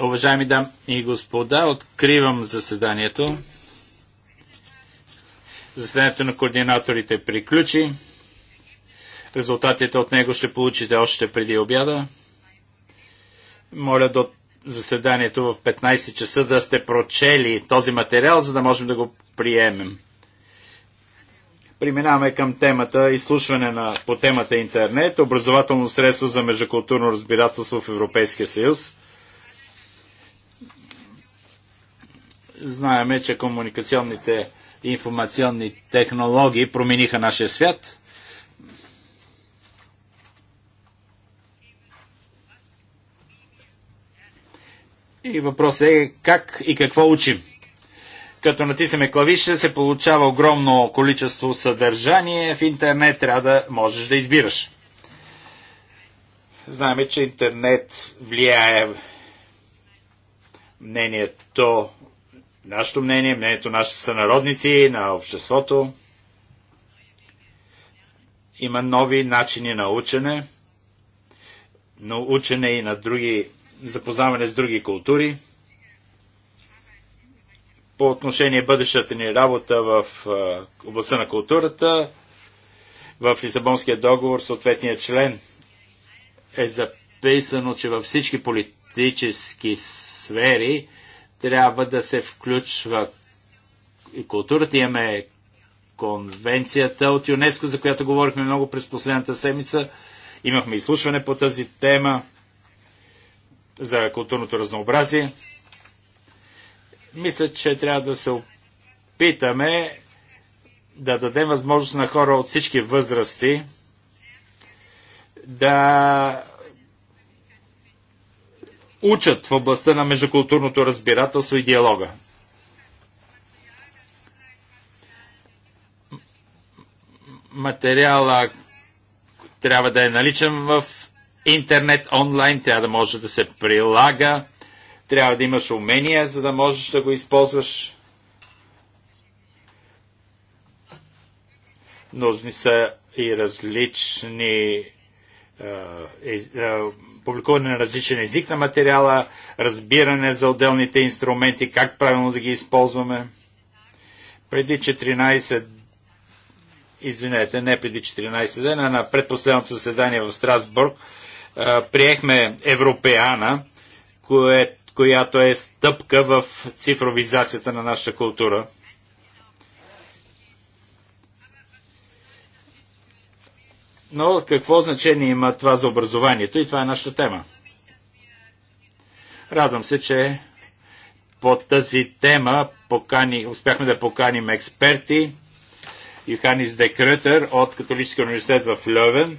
Уважаеми дами и господа, откривам заседанието. Заседанието на координаторите приключи. Резултатите от него ще получите още преди обяда. Моля до заседанието в 15 часа да сте прочели този материал, за да можем да го приемем. Преминаваме към темата изслушване на, по темата интернет, образователно средство за междукултурно разбирателство в Европейския съюз. Знаеме, че комуникационните и информационни технологии промениха нашия свят. И въпросът е как и какво учим като натиснеме клавиша, се получава огромно количество съдържание. В интернет трябва да можеш да избираш. Знаем, че интернет влияе мнението, нашето мнение, мнението нашите сънародници, на обществото. Има нови начини на учене, но учене и на други, запознаване с други култури – по отношение бъдещата ни работа в областта на културата. В Лисабонския договор съответният член е записано, че във всички политически сфери трябва да се включва и културата. Имаме конвенцията от ЮНЕСКО, за която говорихме много през последната седмица. Имахме изслушване по тази тема за културното разнообразие. Мисля, че трябва да се опитаме да дадем възможност на хора от всички възрасти да учат в областта на междукултурното разбирателство и диалога. Материала трябва да е наличен в интернет, онлайн, трябва да може да се прилага трябва да имаш умения, за да можеш да го използваш. Нужни са и различни е, е, е, публикуване на различен език на материала, разбиране за отделните инструменти, как правилно да ги използваме. Преди 14 извинете, не преди 14 дена, на предпоследното заседание в Страсбург, приехме Европеана, което която е стъпка в цифровизацията на нашата култура. Но какво значение има това за образованието? И това е нашата тема. Радвам се, че по тази тема покани, успяхме да поканим експерти. Йоханис де от Католическия университет в Льовен,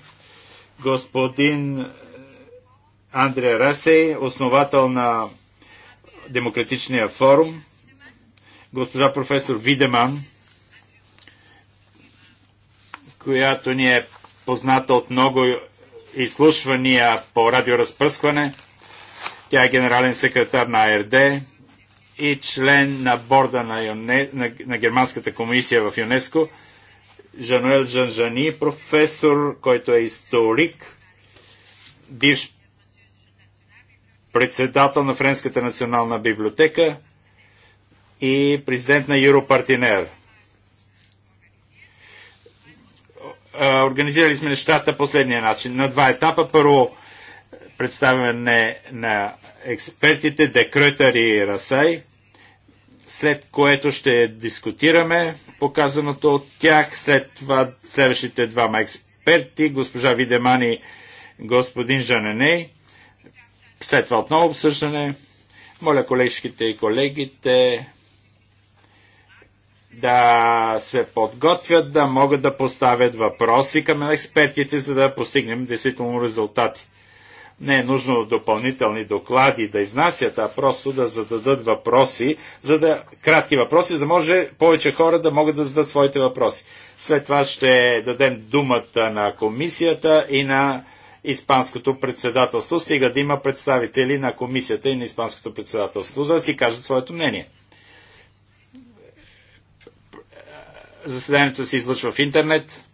господин Андре Расей, основател на демократичния форум. Госпожа професор Видеман, която ни е позната от много изслушвания по радиоразпръскване. Тя е генерален секретар на АРД и член на борда на, ЮНЕ, на, на Германската комисия в ЮНЕСКО. Жануел Жанжани, професор, който е историк, бивш председател на Френската национална библиотека и президент на Юропартинер. Организирали сме нещата последния начин. На два етапа. Първо представяне на експертите Декретър и Расай, след което ще дискутираме показаното от тях. След това следващите двама експерти, госпожа Видемани, господин Жаненей – след това отново обсъждане. Моля колежките и колегите да се подготвят, да могат да поставят въпроси към експертите, за да постигнем действително резултати. Не е нужно допълнителни доклади да изнасят, а просто да зададат въпроси, за да, кратки въпроси, за да може повече хора да могат да зададат своите въпроси. След това ще дадем думата на комисията и на Испанското председателство, стига да има представители на комисията и на Испанското председателство, за да си кажат своето мнение. Заседанието се излъчва в интернет.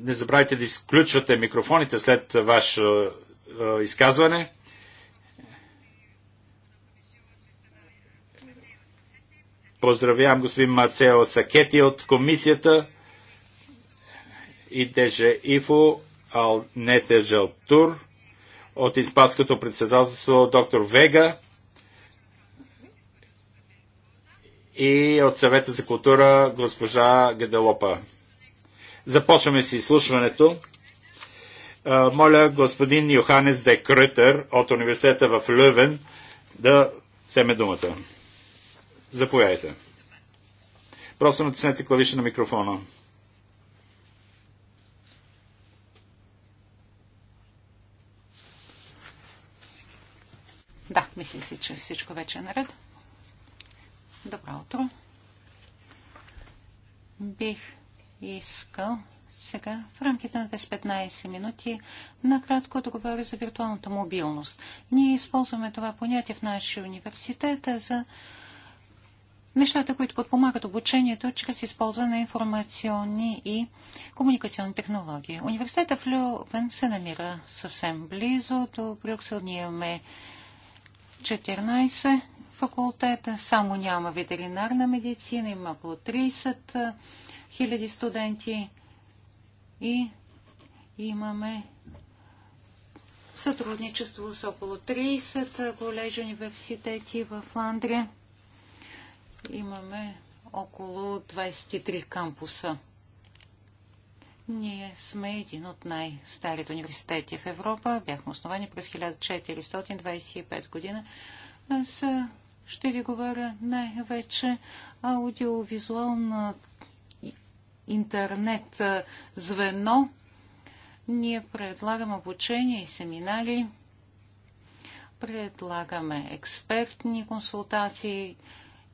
Не забравяйте да изключвате микрофоните след ваше изказване. Поздравявам господин Марцел Сакети от комисията и Дежа Ифо Алнете Жалтур от Испанското председателство доктор Вега и от съвета за култура госпожа Геделопа. Започваме с изслушването. Моля господин Йоханес де Крътер от университета в Лювен да вземе думата. Заповядайте. Просто натиснете клавиша на микрофона. Да, мисля си, че всичко вече е наред. Добро утро. Бих искал сега в рамките на тези 15 минути накратко да говоря за виртуалната мобилност. Ние използваме това понятие в нашия университет за нещата, които подпомагат обучението чрез използване на информационни и комуникационни технологии. Университета в Любен се намира съвсем близо до Брюксел. Ние имаме 14 факултета, само няма ветеринарна медицина, има около 30 000 студенти и имаме сътрудничество с около 30 колежи университети в Ландрия имаме около 23 кампуса. Ние сме един от най-старите университети в Европа. Бяхме основани през 1425 година. Аз ще ви говоря най-вече аудиовизуална интернет звено. Ние предлагаме обучение и семинари, предлагаме експертни консултации,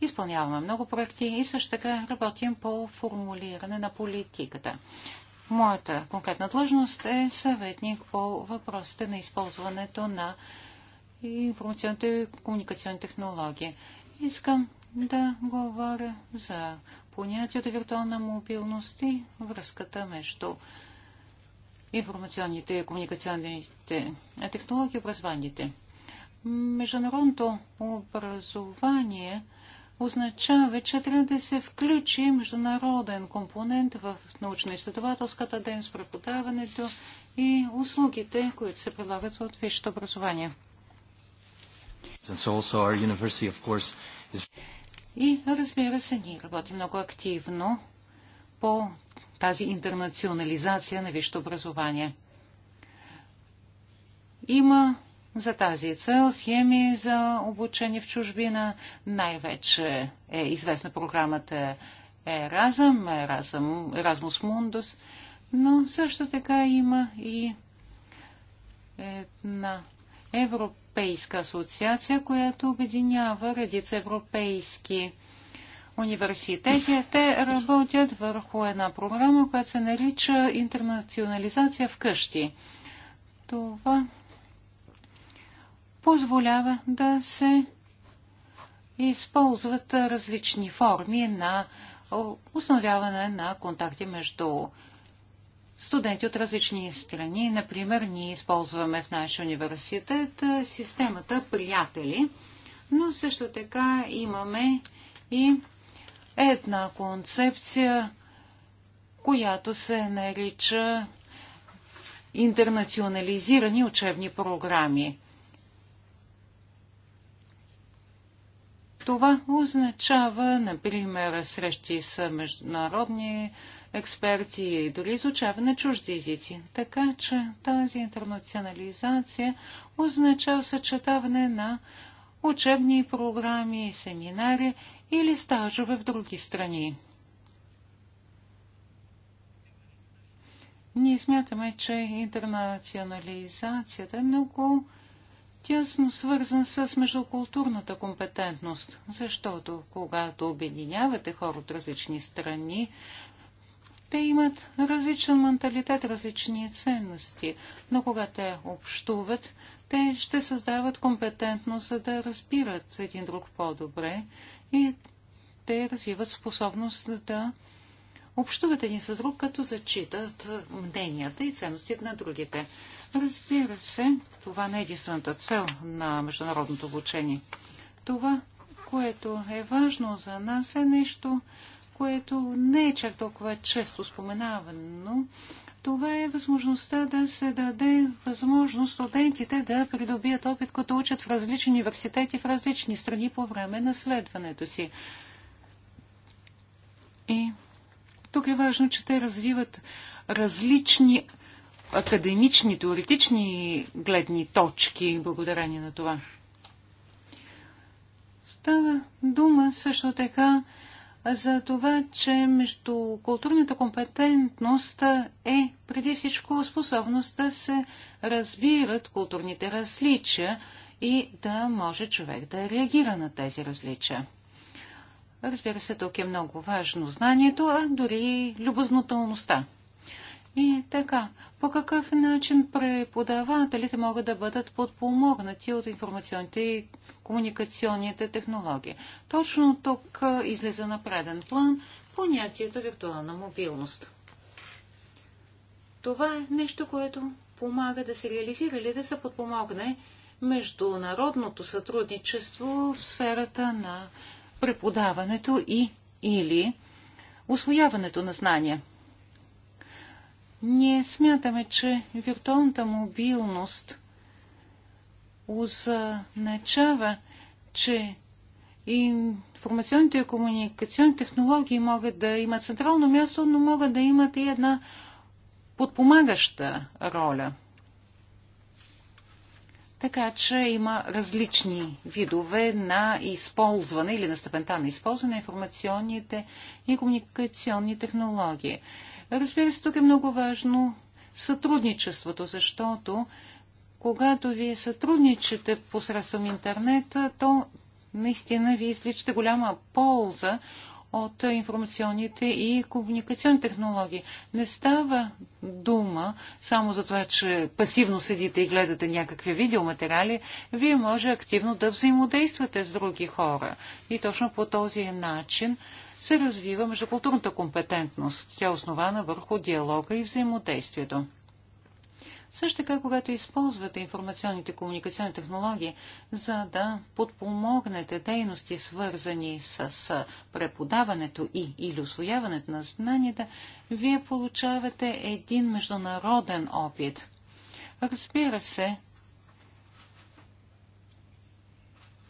Изпълняваме много проекти и също така работим по формулиране на политиката. Моята конкретна длъжност е съветник по въпросите на използването на информационните и комуникационни технологии. Искам да говоря за понятието виртуална мобилност и връзката между информационните и комуникационните технологии и образованите. Международното образование – означава, че трябва да се включи международен компонент в научно-изследователската с преподаването и услугите, които се предлагат от висшето образование. И разбира се, ние работим много активно по тази интернационализация на висшето образование. Има за тази цел схеми за обучение в чужбина най-вече е известна програмата Еразъм, Еразъм, Еразмус Мундус, но също така има и една европейска асоциация, която обединява редица европейски университети. Те работят върху една програма, която се нарича интернационализация в къщи. Това позволява да се използват различни форми на установяване на контакти между студенти от различни страни. Например, ние използваме в нашия университет е, системата приятели, но също така имаме и една концепция, която се нарича интернационализирани учебни програми. Това означава, например, срещи с международни експерти и дори изучаване на чужди езици. Така че тази интернационализация означава съчетаване на учебни програми, семинари или стажове в други страни. Ние смятаме, че интернационализацията е много тясно свързан с междукултурната компетентност, защото когато обединявате хора от различни страни, те имат различен менталитет, различни ценности, но когато те общуват, те ще създават компетентност, за да разбират един друг по-добре и те развиват способност да общуват един с друг, като зачитат мненията и ценностите на другите. Разбира се, това не е единствената цел на международното обучение. Това, което е важно за нас, е нещо, което не е чак толкова често споменавано. Това е възможността да се даде възможност студентите да придобият опит, като учат в различни университети, в различни страни по време на следването си. И тук е важно, че те развиват различни академични, теоретични гледни точки благодарение на това. Става дума също така за това, че между културната компетентност е преди всичко способност да се разбират културните различия и да може човек да реагира на тези различия. Разбира се, тук е много важно знанието, а дори любознателността. И така, по какъв начин преподавателите могат да бъдат подпомогнати от информационните и комуникационните технологии? Точно тук излиза на преден план понятието виртуална мобилност. Това е нещо, което помага да се реализира или да се подпомогне международното сътрудничество в сферата на преподаването и или освояването на знания – ние смятаме, че виртуалната мобилност означава, че информационните и комуникационни технологии могат да имат централно място, но могат да имат и една подпомагаща роля. Така че има различни видове на използване или на степента на използване на информационните и комуникационни технологии. Разбира се, тук е много важно сътрудничеството, защото когато вие сътрудничате посредством интернет, то наистина ви изличате голяма полза от информационните и комуникационни технологии. Не става дума само за това, че пасивно седите и гледате някакви видеоматериали. Вие може активно да взаимодействате с други хора. И точно по този начин се развива междукултурната компетентност. Тя е основана върху диалога и взаимодействието. Също така, когато използвате информационните комуникационни технологии, за да подпомогнете дейности, свързани с преподаването и или освояването на знанията, вие получавате един международен опит. Разбира се,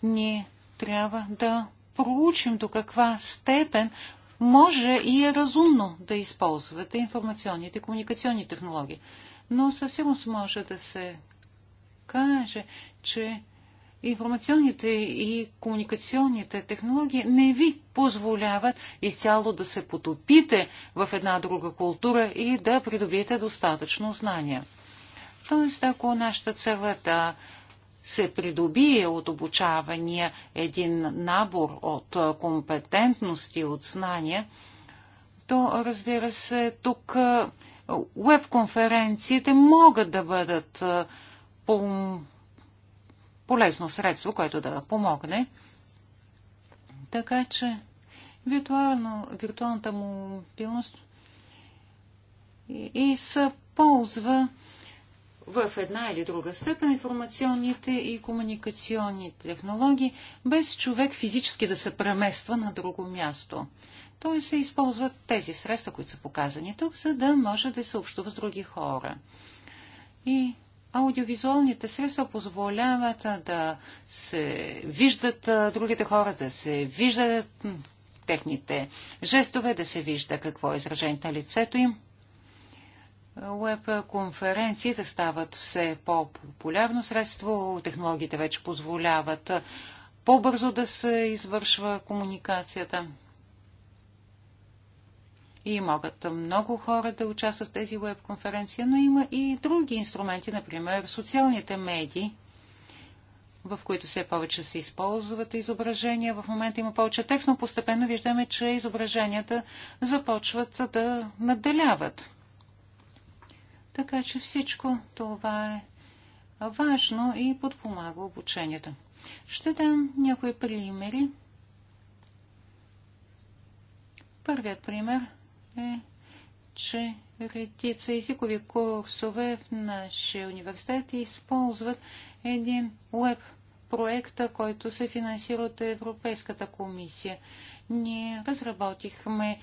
ние трябва да проучим до каква степен може и е разумно да използвате информационните и комуникационни технологии. Но със сигурност може да се каже, че информационните и комуникационните технологии не ви позволяват изцяло да се потопите в една друга култура и да придобиете достатъчно знания. Тоест, ако нашата цел е да се придобие от обучавания един набор от компетентности, от знания, то разбира се, тук веб-конференциите могат да бъдат по полезно средство, което да помогне. Така че виртуално, виртуалната мобилност и се ползва в една или друга степен информационните и комуникационни технологии, без човек физически да се премества на друго място. Той се използват тези средства, които са показани тук, за да може да се общува с други хора. И аудиовизуалните средства позволяват да се виждат другите хора, да се виждат техните жестове, да се вижда какво е изражението на лицето им, Уеб-конференциите стават все по-популярно средство, технологиите вече позволяват по-бързо да се извършва комуникацията. И могат много хора да участват в тези веб-конференции, но има и други инструменти, например социалните медии, в които все повече се използват изображения. В момента има повече текст, но постепенно виждаме, че изображенията започват да надделяват. Така че всичко това е важно и подпомага обучението. Ще дам някои примери. Първият пример е, че редица езикови курсове в нашия университет използват един веб проекта, който се финансира от Европейската комисия. Ние разработихме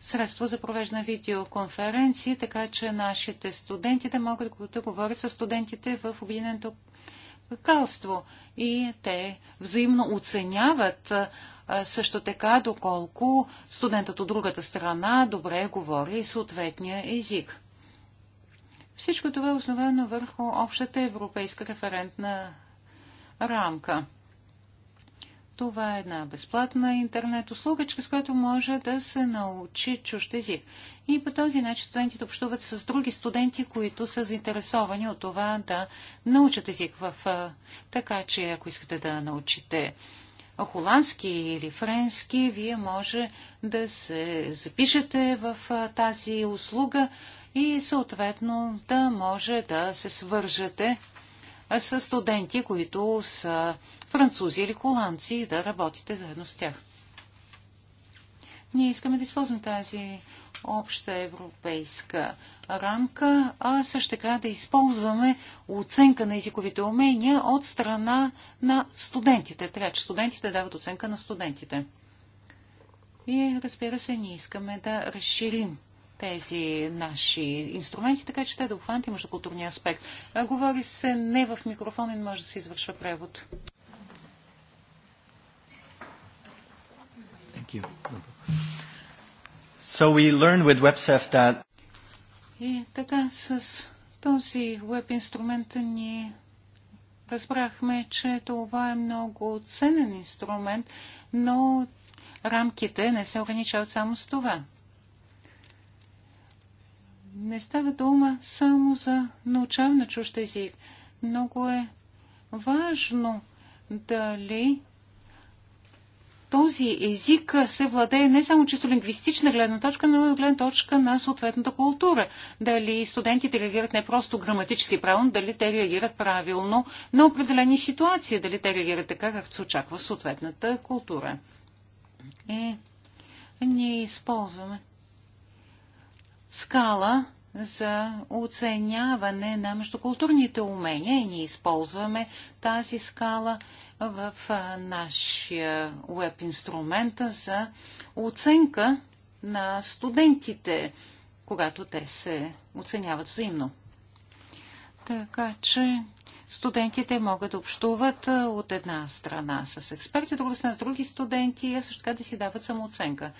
средство за провеждане видеоконференции, така че нашите студенти да могат да говорят с студентите в Обединеното кралство. И те взаимно оценяват също така, доколко студентът от другата страна добре говори съответния език. Всичко това е основано върху общата европейска референтна рамка. Това е една безплатна интернет услуга, чрез която може да се научи чужд език. И по този начин студентите общуват с други студенти, които са заинтересовани от това да научат език. В... Така че, ако искате да научите холандски или френски, вие може да се запишете в тази услуга и съответно да може да се свържете с студенти, които са французи или холандци да работите заедно с тях. Ние искаме да използваме тази обща европейска рамка, а също така да използваме оценка на езиковите умения от страна на студентите. Така че студентите дават оценка на студентите. И разбира се, ние искаме да разширим тези наши инструменти, така че те да обхванат и междукултурния аспект. говори се не в микрофон и не може да се извършва превод. Thank you. So we learned with WebSEF that... И така с този веб инструмент ни разбрахме, че това е много ценен инструмент, но рамките не се ограничават само с това не става дума само за научаване на чужд език. Много е важно дали този език се владее не само чисто лингвистична гледна точка, но и гледна точка на съответната култура. Дали студентите реагират не просто граматически правилно, дали те реагират правилно на определени ситуации, дали те реагират така, както се очаква в съответната култура. И ние използваме скала за оценяване на междукултурните умения и ние използваме тази скала в нашия веб инструмент за оценка на студентите, когато те се оценяват взаимно. Така че студентите могат да общуват от една страна с експерти, от друга страна с други студенти, а също така да си дават самооценка.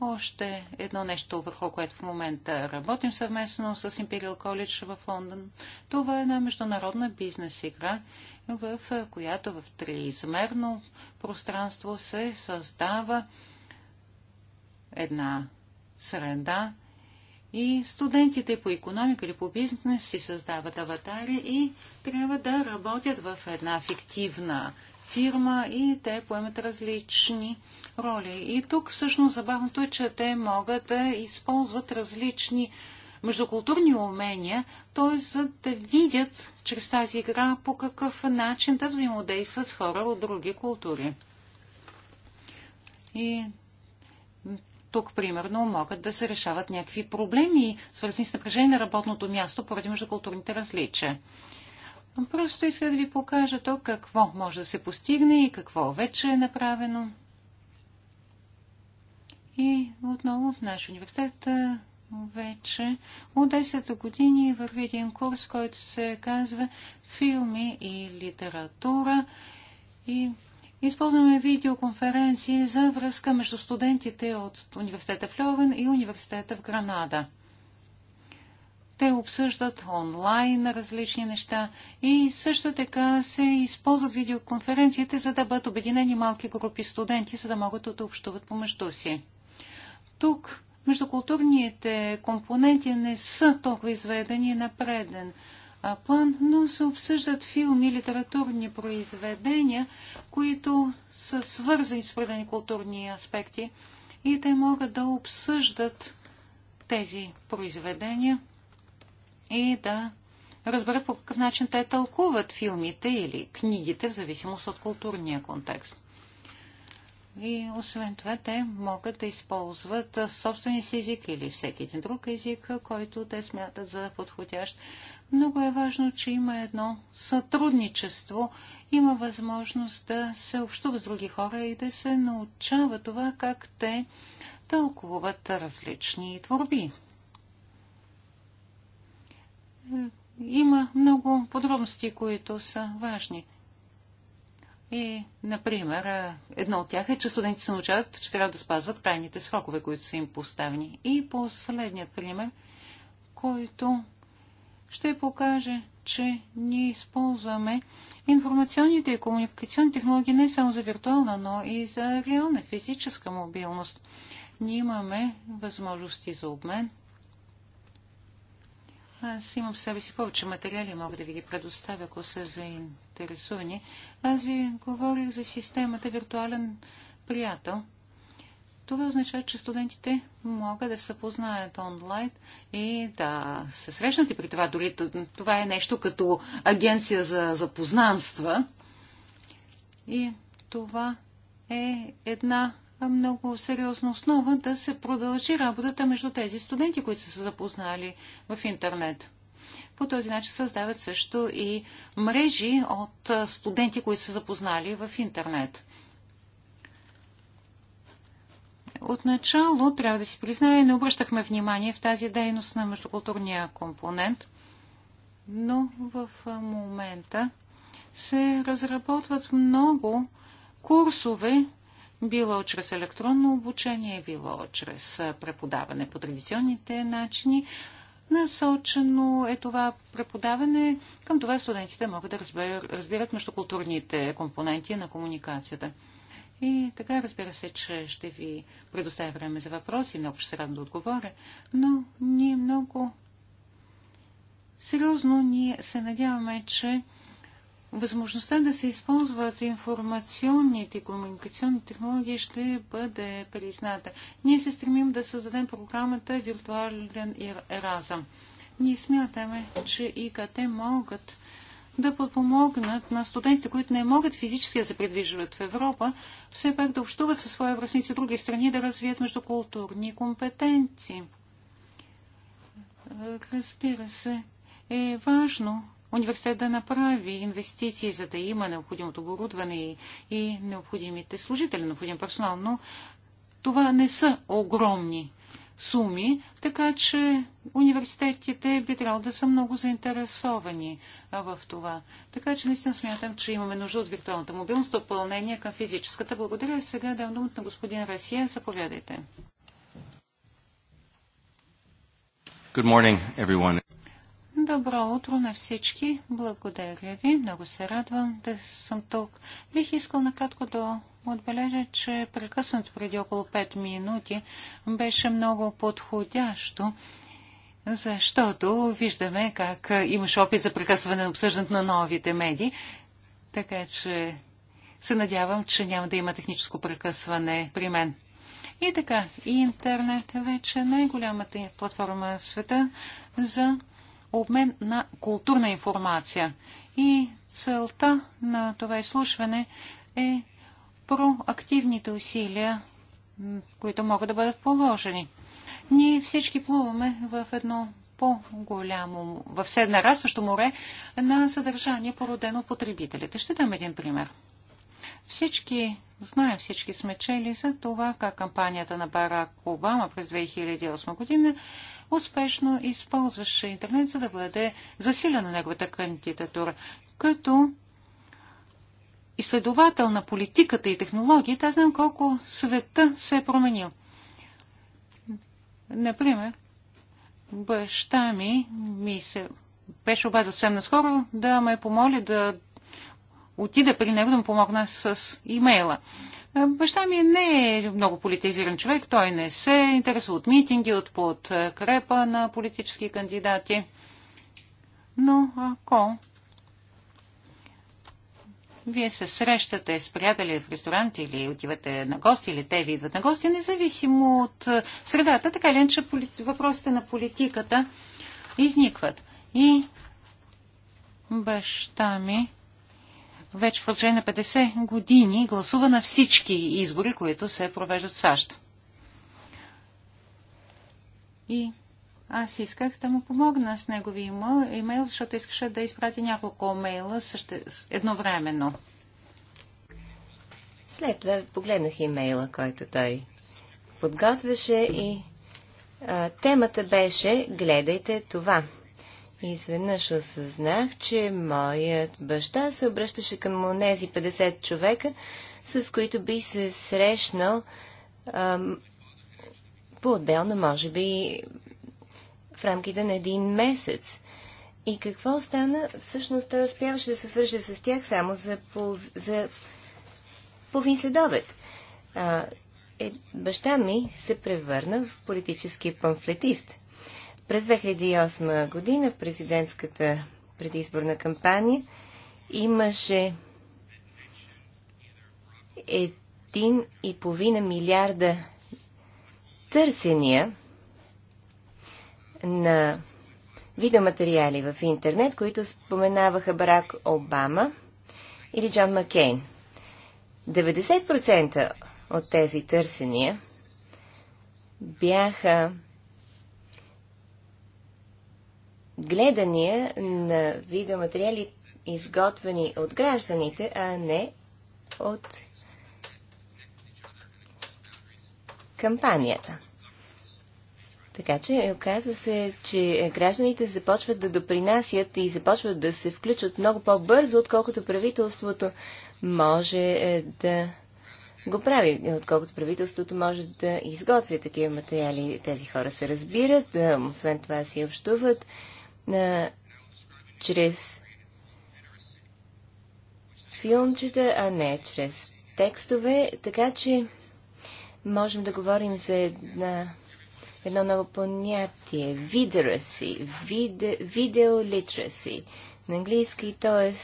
Още едно нещо, върху което в момента работим съвместно с Imperial College в Лондон. Това е една международна бизнес игра, в която в триизмерно пространство се създава една среда и студентите по економика или по бизнес си създават аватари и трябва да работят в една фиктивна фирма и те поемат различни роли. И тук всъщност забавното е, че те могат да използват различни междукултурни умения, т.е. за да видят чрез тази игра по какъв начин да взаимодействат с хора от други култури. И тук, примерно, могат да се решават някакви проблеми, свързани с напрежение на работното място поради междукултурните различия. Просто иска да ви покажа то какво може да се постигне и какво вече е направено. И отново в нашия университет вече от 10 години върви един курс, който се казва филми и литература. И използваме видеоконференции за връзка между студентите от университета в Льовен и университета в Гранада. Те обсъждат онлайн различни неща и също така се използват видеоконференциите, за да бъдат обединени малки групи студенти, за да могат да общуват помежду си. Тук междукултурните компоненти не са толкова изведени на преден план, но се обсъждат филми, литературни произведения, които са свързани с определени културни аспекти и те могат да обсъждат тези произведения и да разберат по какъв начин те тълкуват филмите или книгите, в зависимост от културния контекст. И освен това, те могат да използват собствения си език или всеки един друг език, който те смятат за подходящ. Много е важно, че има едно сътрудничество, има възможност да се общува с други хора и да се научава това как те тълкуват различни творби има много подробности, които са важни. И, например, едно от тях е, че студентите се научават, че трябва да спазват крайните срокове, които са им поставени. И последният пример, който ще покаже, че ние използваме информационните и комуникационни технологии не само за виртуална, но и за реална физическа мобилност. Ние имаме възможности за обмен, аз имам в себе си повече материали, мога да ви ги предоставя, ако са заинтересувани. Аз ви говорих за системата виртуален приятел. Това означава, че студентите могат да се познаят онлайн и да се срещнат и при това. Дори това е нещо като агенция за запознанства. И това е една много сериозна основа да се продължи работата между тези студенти, които са се запознали в интернет. По този начин създават също и мрежи от студенти, които са запознали в интернет. Отначало, трябва да си признаем, не обръщахме внимание в тази дейност на междукултурния компонент, но в момента се разработват много курсове, било чрез електронно обучение, било чрез преподаване по традиционните начини. Насочено е това преподаване. Към това студентите могат да разбират междукултурните компоненти на комуникацията. И така, разбира се, че ще ви предоставя време за въпроси, много ще се радвам да отговоря, но ние много сериозно ние се надяваме, че възможността да се използват информационните и комуникационни технологии ще бъде призната. Ние се стремим да създадем програмата Виртуален Еразъм. Ние смятаме, че ИКТ могат да подпомогнат на студентите, които не могат физически да се придвижват в Европа, все пак да общуват със своя връзници от други страни, да развият междукултурни компетенции. Разбира се, е важно университет да направи инвестиции, за да има необходимото оборудване и, и необходимите служители, необходим персонал, но това не са огромни суми, така че университетите би трябвало да са много заинтересовани в това. Така че наистина смятам, че имаме нужда от виртуалната мобилност, допълнение към физическата. Благодаря. Сега давам думата на господин Расия. Заповядайте. Good morning, everyone. Добро утро на всички. Благодаря ви. Много се радвам да съм тук. Бих искал накратко да отбележа, че прекъснато преди около 5 минути беше много подходящо, защото виждаме как имаш опит за прекъсване на обсъждането на новите медии. Така че се надявам, че няма да има техническо прекъсване при мен. И така, интернет е вече най-голямата платформа в света за обмен на културна информация. И целта на това изслушване е проактивните усилия, които могат да бъдат положени. Ние всички плуваме в едно по-голямо, в все нарастващо море на съдържание, породено от потребителите. Ще дам един пример. Всички знаем, всички сме чели за това как кампанията на Барак Обама през 2008 година успешно използваше интернет, за да бъде засилена неговата кандидатура. Като изследовател на политиката и технологията, аз знам колко света се е променил. Например, баща ми ми се беше обадил съвсем наскоро да ме помоли да отида при него да му помогна с имейла. Е, баща ми не е много политизиран човек, той не се интересува от митинги, от подкрепа на политически кандидати. Но ако вие се срещате с приятели в ресторант или отивате на гости, или те ви идват на гости, независимо от е, средата, така ли, че въпросите на политиката изникват. И баща ми вече в продължение на 50 години гласува на всички избори, които се провеждат в САЩ. И аз исках да му помогна с неговия имейл, защото искаше да изпрати няколко имейла съще... едновременно. След това погледнах имейла, който той подготвяше и а, темата беше Гледайте това. Изведнъж осъзнах, че моят баща се обръщаше към онези 50 човека, с които би се срещнал по-отделно, може би в рамките на един месец. И какво стана? Всъщност той успяваше да се свърже с тях само за, пол... за половин следобед. А, е, баща ми се превърна в политически памфлетист – през 2008 година в президентската предизборна кампания имаше 1,5 милиарда търсения на видеоматериали в интернет, които споменаваха Барак Обама или Джон Маккейн. 90% от тези търсения бяха гледания на видеоматериали, изготвени от гражданите, а не от кампанията. Така че оказва се, че гражданите започват да допринасят и започват да се включват много по-бързо, отколкото правителството може е, да го прави, отколкото правителството може да изготвя такива материали. Тези хора се разбират, освен това си общуват на чрез филмчета, а не чрез текстове, така че можем да говорим за една, едно ново понятие – видераси, видеолитераси. на английски, т.е.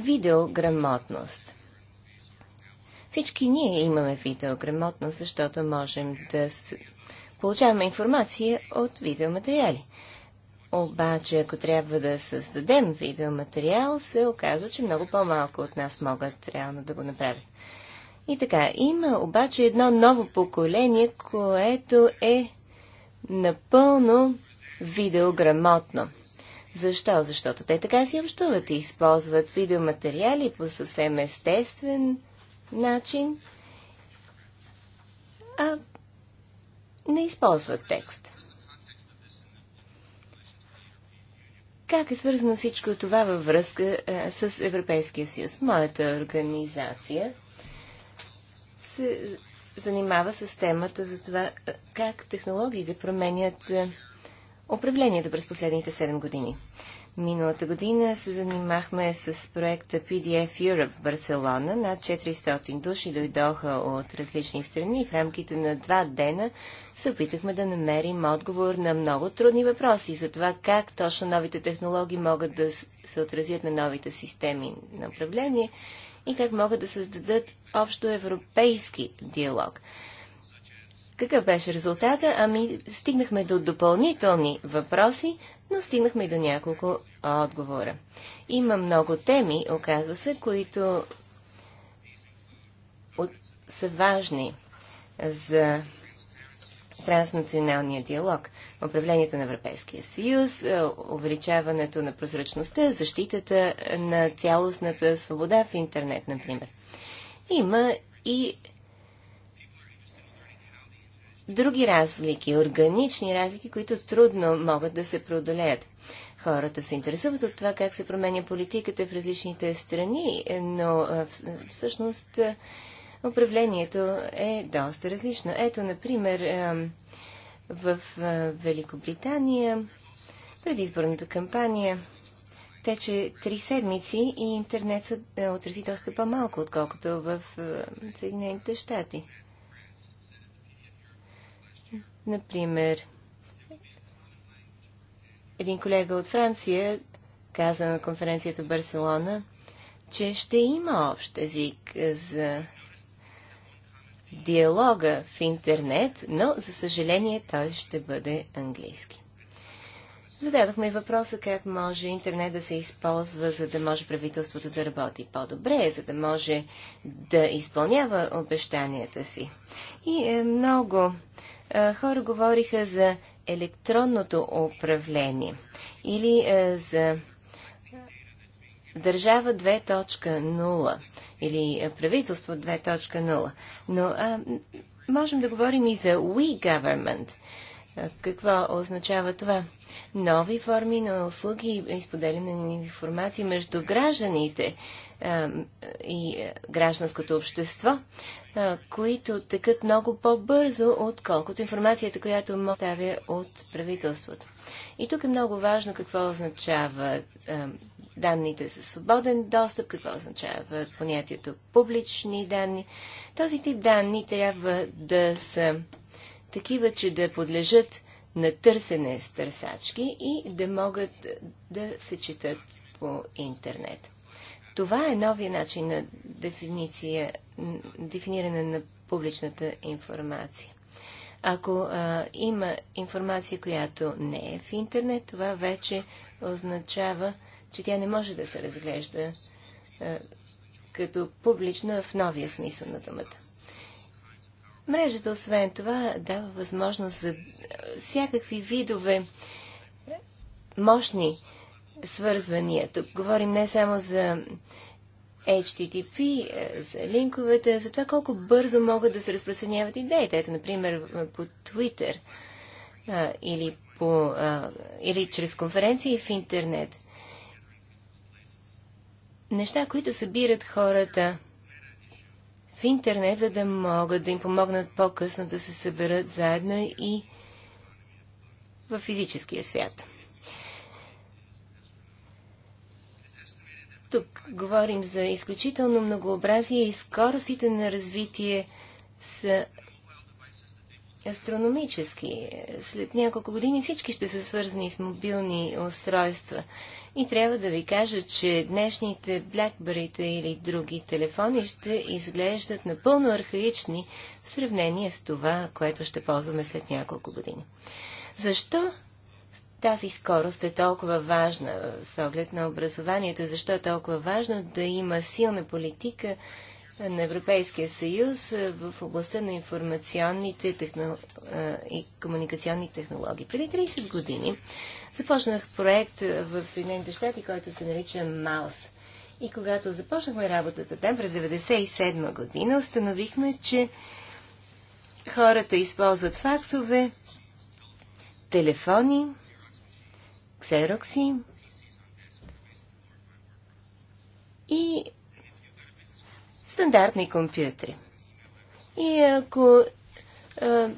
видеограмотност. Всички ние имаме видеограмотност, защото можем да получаваме информация от видеоматериали. Обаче, ако трябва да създадем видеоматериал, се оказва, че много по-малко от нас могат реално да го направят. И така, има обаче едно ново поколение, което е напълно видеограмотно. Защо? Защото те така си общуват и използват видеоматериали по съвсем естествен начин, а не използват текст. Как е свързано всичко това във връзка а, с Европейския съюз? Моята организация се занимава с темата за това как технологиите променят управлението през последните 7 години. Миналата година се занимахме с проекта PDF Europe в Барселона. Над 400 души дойдоха от различни страни и в рамките на два дена се опитахме да намерим отговор на много трудни въпроси за това как точно новите технологии могат да се отразят на новите системи на управление и как могат да създадат общо европейски диалог. Какъв беше резултата? Ами, стигнахме до допълнителни въпроси, но стигнахме и до няколко отговора. Има много теми, оказва се, които от... са важни за транснационалния диалог, управлението на Европейския съюз, е, увеличаването на прозрачността, защитата на цялостната свобода в интернет, например. Има и други разлики, органични разлики, които трудно могат да се преодолеят. Хората се интересуват от това как се променя политиката в различните страни, но всъщност управлението е доста различно. Ето, например, в Великобритания предизборната кампания тече три седмици и интернет е, отрази доста по-малко, отколкото в Съединените щати. Например, един колега от Франция каза на конференцията в Барселона, че ще има общ език за диалога в интернет, но за съжаление той ще бъде английски. Зададохме въпроса как може интернет да се използва, за да може правителството да работи по-добре, за да може да изпълнява обещанията си. И е, много е, хора говориха за електронното управление или е, за държава 2.0 или е, правителство 2.0. Но а, можем да говорим и за we government. Какво означава това? Нови форми на услуги и изподеляне на информация между гражданите, и гражданското общество, които текат много по-бързо, отколкото информацията, която му ставя от правителството. И тук е много важно какво означава данните за свободен достъп, какво означава понятието публични данни. Този тип данни трябва да са такива, че да подлежат на търсене с търсачки и да могат да се четат по интернет. Това е новия начин на дефиниция, дефиниране на публичната информация. Ако а, има информация, която не е в интернет, това вече означава, че тя не може да се разглежда а, като публична в новия смисъл на думата. Мрежата, освен това, дава възможност за всякакви видове мощни свързвания. Тук говорим не само за HTTP, за линковете, за това колко бързо могат да се разпространяват идеите. Ето, например, по Twitter а, или, по, а, или чрез конференции в интернет. Неща, които събират хората в интернет, за да могат да им помогнат по-късно да се съберат заедно и в физическия свят. Тук говорим за изключително многообразие и скоростите на развитие са астрономически. След няколко години всички ще са свързани с мобилни устройства. И трябва да ви кажа, че днешните BlackBerry или други телефони ще изглеждат напълно архаични в сравнение с това, което ще ползваме след няколко години. Защо тази скорост е толкова важна с оглед на образованието? Защо е толкова важно да има силна политика на Европейския съюз е, в областта на информационните техно... Е, и комуникационни технологии? Преди 30 години започнах проект е, в Съединените щати, който се нарича МАУС. И когато започнахме работата там през 1997 година, установихме, че хората използват факсове, телефони, ксерокси и стандартни компютри. И ако а,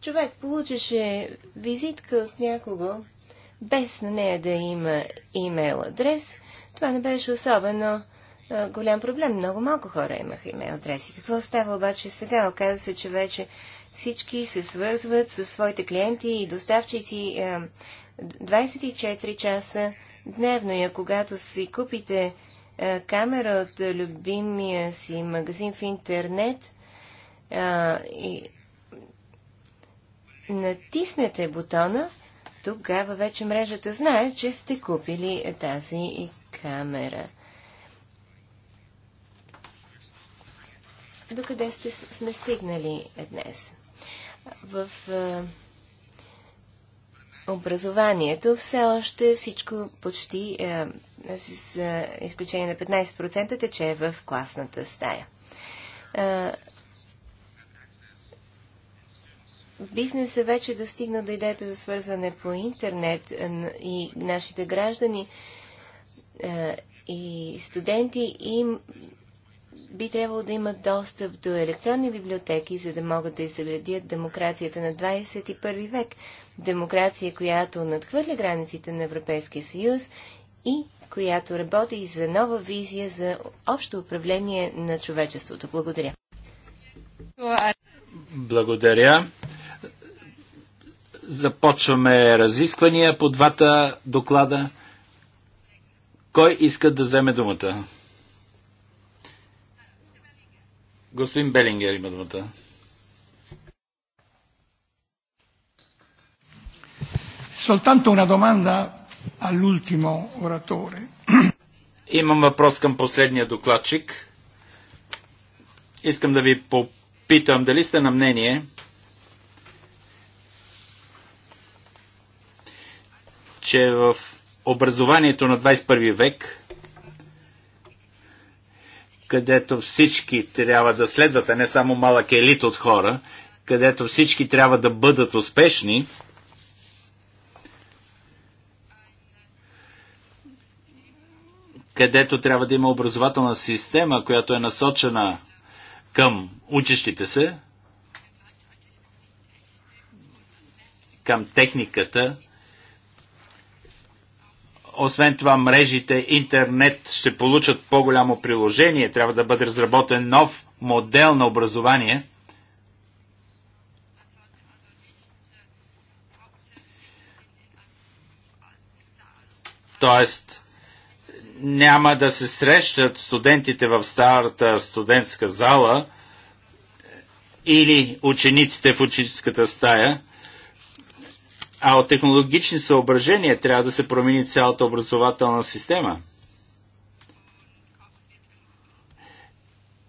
човек получеше визитка от някого, без на нея да има имейл адрес, това не беше особено а, голям проблем. Много малко хора имаха имейл адреси. Какво става обаче сега? Оказва се, че вече всички се свързват с своите клиенти и доставчици а, 24 часа дневно. И е, когато си купите а, е, камера от любимия си магазин в интернет а, е, и натиснете бутона, тогава вече мрежата знае, че сте купили тази камера. Докъде сте, сме стигнали днес? В образованието, все още всичко почти е, с е, изключение на 15% тече в класната стая. Е, бизнесът вече достигна до идеята за свързване по интернет е, и нашите граждани е, и студенти им би трябвало да имат достъп до електронни библиотеки, за да могат да изградят демокрацията на 21 век демокрация, която надхвърля границите на Европейския съюз и която работи за нова визия за общо управление на човечеството. Благодаря. Благодаря. Започваме разисквания по двата доклада. Кой иска да вземе думата? Господин Белингер има думата. Soltanto una domanda all'ultimo oratore. Имам въпрос към последния докладчик. Искам да ви попитам дали сте на мнение, че в образованието на 21 век, където всички трябва да следват, а не само малък елит от хора, където всички трябва да бъдат успешни – където трябва да има образователна система, която е насочена към учещите се, към техниката. Освен това, мрежите, интернет ще получат по-голямо приложение. Трябва да бъде разработен нов модел на образование. Тоест, няма да се срещат студентите в старата студентска зала или учениците в ученическата стая, а от технологични съображения трябва да се промени цялата образователна система.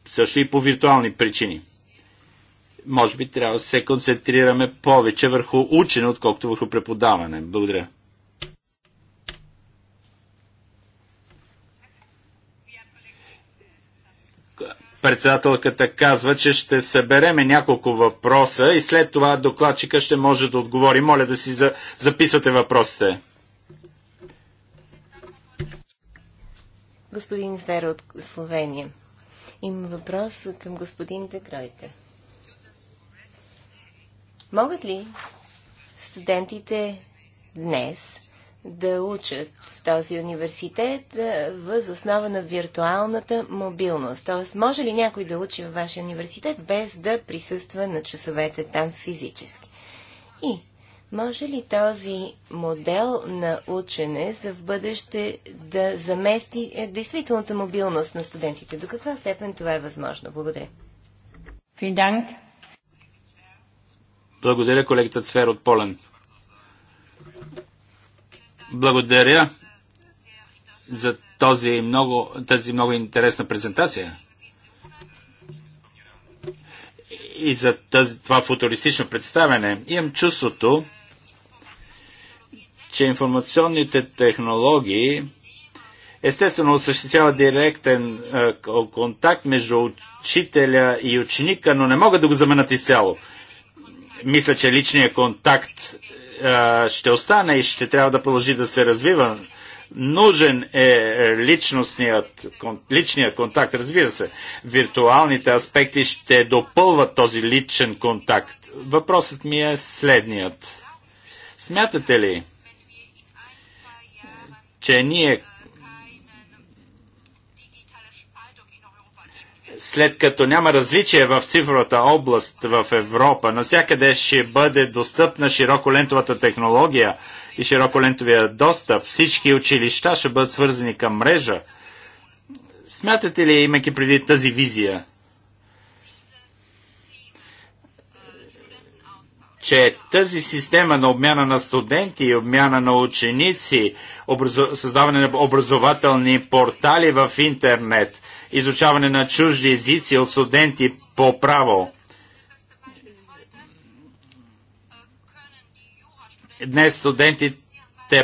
Също и по виртуални причини. Може би трябва да се концентрираме повече върху учене, отколкото върху преподаване. Благодаря. Председателката казва, че ще събереме няколко въпроса и след това докладчика ще може да отговори. Моля да си за... записвате въпросите. Господин Звера от Словения. Има въпрос към господин Декройте. Могат ли студентите днес да учат в този университет въз основа на виртуалната мобилност. Тоест, може ли някой да учи във вашия университет без да присъства на часовете там физически? И може ли този модел на учене за в бъдеще да замести е, действителната мобилност на студентите? До каква степен това е възможно? Благодаря. Благодаря колегата Цвер от Полен. Благодаря за този много, тази много интересна презентация и за тази, това футуристично представяне. Имам чувството, че информационните технологии естествено осъществява директен а, е, контакт между учителя и ученика, но не могат да го заменят изцяло. Мисля, че личният контакт ще остане и ще трябва да продължи да се развива. Нужен е личностният, личният контакт, разбира се. Виртуалните аспекти ще допълват този личен контакт. Въпросът ми е следният. Смятате ли, че ние след като няма различие в цифровата област в Европа, навсякъде ще бъде достъпна широколентовата технология и широколентовия достъп. Всички училища ще бъдат свързани към мрежа. Смятате ли, имайки преди тази визия, че тази система на обмяна на студенти и обмяна на ученици, образу... създаване на образователни портали в интернет – изучаване на чужди езици от студенти по право. Днес студентите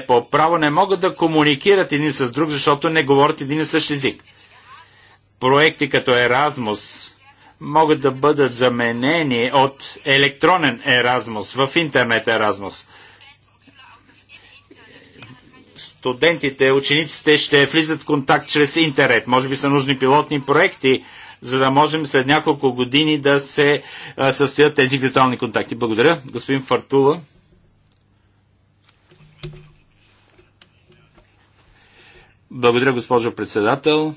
по право не могат да комуникират един с друг, защото не говорят един и същ език. Проекти като Еразмус могат да бъдат заменени от електронен Еразмус в интернет Еразмус – студентите, учениците ще влизат в контакт чрез интернет. Може би са нужни пилотни проекти, за да можем след няколко години да се а, състоят тези виртуални контакти. Благодаря, господин Фартула. Благодаря, госпожо председател.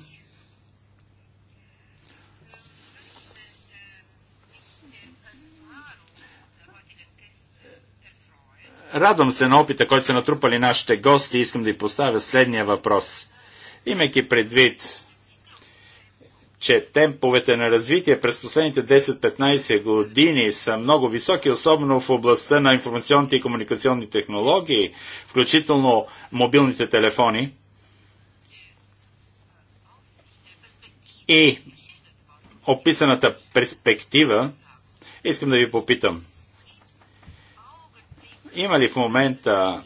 Радвам се на опита, който са натрупали нашите гости. Искам да ви поставя следния въпрос. Имайки предвид, че темповете на развитие през последните 10-15 години са много високи, особено в областта на информационните и комуникационни технологии, включително мобилните телефони. И описаната перспектива, искам да ви попитам – има ли в момента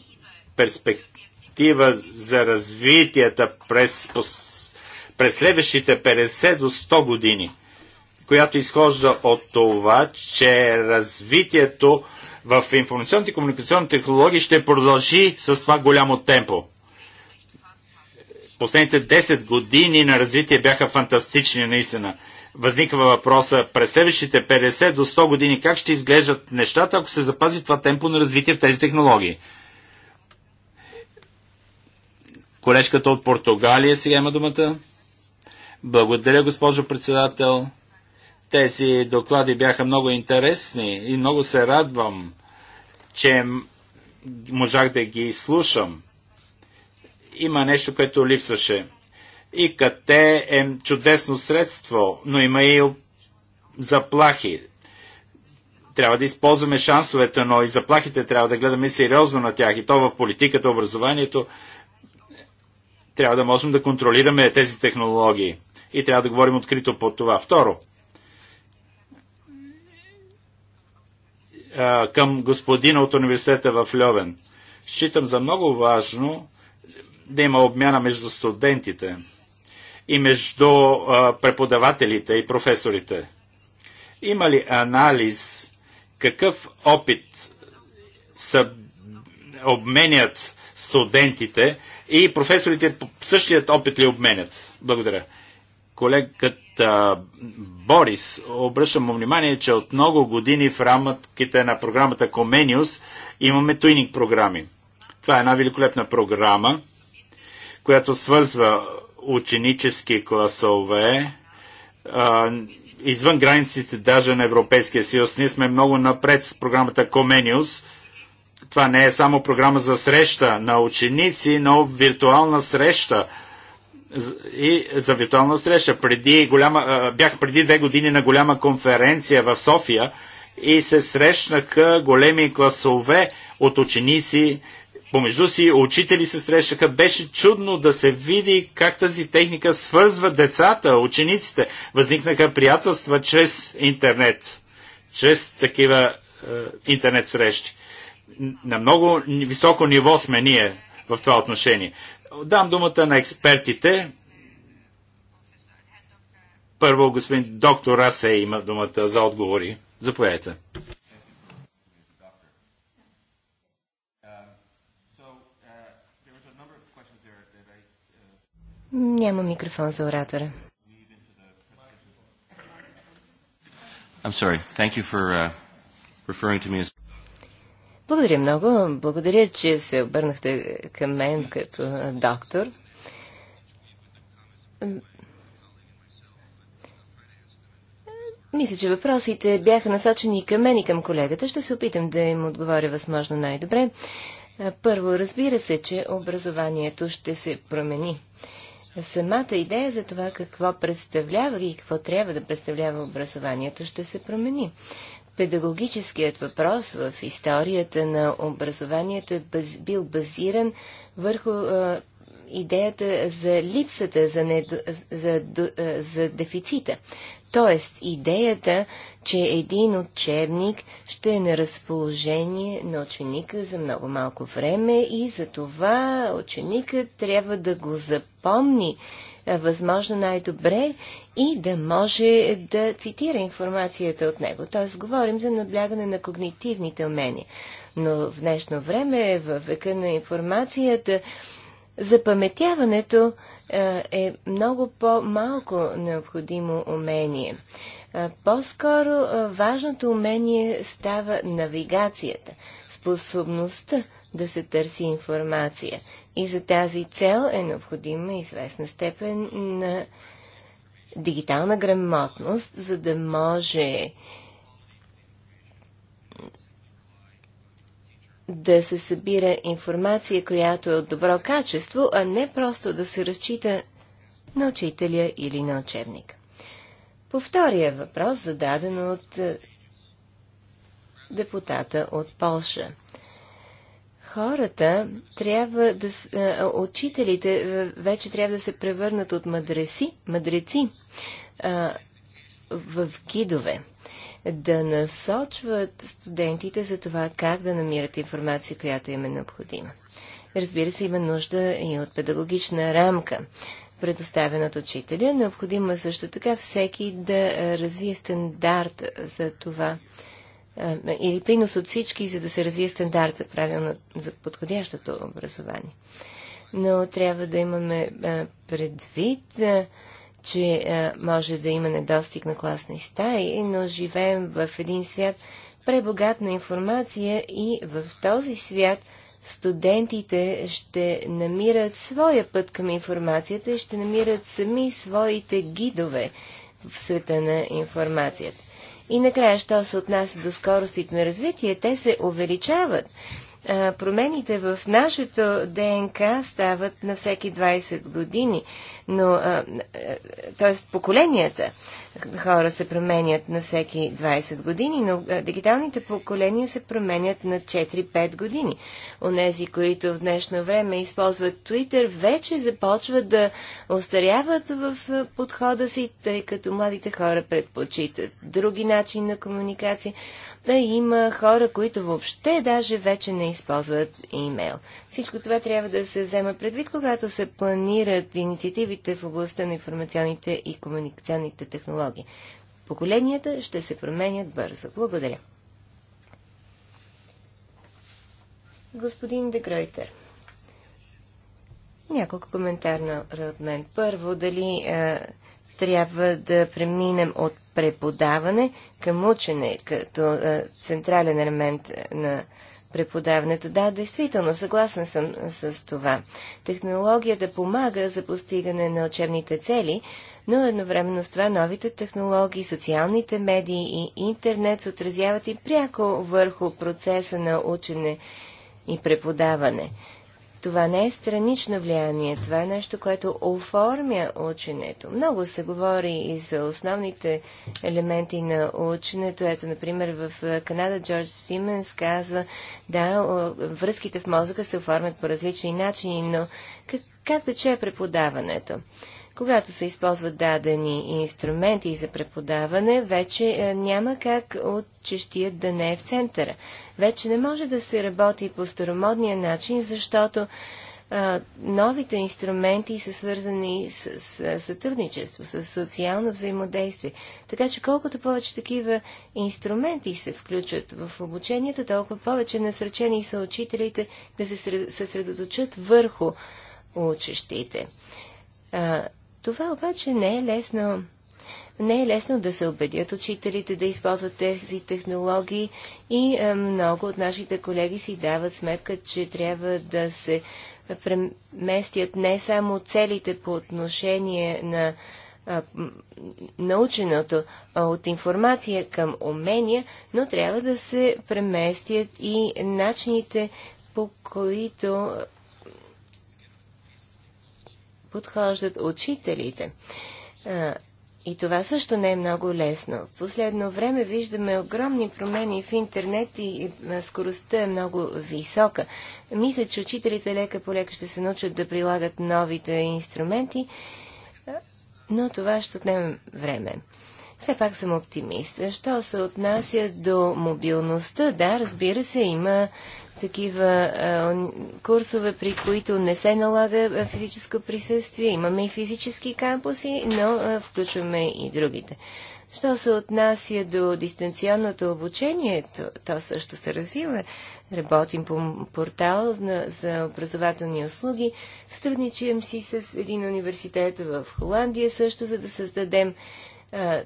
перспектива за развитията през, през следващите 50 до 100 години, която изхожда от това, че развитието в информационните и комуникационни технологии ще продължи с това голямо темпо. Последните 10 години на развитие бяха фантастични, наистина възниква въпроса през следващите 50 до 100 години как ще изглеждат нещата, ако се запази това темпо на развитие в тези технологии. Колежката от Португалия сега има думата. Благодаря, госпожо председател. Тези доклади бяха много интересни и много се радвам, че можах да ги слушам. Има нещо, което липсваше. ИКТ е чудесно средство, но има и заплахи. Трябва да използваме шансовете, но и заплахите трябва да гледаме сериозно на тях. И то в политиката, образованието. Трябва да можем да контролираме тези технологии. И трябва да говорим открито по това. Второ, към господина от университета в Льовен. Считам за много важно да има обмяна между студентите и между преподавателите и професорите? Има ли анализ какъв опит са обменят студентите и професорите същият опит ли обменят? Благодаря. Колегата Борис, обръщам му внимание, че от много години в рамките на програмата Comenius имаме туининг програми. Това е една великолепна програма, която свързва ученически класове а, извън границите даже на Европейския съюз. Ние сме много напред с програмата Comenius. Това не е само програма за среща на ученици, но виртуална среща и за виртуална среща. Преди голяма, бях преди две години на голяма конференция в София и се срещнаха големи класове от ученици помежду си учители се срещаха. Беше чудно да се види как тази техника свързва децата, учениците. Възникнаха приятелства чрез интернет, чрез такива е, интернет срещи. На много високо ниво сме ние в това отношение. Дам думата на експертите. Първо господин доктор Расе има думата за отговори. Заповядайте. Няма микрофон за оратора. I'm sorry. Thank you for uh, referring to me as... Благодаря много. Благодаря, че се обърнахте към мен като доктор. Мисля, че въпросите бяха насочени към мен и към колегата. Ще се опитам да им отговоря възможно най-добре. Първо, разбира се, че образованието ще се промени самата идея за това какво представлява и какво трябва да представлява образованието ще се промени. Педагогическият въпрос в историята на образованието е баз, бил базиран върху а, идеята за липсата, за, не, за, за, за дефицита. Тоест, идеята, че един учебник ще е на разположение на ученика за много малко време и за това ученикът трябва да го запомни възможно най-добре и да може да цитира информацията от него. Т.е. говорим за наблягане на когнитивните умения. Но в днешно време, в века на информацията, Запаметяването е, е много по-малко необходимо умение. Е, по-скоро е, важното умение става навигацията, способността да се търси информация. И за тази цел е необходима известна степен на дигитална грамотност, за да може да се събира информация, която е от добро качество, а не просто да се разчита на учителя или на учебник. По втория въпрос, зададен от е, депутата от Полша. Хората трябва да... Е, учителите е, вече трябва да се превърнат от мъдреси, мадреци в гидове да насочват студентите за това как да намират информация, която им е необходима. Разбира се, има нужда и от педагогична рамка, предоставена от учителя. Необходимо е също така всеки да развие стандарт за това или принос от всички, за да се развие стандарт за правилно, за подходящото образование. Но трябва да имаме предвид че а, е, може да има недостиг на класни стаи, но живеем в един свят пребогат на информация и в този свят студентите ще намират своя път към информацията и ще намират сами своите гидове в света на информацията. И накрая, що се отнася до скоростите на развитие, те се увеличават промените в нашето ДНК стават на всеки 20 години, но, т.е. поколенията хора се променят на всеки 20 години, но дигиталните поколения се променят на 4-5 години. Онези, които в днешно време използват Twitter, вече започват да остаряват в подхода си, тъй като младите хора предпочитат други начини на комуникация. Да има хора, които въобще даже вече не използват използват имейл. Всичко това трябва да се взема предвид, когато се планират инициативите в областта на информационните и комуникационните технологии. Поколенията ще се променят бързо. Благодаря. Господин Дегройтер. Няколко коментарна от мен. Първо, дали а, е, трябва да преминем от преподаване към учене като а, е, централен елемент на преподаването. Да, действително, съгласен съм с това. Технологията помага за постигане на учебните цели, но едновременно с това новите технологии, социалните медии и интернет се отразяват и пряко върху процеса на учене и преподаване. Това не е странично влияние, това е нещо, което оформя ученето. Много се говори и за основните елементи на ученето. Ето, например, в Канада Джордж Сименс казва, да, връзките в мозъка се оформят по различни начини, но как, как е преподаването? Когато се използват дадени инструменти за преподаване, вече е, няма как отчещият да не е в центъра. Вече не може да се работи по старомодния начин, защото а, новите инструменти са свързани с, с сътрудничество, с социално взаимодействие. Така че колкото повече такива инструменти се включат в обучението, толкова повече насръчени са учителите да се съсредоточат върху учещите. Това обаче не е лесно. Не е лесно да се убедят учителите да използват тези технологии и е, много от нашите колеги си дават сметка, че трябва да се преместят не само целите по отношение на наученото а, от информация към умения, но трябва да се преместят и начините по които подхождат учителите. И това също не е много лесно. В последно време виждаме огромни промени в интернет и скоростта е много висока. Мисля, че учителите лека по лека ще се научат да прилагат новите инструменти, но това ще отнеме време. Все пак съм оптимист. Що се отнася до мобилността, да, разбира се, има такива курсове, при които не се налага физическо присъствие. Имаме и физически кампуси, но включваме и другите. Що се отнася до дистанционното обучение, то, то също се развива. Работим по портал на, за образователни услуги. Сътрудничим си с един университет в Холандия също, за да създадем а,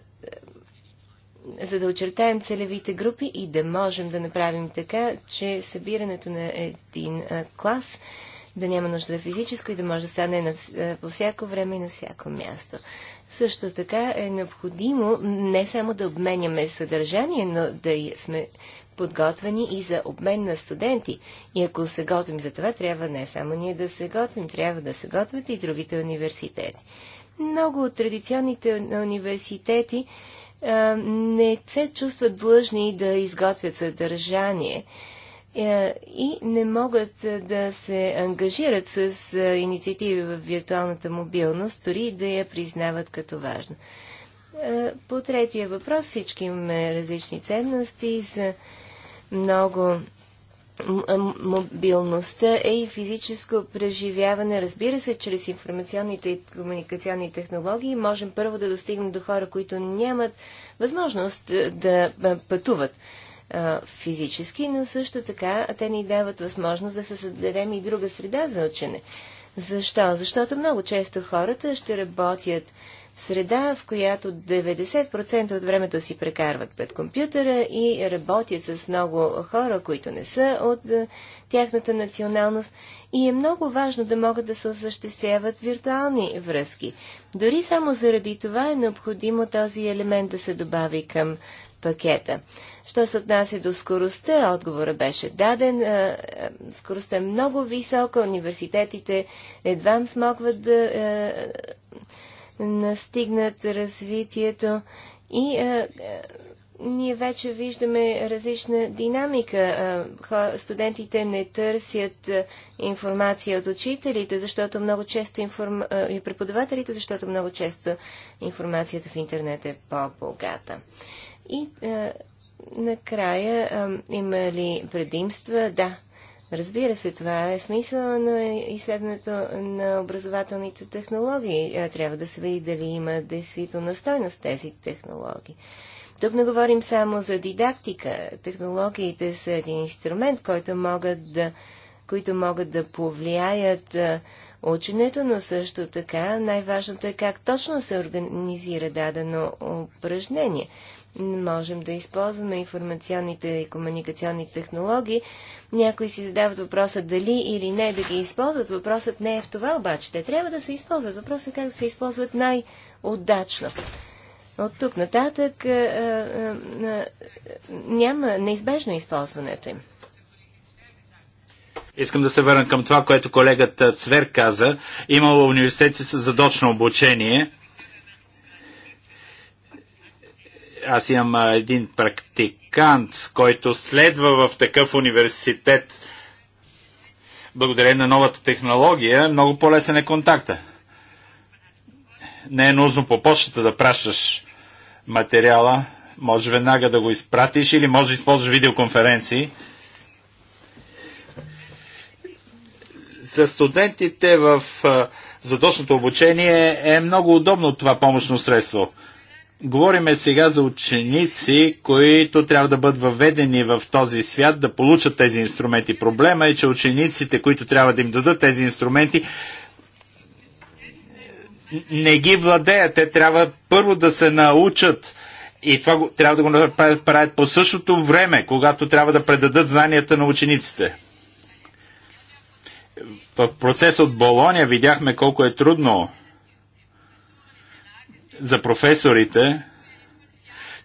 за да очертаем целевите групи и да можем да направим така, че събирането на един а, клас да няма нужда физическо и да може да стане на, а, по всяко време и на всяко място. Също така е необходимо не само да обменяме съдържание, но да сме подготвени и за обмен на студенти. И ако се готвим за това, трябва не само ние да се готвим, трябва да се готвят и другите университети. Много от традиционните университети е, не се чувстват длъжни да изготвят съдържание е, и не могат е, да се ангажират с инициативи в виртуалната мобилност, дори да я признават като важна. По третия въпрос всички имаме различни ценности за много мобилността е и физическо преживяване. Разбира се, чрез информационните и комуникационни технологии можем първо да достигнем до хора, които нямат възможност е, да е, пътуват физически, но също така те ни дават възможност да се създадем и друга среда за учене. Защо? Защото много често хората ще работят среда, в която 90% от времето си прекарват пред компютъра и работят с много хора, които не са от е, тяхната националност. И е много важно да могат да се осъществяват виртуални връзки. Дори само заради това е необходимо този елемент да се добави към пакета. Що се отнася до скоростта, отговора беше даден. Е, е, скоростта е много висока, университетите едва смогват да настигнат развитието и а, ние вече виждаме различна динамика. Студентите не търсят информация от учителите, защото много често информ... и преподавателите, защото много често информацията в интернет е по-богата. И а, накрая а, има ли предимства? Да, Разбира се, това е смисъл на изследването на образователните технологии. Е, трябва да се види дали има действителна стойност тези технологии. Тук не говорим само за дидактика. Технологиите са един инструмент, който могат да, които могат да повлияят е, ученето, но също така най-важното е как точно се организира дадено упражнение. Не можем да използваме информационните и комуникационни технологии. Някои си задават въпроса дали или не да ги използват. Въпросът не е в това обаче. Те трябва да се използват. Въпросът е как да се използват най-удачно. От тук нататък а, а, а, няма неизбежно използването им. Искам да се върна към това, което колегата Цвер каза. Имало университети с задочно обучение аз имам а, един практикант, който следва в такъв университет. Благодарение на новата технология, много по-лесен е контакта. Не е нужно по почтата да пращаш материала. Може веднага да го изпратиш или може да използваш видеоконференции. За студентите в задочното обучение е много удобно това помощно средство Говориме сега за ученици, които трябва да бъдат въведени в този свят, да получат тези инструменти. Проблема е, че учениците, които трябва да им дадат тези инструменти, не ги владеят. Те трябва първо да се научат и това трябва да го правят по същото време, когато трябва да предадат знанията на учениците. В процеса от Болония видяхме колко е трудно за професорите,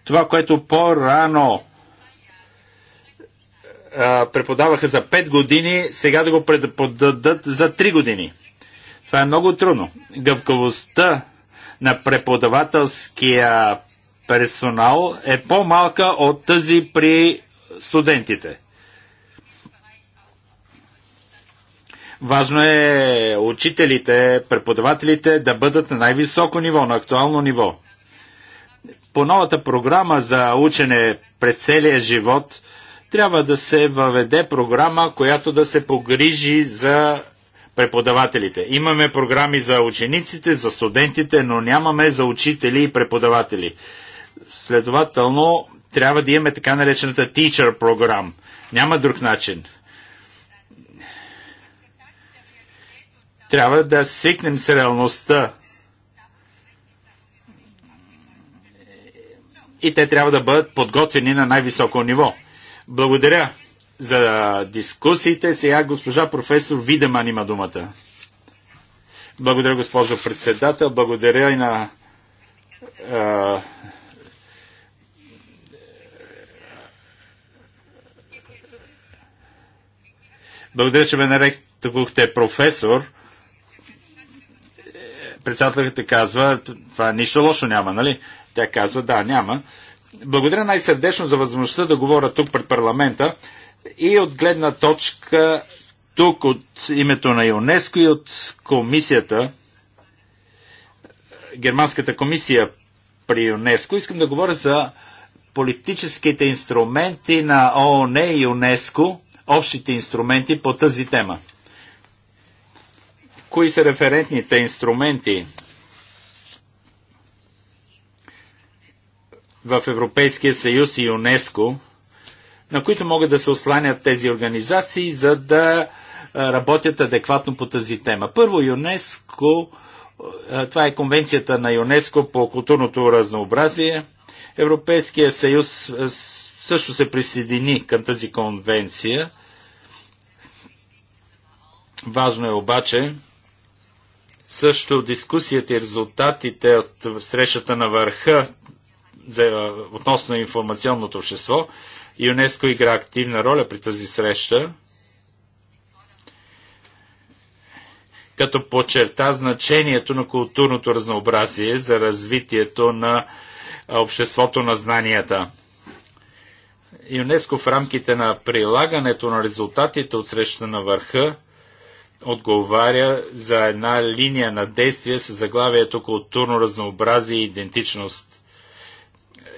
това, което по-рано преподаваха за 5 години, сега да го преподадат за 3 години. Това е много трудно. Гъвкавостта на преподавателския персонал е по-малка от тази при студентите. Важно е учителите, преподавателите да бъдат на най-високо ниво, на актуално ниво. По новата програма за учене през целия живот трябва да се въведе програма, която да се погрижи за преподавателите. Имаме програми за учениците, за студентите, но нямаме за учители и преподаватели. Следователно, трябва да имаме така наречената teacher програм. Няма друг начин – Трябва да свикнем с реалността. И те трябва да бъдат подготвени на най-високо ниво. Благодаря за дискусиите. Сега госпожа професор Видеман има думата. Благодаря, госпожо председател. Благодаря и на а, Благодаря, че ме нарекохте професор. Председателката казва, това нищо лошо няма, нали? Тя казва, да, няма. Благодаря най-сърдечно за възможността да говоря тук пред парламента и от гледна точка тук от името на ЮНЕСКО и от комисията, Германската комисия при ЮНЕСКО, искам да говоря за политическите инструменти на ООН и ЮНЕСКО, общите инструменти по тази тема. Кои са референтните инструменти в Европейския съюз и ЮНЕСКО, на които могат да се осланят тези организации, за да работят адекватно по тази тема. Първо, ЮНЕСКО, това е конвенцията на ЮНЕСКО по културното разнообразие. Европейския съюз също се присъедини към тази конвенция. Важно е обаче също дискусията и резултатите от срещата на върха за, относно информационното общество. ЮНЕСКО игра активна роля при тази среща, като подчерта значението на културното разнообразие за развитието на обществото на знанията. ЮНЕСКО в рамките на прилагането на резултатите от срещата на върха отговаря за една линия на действие с заглавието културно разнообразие и идентичност,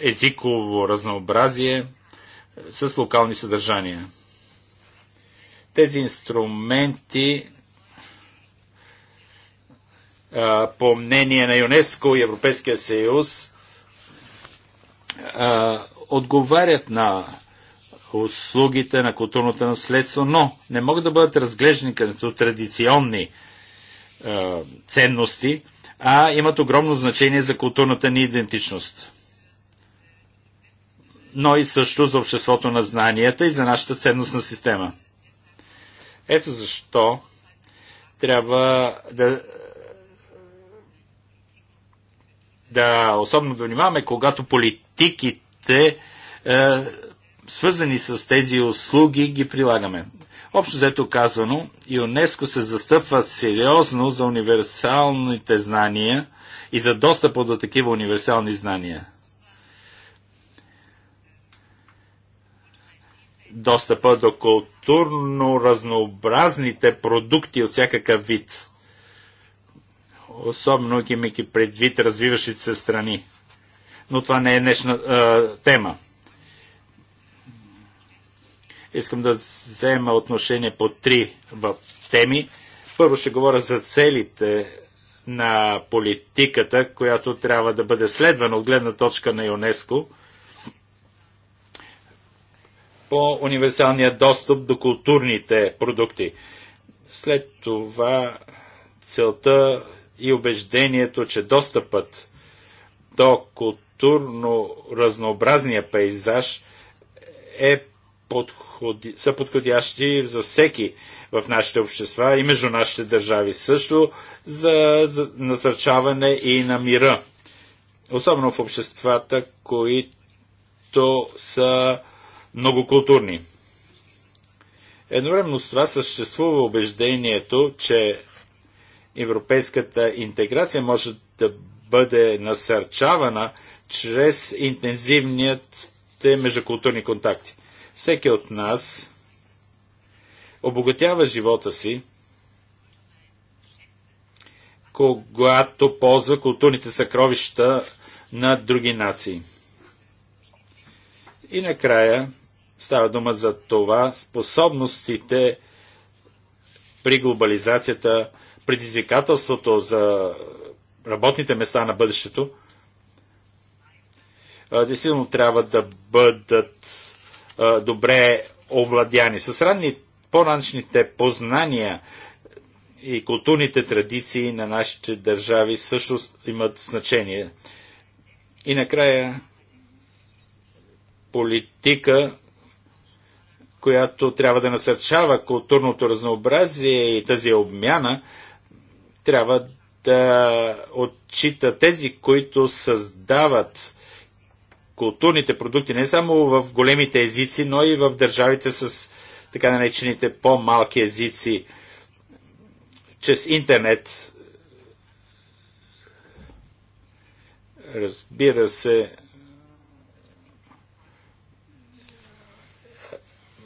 езиково разнообразие с локални съдържания. Тези инструменти по мнение на ЮНЕСКО и Европейския съюз, отговарят на услугите на културното наследство, но не могат да бъдат разглеждани като традиционни е, ценности, а имат огромно значение за културната ни идентичност. Но и също за обществото на знанията и за нашата ценностна система. Ето защо трябва да, да особено внимаваме, когато политиките е, свързани с тези услуги, ги прилагаме. Общо взето казано, ЮНЕСКО се застъпва сериозно за универсалните знания и за достъпа до такива универсални знания. Достъпа до културно разнообразните продукти от всякакъв вид. Особено имайки предвид развиващите се страни. Но това не е днешна е, тема. Искам да взема отношение по три теми. Първо ще говоря за целите на политиката, която трябва да бъде следвана от гледна точка на ЮНЕСКО по универсалния достъп до културните продукти. След това целта и убеждението, че достъпът до културно разнообразния пейзаж е подходящ подходи, са подходящи за всеки в нашите общества и между нашите държави също за, за насърчаване и на мира. Особено в обществата, които са многокултурни. Едновременно с това съществува убеждението, че европейската интеграция може да бъде насърчавана чрез интензивният междукултурни контакти. Всеки от нас обогатява живота си, когато ползва културните съкровища на други нации. И накрая става дума за това способностите при глобализацията, предизвикателството за работните места на бъдещето, действително трябва да бъдат добре овладяни. С ранни, по раншните познания и културните традиции на нашите държави също имат значение. И накрая политика, която трябва да насърчава културното разнообразие и тази обмяна, трябва да отчита тези, които създават културните продукти не само в големите езици, но и в държавите с така наречените по-малки езици чрез интернет. Разбира се,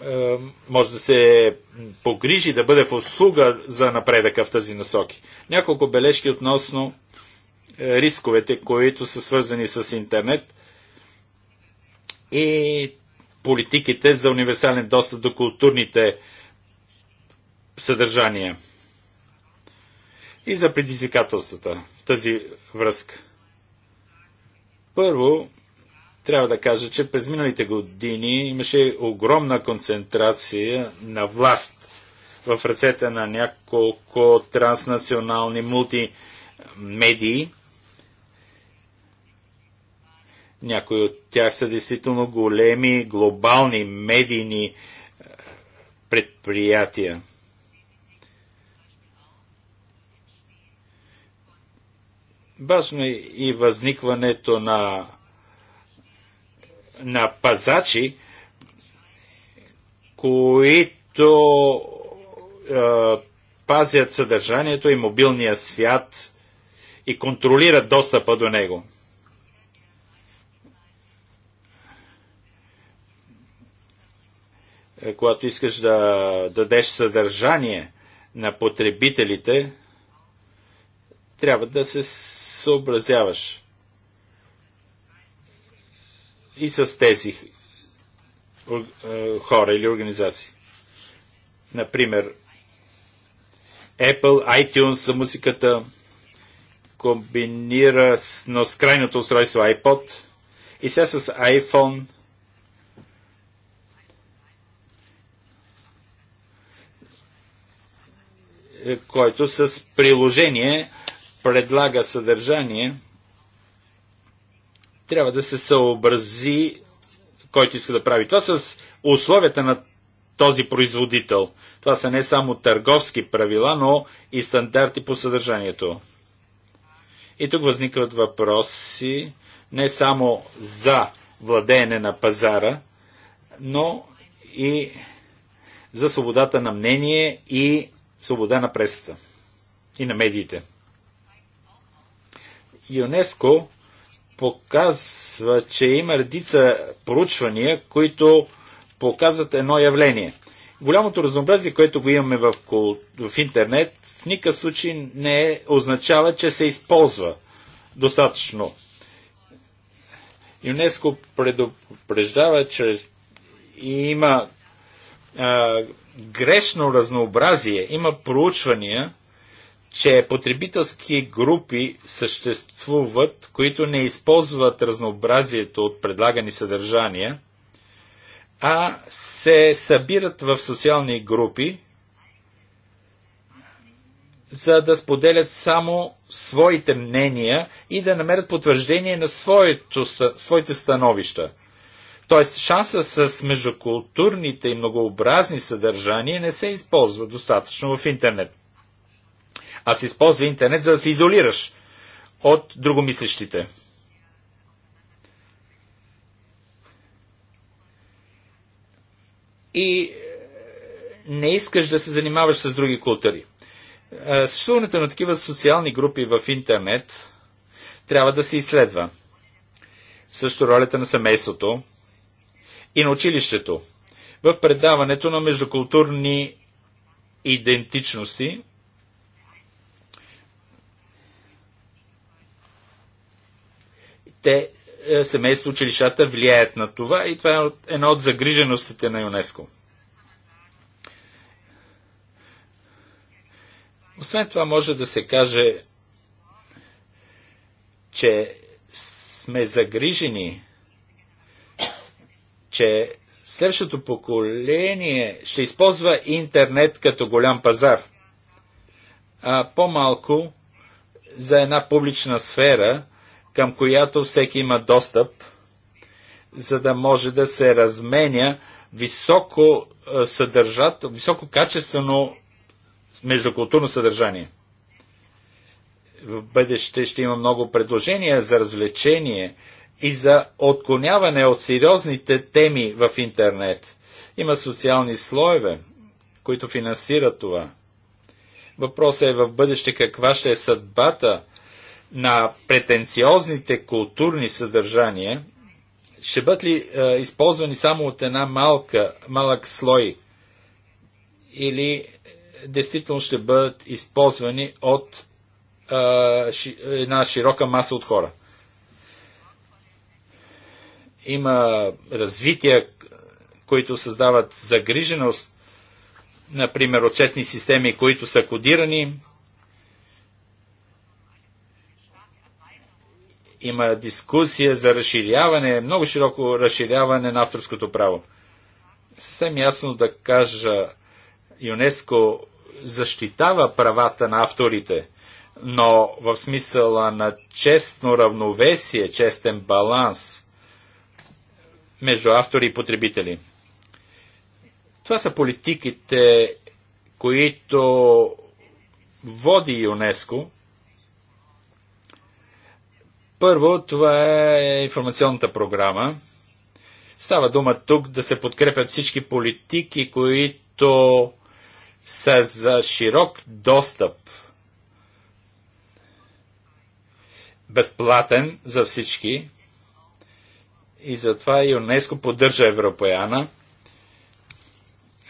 е, може да се погрижи да бъде в услуга за напредъка в тази насоки. Няколко бележки относно е, рисковете, които са свързани с интернет – и политиките за универсален достъп до културните съдържания и за предизвикателствата в тази връзка. Първо, трябва да кажа, че през миналите години имаше огромна концентрация на власт в ръцете на няколко транснационални мултимедии – някои от тях са действително големи глобални медийни е, предприятия. Важно е и възникването на, на пазачи, които е, пазят съдържанието и мобилния свят и контролират достъпа до него. Е, когато искаш да дадеш съдържание на потребителите, трябва да се съобразяваш и с тези е, хора или организации. Например, Apple, iTunes за музиката комбинира с, но с крайното устройство iPod и сега с iPhone който с приложение предлага съдържание, трябва да се съобрази, който иска да прави това, с условията на този производител. Това са не само търговски правила, но и стандарти по съдържанието. И тук възникват въпроси не само за владеене на пазара, но и за свободата на мнение и свобода на пресата и на медиите. ЮНЕСКО показва, че има редица проучвания, които показват едно явление. Голямото разнообразие, което го имаме в, в интернет, в никакъв случай не е, означава, че се използва достатъчно. ЮНЕСКО предупреждава, че има а, грешно разнообразие. Има проучвания, че потребителски групи съществуват, които не използват разнообразието от предлагани съдържания, а се събират в социални групи, за да споделят само своите мнения и да намерят потвърждение на своето, своите становища. Тоест шанса с междукултурните и многообразни съдържания не се използва достатъчно в интернет. А се използва интернет, за да се изолираш от другомислещите. И е, не искаш да се занимаваш с други култури. Е, съществуването на такива социални групи в интернет трябва да се изследва. Също ролята на семейството, и на училището в предаването на междукултурни идентичности. Те, е, семейство, училищата влияят на това и това е една от загриженостите на ЮНЕСКО. Освен това може да се каже, че сме загрижени че следващото поколение ще използва интернет като голям пазар, а по-малко за една публична сфера, към която всеки има достъп, за да може да се разменя високо съдържат, високо качествено междукултурно съдържание. В бъдеще ще има много предложения за развлечение, и за отклоняване от сериозните теми в интернет. Има социални слоеве, които финансират това. Въпросът е в бъдеще каква ще е съдбата на претенциозните културни съдържания, ще бъдат ли е, използвани само от една малка, малък слой или е, действително ще бъдат използвани от е, ши, една широка маса от хора. Има развития, които създават загриженост, например, отчетни системи, които са кодирани. Има дискусия за разширяване, много широко разширяване на авторското право. Съвсем ясно да кажа, ЮНЕСКО защитава правата на авторите, но в смисъла на честно равновесие, честен баланс – между автори и потребители. Това са политиките, които води ЮНЕСКО. Първо, това е информационната програма. Става дума тук да се подкрепят всички политики, които са за широк достъп. Безплатен за всички. И затова ЮНЕСКО поддържа Европеяна.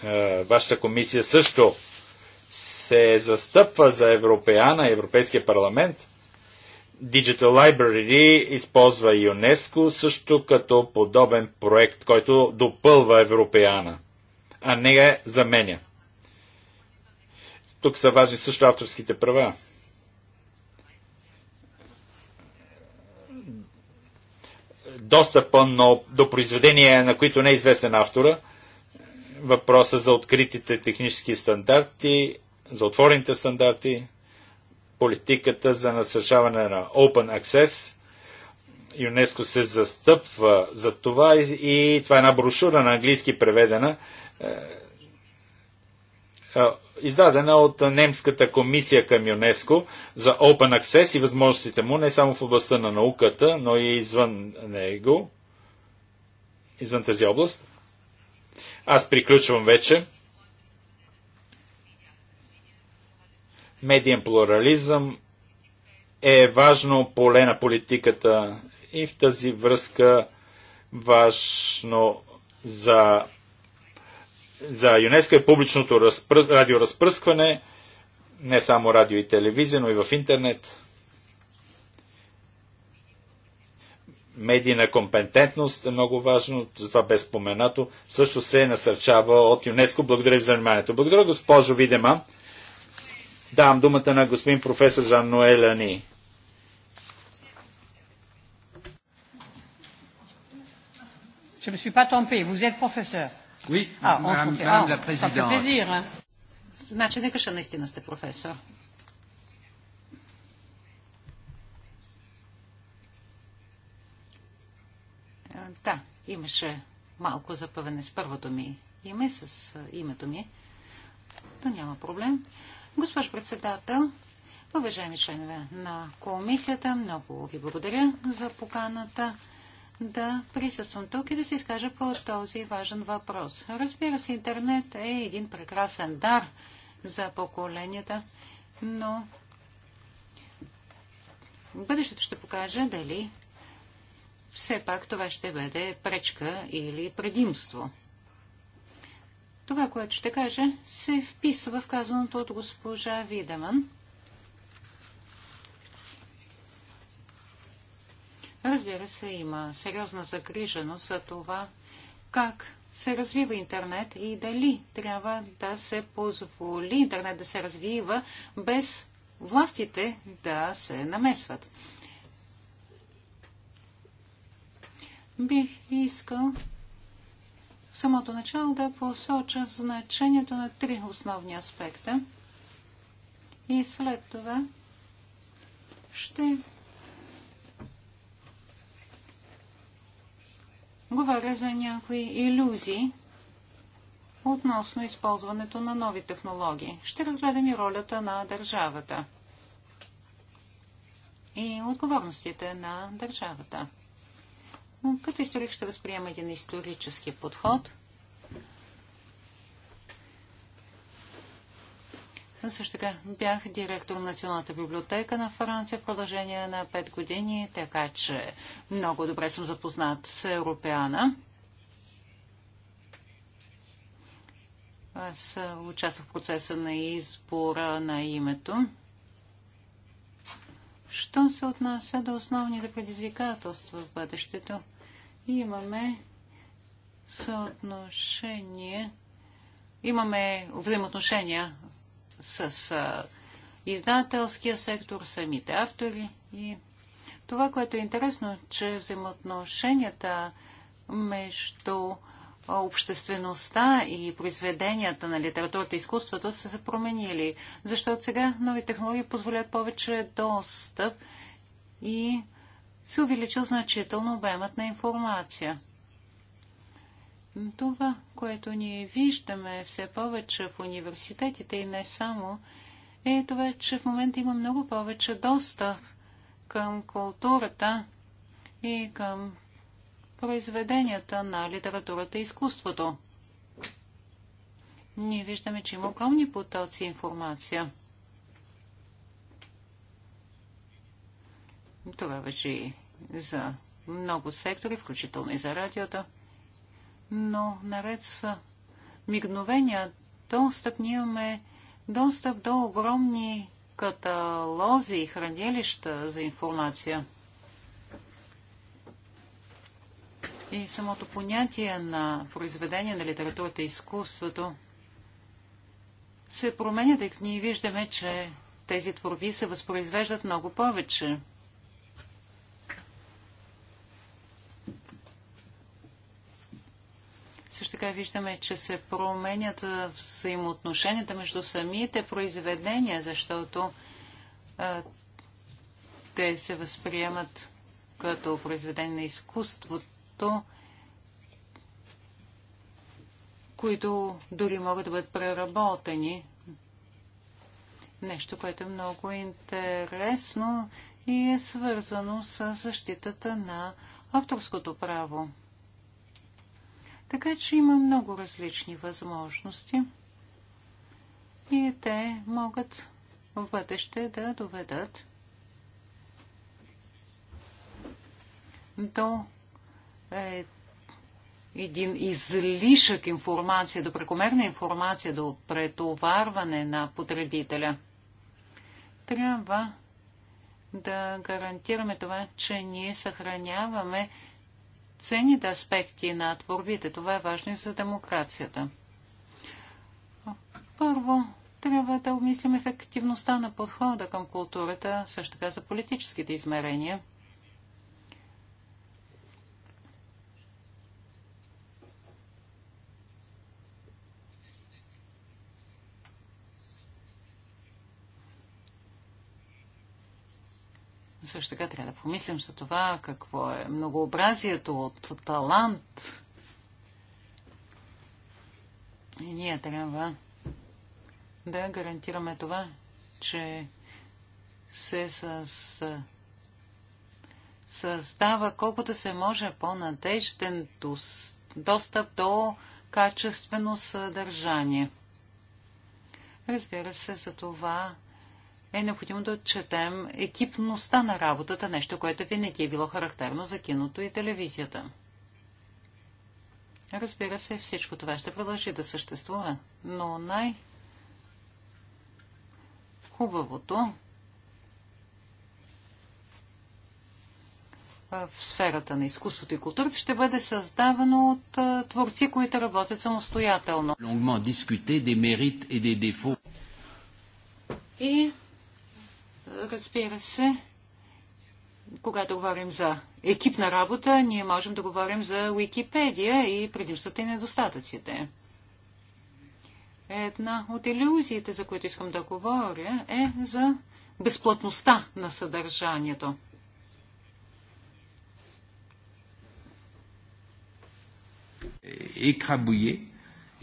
Е, вашата комисия също се застъпва за Европеяна, Европейския парламент. Digital Library използва ЮНЕСКО също като подобен проект, който допълва Европеяна, а не е заменя. Тук са важни също авторските права. достъпа но, до произведения, на които не е известен автора, въпроса за откритите технически стандарти, за отворените стандарти, политиката за насърчаване на Open Access. ЮНЕСКО се застъпва за това и, и това е една брошура на английски преведена е, е, издадена от немската комисия към ЮНЕСКО за Open Access и възможностите му не само в областта на науката, но и извън него, извън тази област. Аз приключвам вече. Медиен плурализъм е важно поле на политиката и в тази връзка важно за за ЮНЕСКО е публичното разпръс... радиоразпръскване, не само радио и телевизия, но и в интернет. Медийна компетентност е много важно, затова бе споменато, също се е насърчава от ЮНЕСКО. Благодаря ви за вниманието. Благодаря, госпожо Видема. Давам думата на господин професор Жан Ноел Ани. Je ne suis pas trompée, vous êtes professeur. Oui, а, мадам, мадам, а, Значи, нека ще наистина сте професор. Да, имаше малко запъване с първото ми име, с името ми. Но няма проблем. Госпожо председател, уважаеми членове на комисията, много ви благодаря за поканата да присъствам тук и да се изкажа по този важен въпрос. Разбира се, интернет е един прекрасен дар за поколенията, но бъдещето ще покаже дали все пак това ще бъде пречка или предимство. Това, което ще кажа, се вписва в казаното от госпожа Видеман – Разбира се, има сериозна загриженост за това как се развива интернет и дали трябва да се позволи интернет да се развива без властите да се намесват. Бих искал в самото начало да посоча значението на три основни аспекта и след това ще Говоря за някои иллюзии относно използването на нови технологии. Ще разгледам и ролята на държавата и отговорностите на държавата. Като историк ще възприема един исторически подход – Също така бях директор на Националната библиотека на Франция в продължение на 5 години, така че много добре съм запознат с Европеана. Аз участвах в процеса на избора на името. Що се отнася до основните предизвикателства в бъдещето? Имаме съотношение, имаме взаимоотношения с а, издателския сектор, самите автори. И това, което е интересно, че взаимоотношенията между обществеността и произведенията на литературата и изкуството са се променили, защото сега нови технологии позволят повече достъп и се увеличил значително обемът на информация. Това, което ние виждаме все повече в университетите и не само, е това, че в момента има много повече достъп към културата и към произведенията на литературата и изкуството. Ние виждаме, че има огромни потоци информация. Това вече и за много сектори, включително и за радиото но наред с мигновения достъп ние имаме достъп до огромни каталози и хранилища за информация. И самото понятие на произведение на литературата и изкуството се променя, тъй като ние виждаме, че тези творби се възпроизвеждат много повече. Също така виждаме, че се променят взаимоотношенията между самите произведения, защото а, те се възприемат като произведение на изкуството, които дори могат да бъдат преработени. Нещо, което е много интересно и е свързано с защитата на авторското право. Така че има много различни възможности и те могат в бъдеще да доведат до е, един излишък информация, до прекомерна информация, до претоварване на потребителя. Трябва да гарантираме това, че ние съхраняваме ценните аспекти на творбите. Това е важно и за демокрацията. Първо, трябва да обмислим ефективността на подхода към културата, също така за политическите измерения – Също така трябва да помислим за това какво е многообразието от талант. И ние трябва да гарантираме това, че се със създава колкото се може по-надежден достъп до качествено съдържание. Разбира се, за това е необходимо да отчетем екипността на работата, нещо, което винаги е било характерно за киното и телевизията. Разбира се, всичко това ще продължи да съществува, но най- хубавото в сферата на изкуството и културата ще бъде създавано от творци, които работят самостоятелно. И разбира се, когато говорим за екипна работа, ние можем да говорим за Уикипедия и предимствата и недостатъците. Една от иллюзиите, за които искам да говоря, е за безплатността на съдържанието. Е,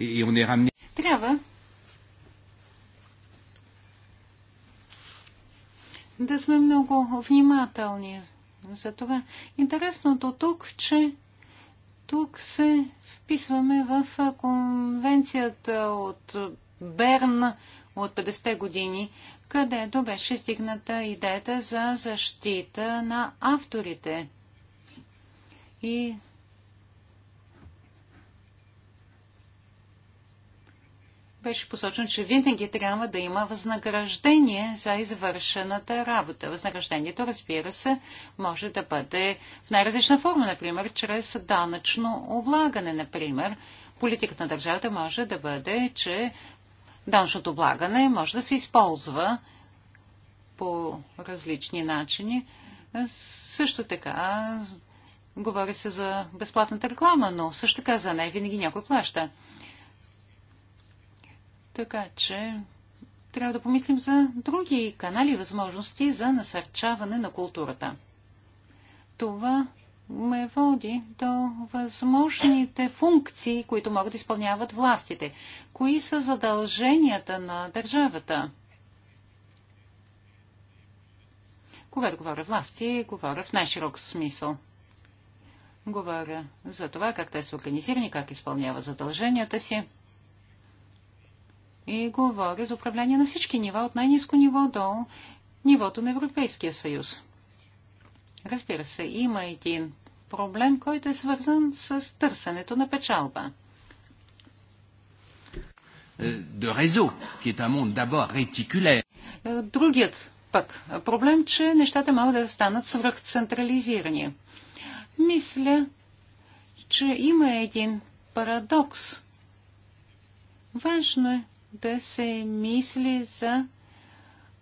е е, Трябва да сме много внимателни за това. Интересното тук, че тук се вписваме в конвенцията от Берн от 50-те години, където беше стигната идеята за защита на авторите. И беше посочено, че винаги трябва да има възнаграждение за извършената работа. Възнаграждението, разбира се, може да бъде в най-различна форма, например, чрез данъчно облагане, например. Политиката на държавата може да бъде, че данъчното облагане може да се използва по различни начини. Също така, говори се за безплатната реклама, но също така за нея винаги някой плаща. Така че трябва да помислим за други канали и възможности за насърчаване на културата. Това ме води до възможните функции, които могат да изпълняват властите. Кои са задълженията на държавата? Когато говоря власти, говоря в най-широк смисъл. Говоря за това как те са организирани, как изпълняват задълженията си и говоря за управление на всички нива, от най-низко ниво до нивото на Европейския съюз. Разбира се, има един проблем, който е свързан с търсенето на печалба. Е, de réseau, qui est un monde е, Другият пък проблем, че нещата могат да станат свръхцентрализирани. Мисля, че има един парадокс. Важно е да се мисли за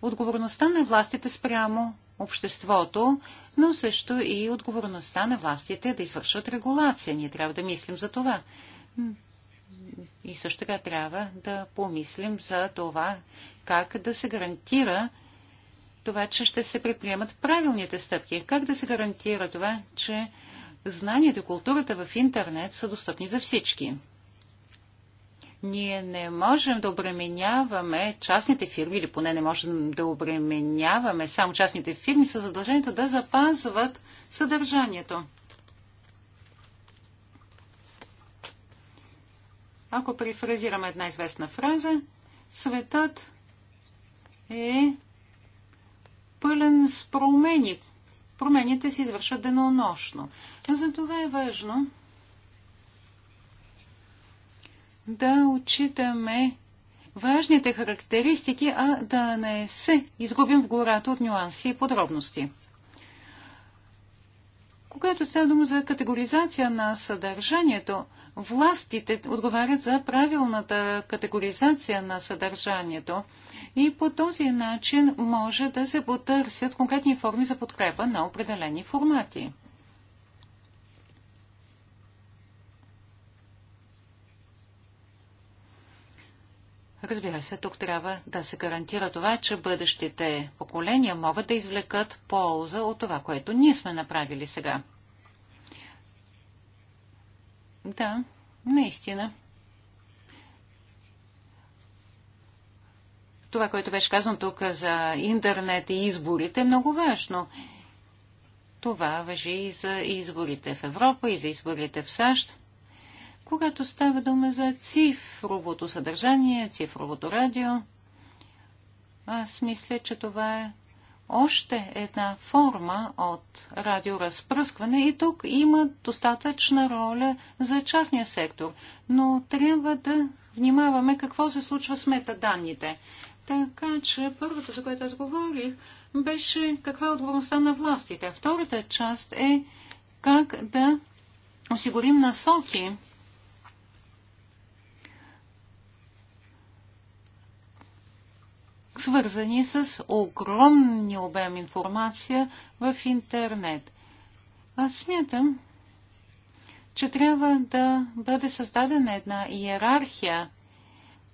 отговорността на властите спрямо обществото, но също и отговорността на властите да извършват регулация. Ние трябва да мислим за това. И също така трябва да помислим за това, как да се гарантира това, че ще се предприемат правилните стъпки. Как да се гарантира това, че знанието и културата в интернет са достъпни за всички. Ние не можем да обременяваме частните фирми, или поне не можем да обременяваме само частните фирми с задължението да запазват съдържанието. Ако префразираме една известна фраза, светът е пълен с промени. Промените се извършват денонощно. Затова е важно да отчитаме важните характеристики, а да не се изгубим в гората от нюанси и подробности. Когато става дума за категоризация на съдържанието, властите отговарят за правилната категоризация на съдържанието и по този начин може да се потърсят конкретни форми за подкрепа на определени формати. Разбира се, тук трябва да се гарантира това, че бъдещите поколения могат да извлекат полза от това, което ние сме направили сега. Да, наистина. Това, което беше казано тук за интернет и изборите, е много важно. Това въжи и за изборите в Европа, и за изборите в САЩ. Когато става дума за цифровото съдържание, цифровото радио, аз мисля, че това е още една форма от радиоразпръскване и тук има достатъчна роля за частния сектор. Но трябва да внимаваме какво се случва с метаданните. Така че първото, за което аз говорих, беше каква е отговорността на властите. Втората част е как да осигурим насоки свързани с огромни обем информация в интернет. Аз смятам, че трябва да бъде създадена една иерархия,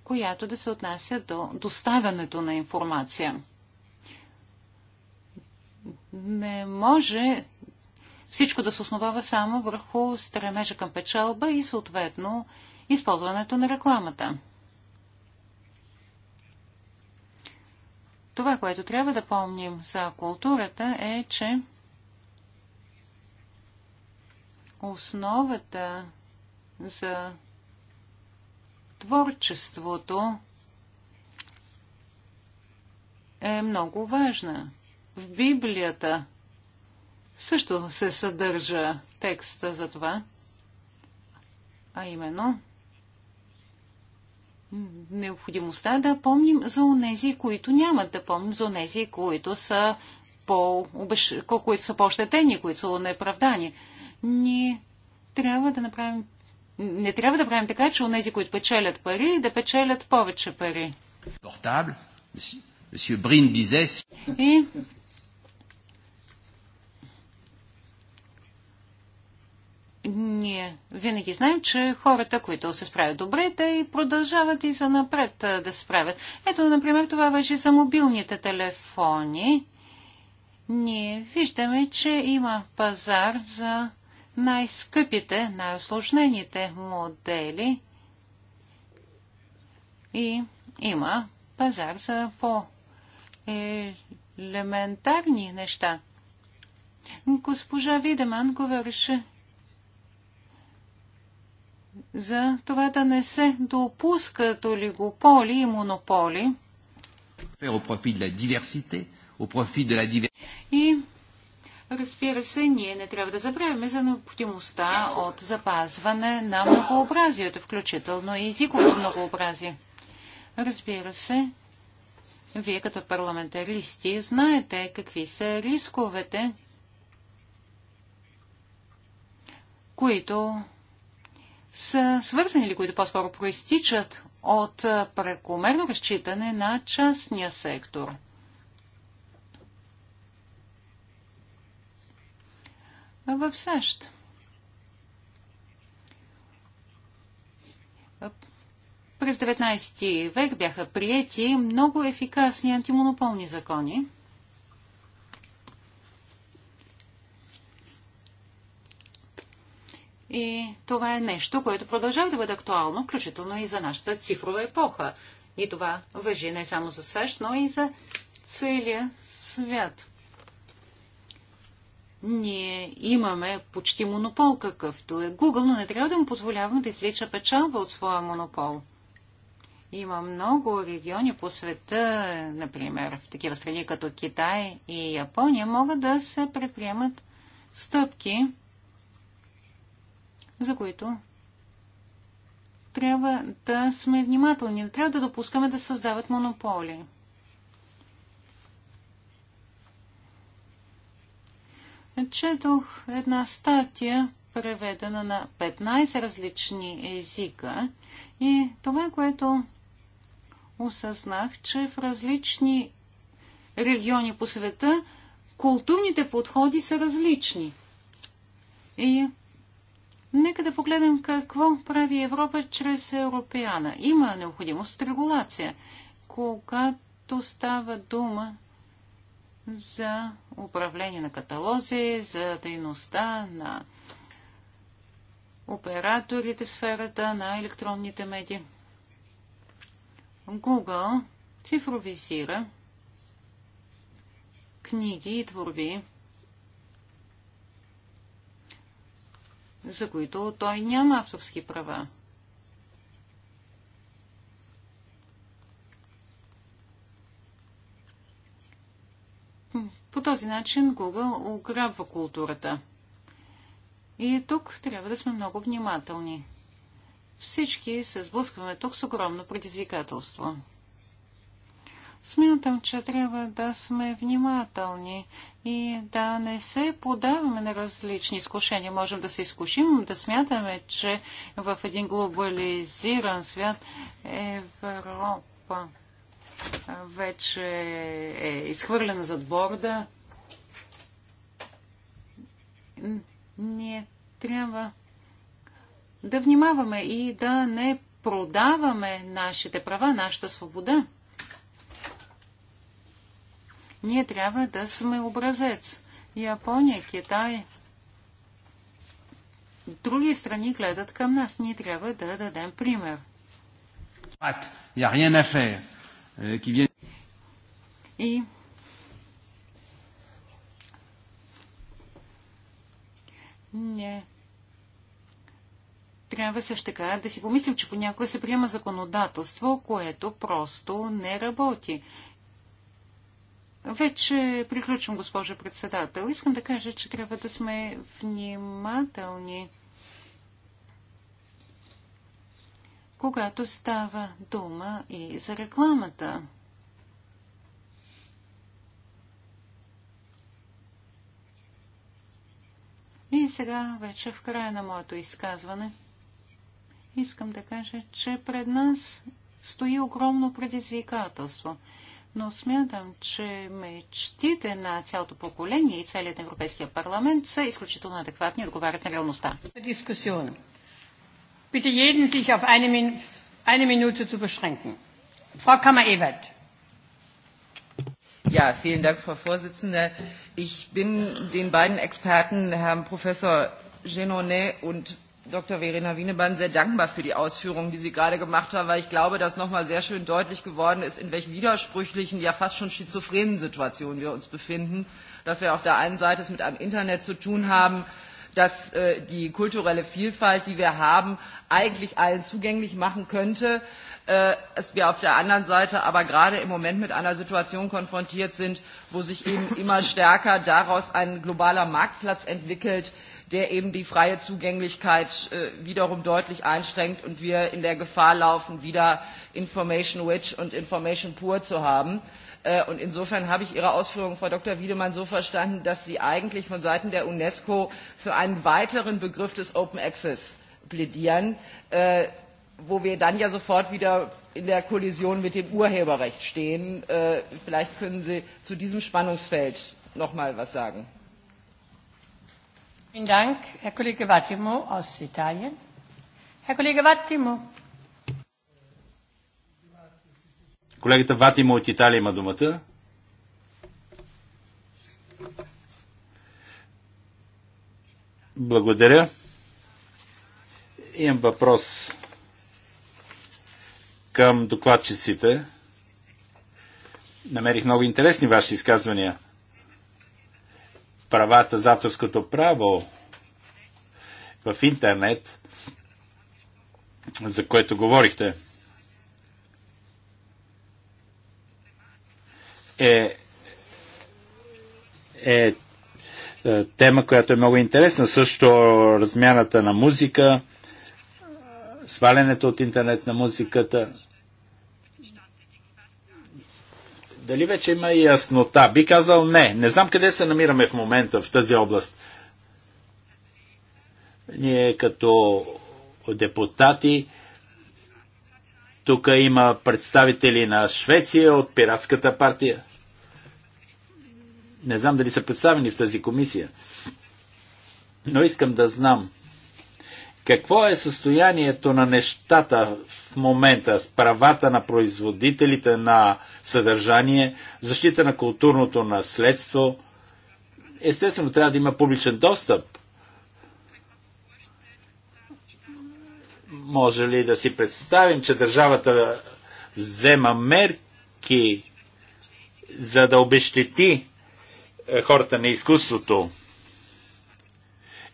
която да се отнася до доставянето на информация. Не може всичко да се основава само върху стремежа към печалба и съответно използването на рекламата. Това, което трябва да помним за културата е, че основата за творчеството е много важна. В Библията също се съдържа текста за това, а именно – необходимостта да помним за онези, които нямат да помним, за онези, които са по които са по-щетени, които са неправдани. Ние трябва да направим не трябва да правим така, че онези, които печелят пари, да печелят повече пари. И ние винаги знаем, че хората, които се справят добре, те и продължават и за напред да се справят. Ето, например, това въжи за мобилните телефони. Ние виждаме, че има пазар за най-скъпите, най-осложнените модели и има пазар за по-елементарни неща. Госпожа Видеман говореше за това да не се допускат олигополи и монополи. И разбира се, ние не трябва да забравяме за необходимостта от запазване на многообразието, включително и езиково многообразие. Разбира се, вие като парламентаристи знаете какви са рисковете, които са свързани или които по-скоро проистичат от прекомерно разчитане на частния сектор. В САЩ през 19 век бяха приети много ефикасни антимонополни закони. И това е нещо, което продължава да бъде актуално, включително и за нашата цифрова епоха. И това въжи не само за САЩ, но и за целия свят. Ние имаме почти монопол, какъвто е Google, но не трябва да му позволяваме да извлича печалба от своя монопол. Има много региони по света, например, в такива страни като Китай и Япония, могат да се предприемат стъпки, за които трябва да сме внимателни, не трябва да допускаме да създават монополи. Четох една статия, преведена на 15 различни езика и това, е което осъзнах, че в различни региони по света културните подходи са различни. И Нека да погледнем какво прави Европа чрез Европеяна. Има необходимост от регулация. Когато става дума за управление на каталози, за дейността на операторите в сферата на електронните медии. Google цифровизира книги и творби за които той няма авторски права. По този начин Google ограбва културата. И тук трябва да сме много внимателни. Всички се сблъскваме тук с огромно предизвикателство. Смятам, че трябва да сме внимателни и да не се подаваме на различни изкушения. Можем да се изкушим, да смятаме, че в един глобализиран свят Европа вече е изхвърлена зад борда. Ние трябва да внимаваме и да не продаваме нашите права, нашата свобода. Ние трябва да сме образец. Япония, Китай, други страни гледат към нас. Ние трябва да дадем пример. Э, И не. Трябва също така да си помислим, че понякога се приема законодателство, което просто не работи. Вече приключвам, госпожа председател. Искам да кажа, че трябва да сме внимателни, когато става дума и за рекламата. И сега вече в края на моето изказване искам да кажа, че пред нас стои огромно предизвикателство – но смятам, че мечтите на цялото поколение и целият Европейския парламент са изключително адекватни и отговарят на реалността. Bitte jeden sich auf eine, Min eine Minute zu beschränken. Frau Kammer-Ewert. Ja, vielen Dank, Frau Vorsitzende. Ich bin den beiden Experten, Herrn Professor Genonet und Dr. Verena Wienemann sehr dankbar für die Ausführungen, die Sie gerade gemacht haben, weil ich glaube, dass nochmal sehr schön deutlich geworden ist, in welch widersprüchlichen, ja fast schon schizophrenen Situationen wir uns befinden, dass wir auf der einen Seite es mit einem Internet zu tun haben, dass die kulturelle Vielfalt, die wir haben, eigentlich allen zugänglich machen könnte, dass wir auf der anderen Seite aber gerade im Moment mit einer Situation konfrontiert sind, wo sich eben immer stärker daraus ein globaler Marktplatz entwickelt, der eben die freie Zugänglichkeit wiederum deutlich einschränkt und wir in der Gefahr laufen, wieder Information Rich und Information Poor zu haben. Und insofern habe ich Ihre Ausführungen, Frau Dr. Wiedemann, so verstanden, dass Sie eigentlich von Seiten der UNESCO für einen weiteren Begriff des Open Access plädieren, wo wir dann ja sofort wieder in der Kollision mit dem Urheberrecht stehen. Vielleicht können Sie zu diesem Spannungsfeld noch mal was sagen. Vielen Dank, Herr Kollege Vattimo aus Italien. Herr Kollege Vattimo. Колегата Ватимо от Италия има думата. Благодаря. Имам въпрос към докладчиците. Намерих много интересни ваши изказвания правата за авторското право в интернет, за което говорихте, е, е, е тема, която е много интересна. Също размяната на музика, свалянето от интернет на музиката – Дали вече има яснота? Би казал не. Не знам къде се намираме в момента в тази област. Ние като депутати, тук има представители на Швеция от пиратската партия. Не знам дали са представени в тази комисия. Но искам да знам какво е състоянието на нещата в момента с правата на производителите на съдържание, защита на културното наследство? Естествено, трябва да има публичен достъп. Може ли да си представим, че държавата взема мерки за да обещети е, хората на изкуството?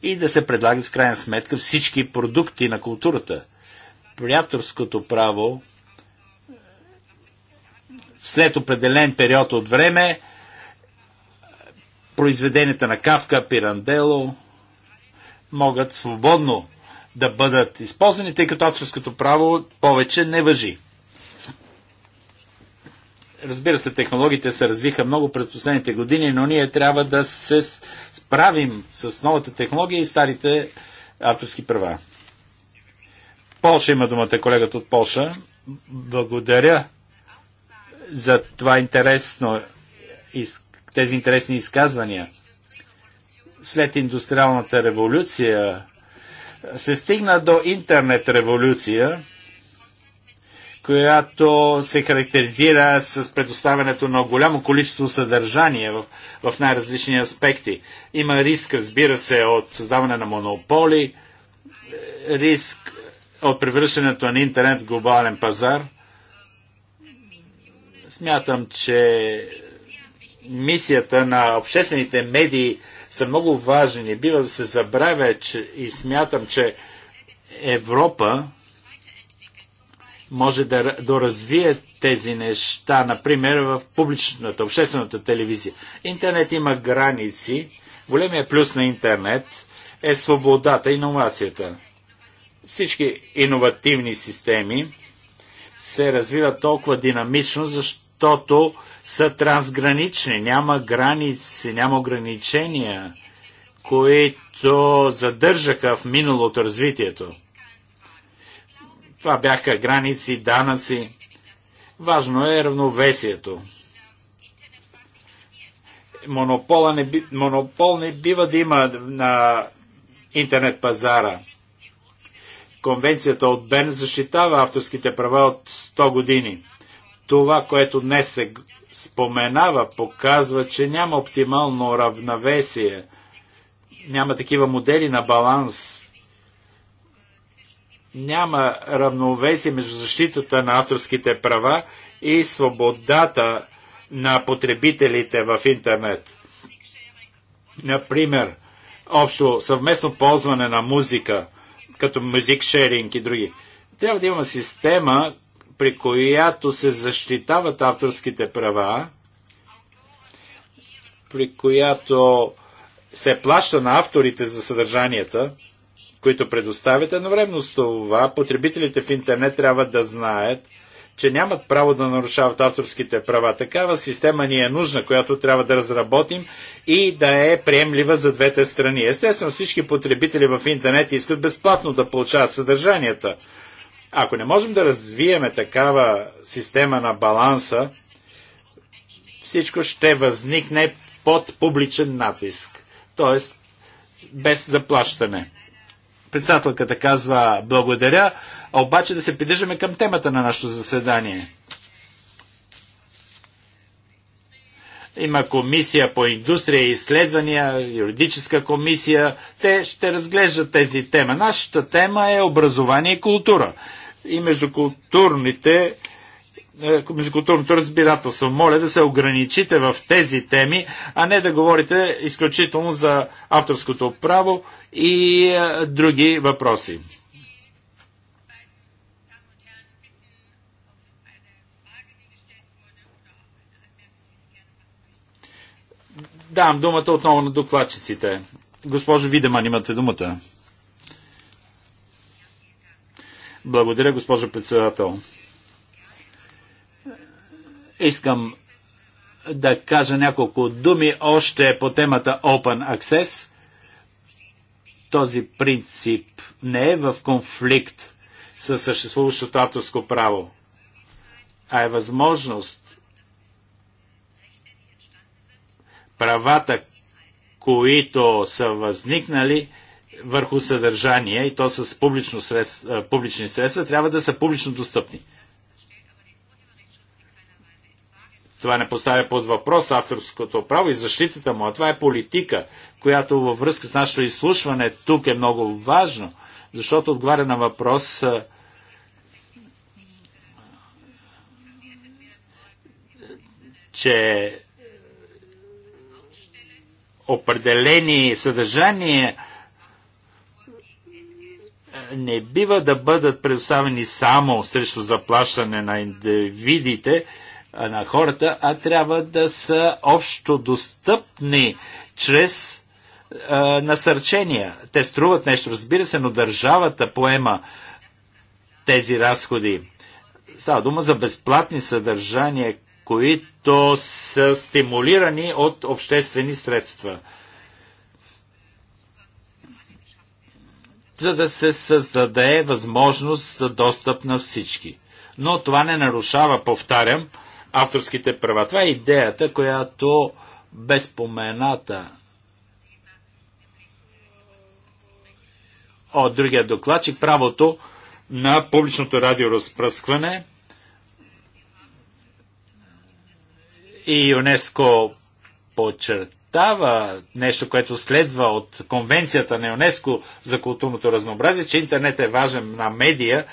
и да се предлагат в крайна сметка всички продукти на културата. Приаторското право след определен период от време произведенията на Кавка, Пирандело могат свободно да бъдат използвани, тъй като авторското право повече не въжи. Разбира се, технологиите се развиха много през последните години, но ние трябва да се справим с новата технология и старите авторски права. Полша има думата, колегата от Полша. Благодаря за това интересно тези интересни изказвания. След индустриалната революция се стигна до интернет революция – която се характеризира с предоставянето на голямо количество съдържание в, в най-различни аспекти. Има риск, разбира се, от създаване на монополи, риск от превръщането на интернет в глобален пазар. Смятам, че мисията на обществените медии са много важни. бива да се забравя, че, и смятам, че Европа може да доразвие тези неща, например в публичната, обществената телевизия. Интернет има граници. Големия плюс на интернет е свободата, иновацията. Всички иновативни системи се развиват толкова динамично, защото са трансгранични. Няма граници, няма ограничения, които задържаха в миналото развитието това бяха граници, данъци. Важно е равновесието. Монопола не би, монопол не бива да има на интернет пазара. Конвенцията от Бен защитава авторските права от 100 години. Това, което днес се споменава, показва, че няма оптимално равновесие. Няма такива модели на баланс няма равновесие между защитата на авторските права и свободата на потребителите в интернет. Например, общо съвместно ползване на музика, като музик шеринг и други. Трябва да има система, при която се защитават авторските права, при която се плаща на авторите за съдържанията, които предоставят. Едновременно с това потребителите в интернет трябва да знаят, че нямат право да нарушават авторските права. Такава система ни е нужна, която трябва да разработим и да е приемлива за двете страни. Естествено, всички потребители в интернет искат безплатно да получават съдържанията. Ако не можем да развиеме такава система на баланса, всичко ще възникне под публичен натиск, т.е. без заплащане. Председателката казва благодаря, а обаче да се придържаме към темата на нашето заседание. Има комисия по индустрия и изследвания, юридическа комисия. Те ще разглеждат тези тема. Нашата тема е образование и култура. И междукултурните е, междукултурното разбирателство. Моля да се ограничите в тези теми, а не да говорите изключително за авторското право и е, други въпроси. Давам думата отново на докладчиците. Госпожо Видеман, имате думата. Благодаря, госпожо председател. Искам да кажа няколко думи още по темата Open Access. Този принцип не е в конфликт с съществуващото авторско право, а е възможност правата, които са възникнали върху съдържание и то с публично средств, публични средства, трябва да са публично достъпни. Това не поставя под въпрос авторското право и защитата му, а това е политика, която във връзка с нашето изслушване тук е много важно, защото отговаря на въпрос че определени съдържания не бива да бъдат предоставени само срещу заплащане на индивидите, на хората, а трябва да са общо достъпни чрез а, насърчения. Те струват нещо, разбира се, но държавата поема тези разходи. Става дума за безплатни съдържания, които са стимулирани от обществени средства. За да се създаде възможност за достъп на всички. Но това не нарушава, повтарям, авторските права. Това е идеята, която без спомената от другия докладчик, правото на публичното радиоразпръскване и ЮНЕСКО подчертава нещо, което следва от конвенцията на ЮНЕСКО за културното разнообразие, че интернет е важен на медия,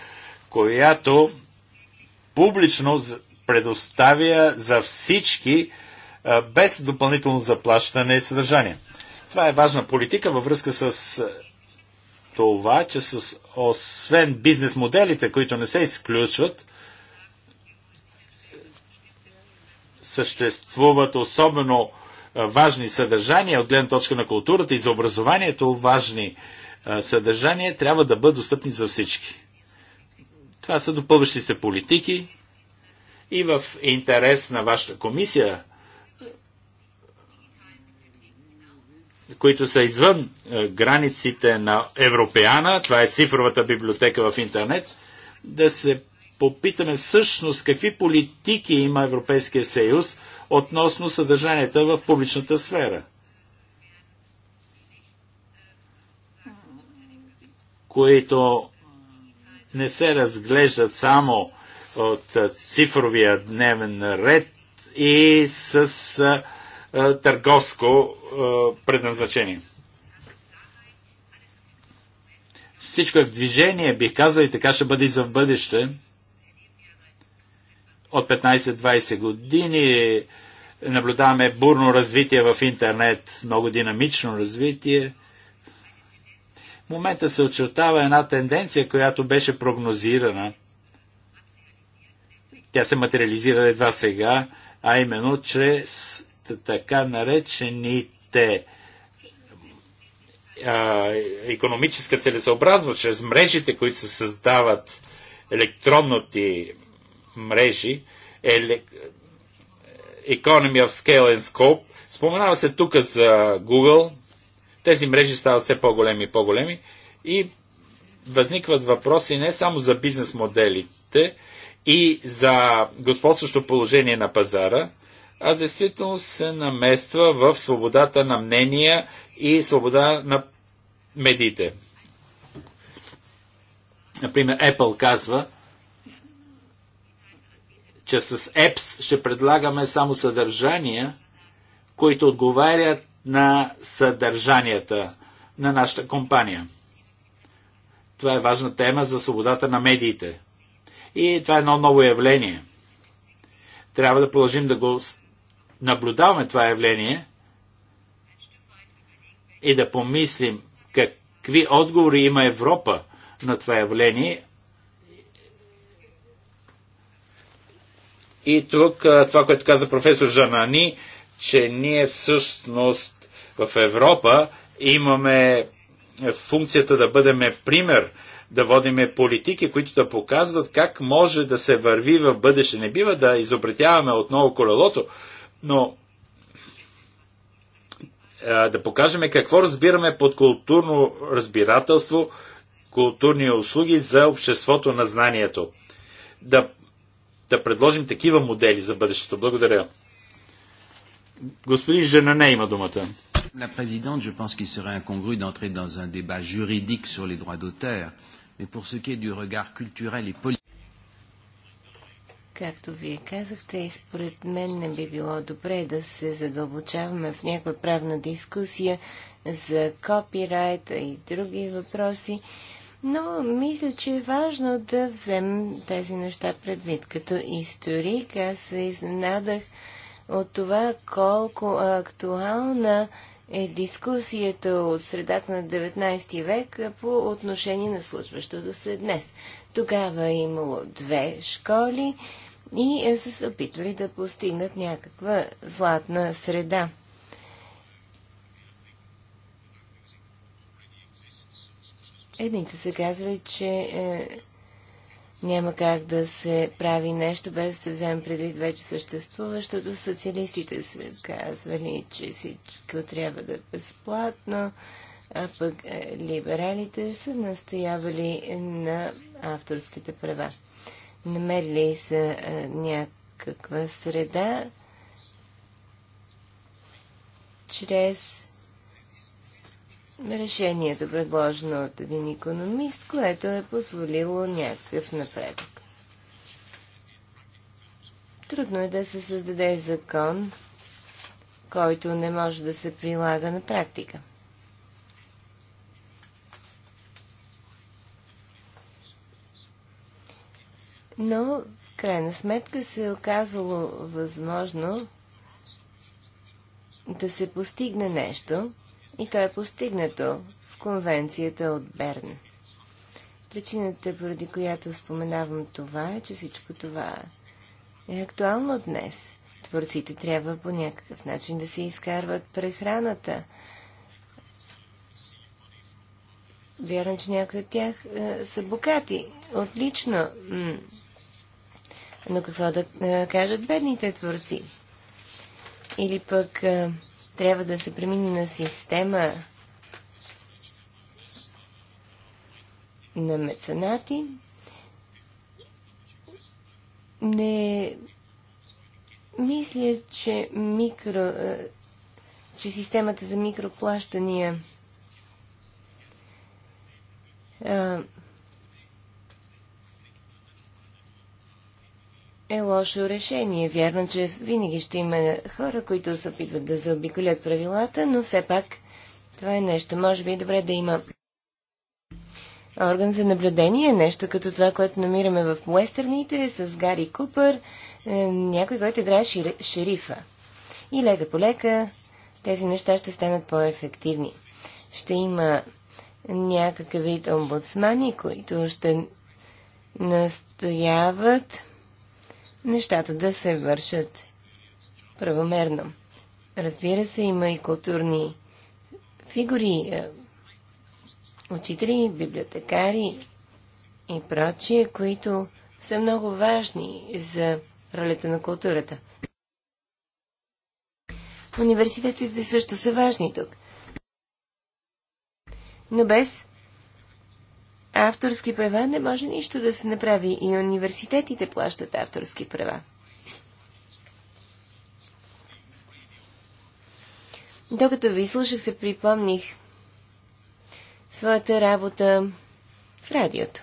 която публично предоставя за всички без допълнително заплащане и съдържание. Това е важна политика във връзка с това, че с, освен бизнес моделите, които не се изключват, съществуват особено важни съдържания от гледна точка на културата и за образованието важни съдържания трябва да бъдат достъпни за всички. Това са допълващи се политики, и в интерес на вашата комисия, които са извън е, границите на Европеана, това е цифровата библиотека в интернет, да се попитаме всъщност какви политики има Европейския съюз относно съдържанията в публичната сфера. които не се разглеждат само от цифровия дневен ред и с търговско предназначение. Всичко е в движение, бих казал, и така ще бъде и за в бъдеще. От 15-20 години наблюдаваме бурно развитие в интернет, много динамично развитие. В момента се очертава една тенденция, която беше прогнозирана – тя се материализира едва сега, а именно чрез така наречените а, економическа целесообразност, чрез мрежите, които се създават електронните мрежи, Economy of Scale and Scope. Споменава се тук за Google. Тези мрежи стават все по-големи и по-големи и възникват въпроси не само за бизнес моделите, и за господстващо положение на пазара, а действително се намества в свободата на мнения и свобода на медиите. Например, Apple казва, че с Apps ще предлагаме само съдържания, които отговарят на съдържанията на нашата компания. Това е важна тема за свободата на медиите. И това е едно ново явление. Трябва да продължим да го наблюдаваме това явление и да помислим какви отговори има Европа на това явление. И тук това, което каза професор Жанани, че ние всъщност в Европа имаме функцията да бъдем пример да водиме политики, които да показват как може да се върви в бъдеще. Не бива да изобретяваме отново колелото, но а, да покажем какво разбираме под културно разбирателство, културни услуги за обществото на знанието. Да, да предложим такива модели за бъдещето. Благодаря. Господин Женане има думата. La présidente, je pense qu'il serait incongru d'entrer dans un débat juridique sur les droits d'auteur. Euh, Mais pour ce qui est du regard culturel et politique, Както вие казахте, и според мен не би било добре да се задълбочаваме в някаква правна дискусия за копирайт и други въпроси, но мисля, че е важно да вземем тези неща предвид. Като историк аз се изненадах от това колко актуална е дискусията от средата на 19 век по отношение на случващото се днес. Тогава е имало две школи и е, са се опитвали да постигнат някаква златна среда. Едните са казвали, че е, няма как да се прави нещо, без да се вземе предвид вече съществуващото. Социалистите са казвали, че всичко трябва да е безплатно, а пък е, либералите са настоявали на авторските права. Намерили са е, някаква среда чрез решението, предложено от един економист, което е позволило някакъв напредък. Трудно е да се създаде закон, който не може да се прилага на практика. Но в крайна сметка се е оказало възможно да се постигне нещо, и то е постигнато в конвенцията от Берн. Причината, поради която споменавам това, е, че всичко това е актуално днес. Творците трябва по някакъв начин да се изкарват прехраната. Вярвам, че някои от тях е, са богати. Отлично. Но какво да е, кажат бедните творци? Или пък е, трябва да се премине на система на меценати. Не мисля, че микро, че системата за микроплащания е лошо решение. Вярно, че винаги ще има хора, които се опитват да заобиколят правилата, но все пак това е нещо. Може би е добре да има орган за наблюдение, нещо като това, което намираме в уестерните, с Гари Купър, е, някой, който играе шерифа. И лека по лека тези неща ще станат по-ефективни. Ще има някакъв вид омбудсмани, които ще настояват нещата да се вършат правомерно. Разбира се, има и културни фигури, е, учители, библиотекари и прочие, които са много важни за ролята на културата. Университетите също са важни тук. Но без авторски права не може нищо да се направи и университетите плащат авторски права. Докато ви слушах, се припомних своята работа в радиото.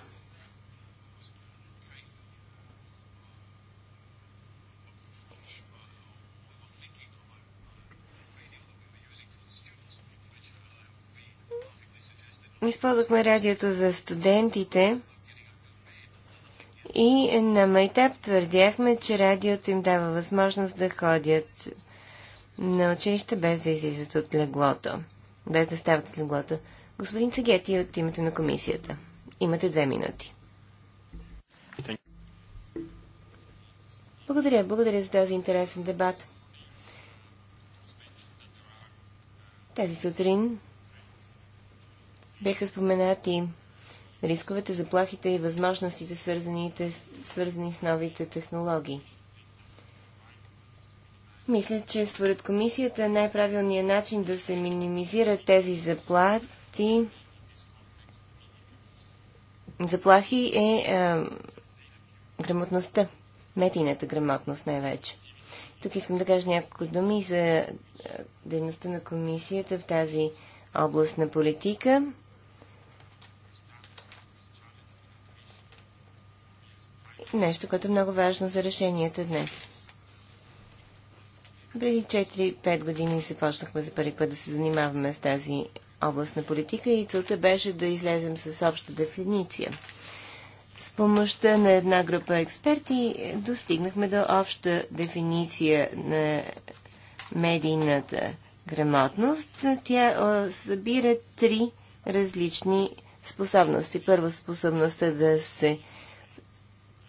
използвахме радиото за студентите и на Майтап твърдяхме, че радиото им дава възможност да ходят на училище без да излизат от леглото, без да стават от леглото. Господин Цагети от името на комисията. Имате две минути. Благодаря, благодаря за този интересен дебат. Тази сутрин бяха споменати рисковете, заплахите и възможностите, свързани с новите технологии. Мисля, че според комисията най-правилният начин да се минимизират тези заплати заплахи е а, е, грамотността, метината грамотност най-вече. Тук искам да кажа няколко думи за е, дейността на комисията в тази област на политика. нещо, което е много важно за решенията днес. Преди 4-5 години започнахме за първи път да се занимаваме с тази област на политика и целта беше да излезем с обща дефиниция. С помощта на една група експерти достигнахме до обща дефиниция на медийната грамотност. Тя събира три различни способности. Първо способността да се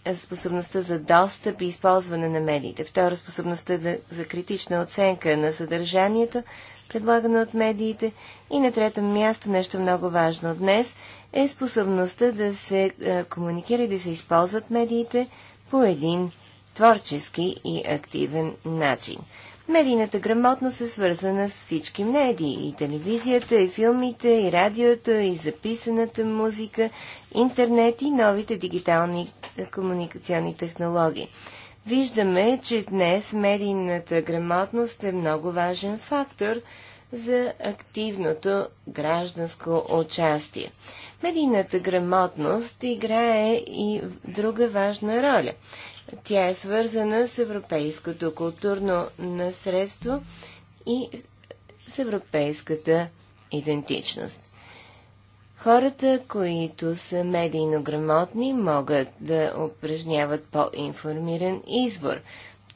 е способността за достъп и използване на медиите. Втора способността е за критична оценка на съдържанието, предлагано от медиите. И на трето място, нещо много важно днес, е способността да се е, комуникира и да се използват медиите по един творчески и активен начин. Медийната грамотност е свързана с всички медии. И телевизията, и филмите, и радиото, и записаната музика, интернет и новите дигитални е, комуникационни технологии. Виждаме, че днес медийната грамотност е много важен фактор за активното гражданско участие. Медийната грамотност играе и друга важна роля. Тя е свързана с европейското културно наследство и с европейската идентичност. Хората, които са медийно грамотни, могат да упражняват по-информиран избор.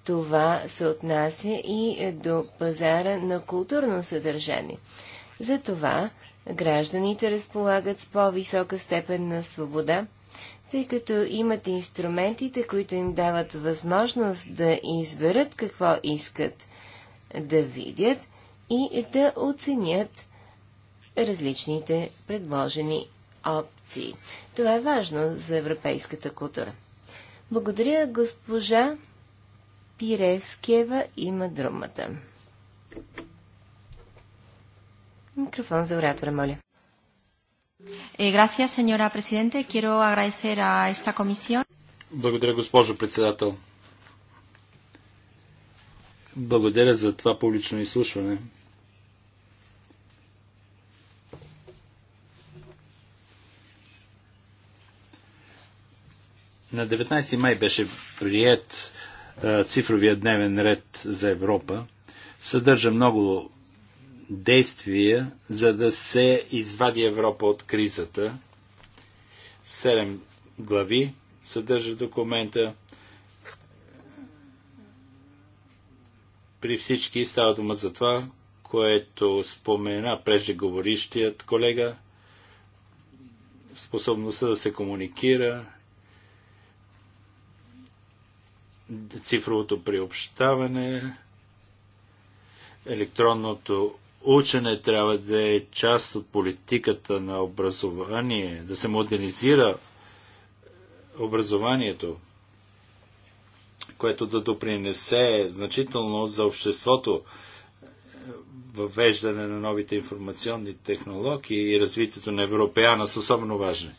Това се отнася и до пазара на културно съдържание. Затова гражданите разполагат с по-висока степен на свобода – тъй като имат инструментите, които им дават възможност да изберат какво искат да видят и да оценят различните предложени опции. Това е важно за европейската култура. Благодаря, госпожа Пирескева има думата. Микрофон за оратора, моля. Eh, gracias, señora presidente. Quiero agradecer a esta comisión. Благодаря, госпожо председател. Благодаря за това публично изслушване. На 19 май беше прият цифровия дневен ред за Европа. Съдържа много действия, за да се извади Европа от кризата. Седем глави съдържа документа. При всички става дума за това, което спомена преждеговорищият колега, способността да се комуникира, цифровото приобщаване, електронното Учене трябва да е част от политиката на образование, да се модернизира образованието, което да допринесе значително за обществото въвеждане на новите информационни технологии и развитието на Европеяна са особено важни.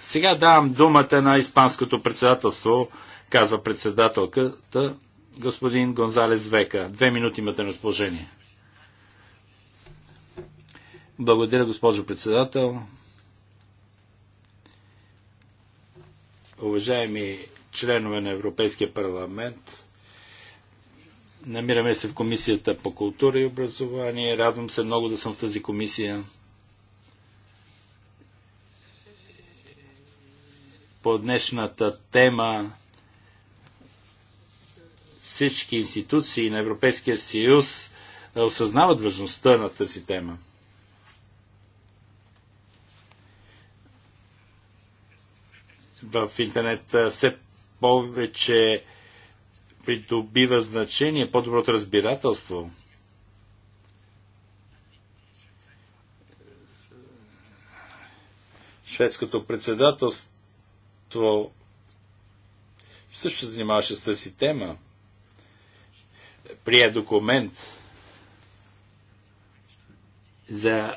Сега давам думата на Испанското председателство, казва председателката, Господин Гонзалес Века, две минути имате на разположение. Благодаря, госпожо председател. Уважаеми членове на Европейския парламент, намираме се в Комисията по култура и образование. Радвам се много да съм в тази комисия. По днешната тема всички институции на Европейския съюз е, осъзнават важността на тази тема. В интернет е, все повече придобива значение по-доброто разбирателство. Шведското председателство също занимаваше с тази тема прие документ за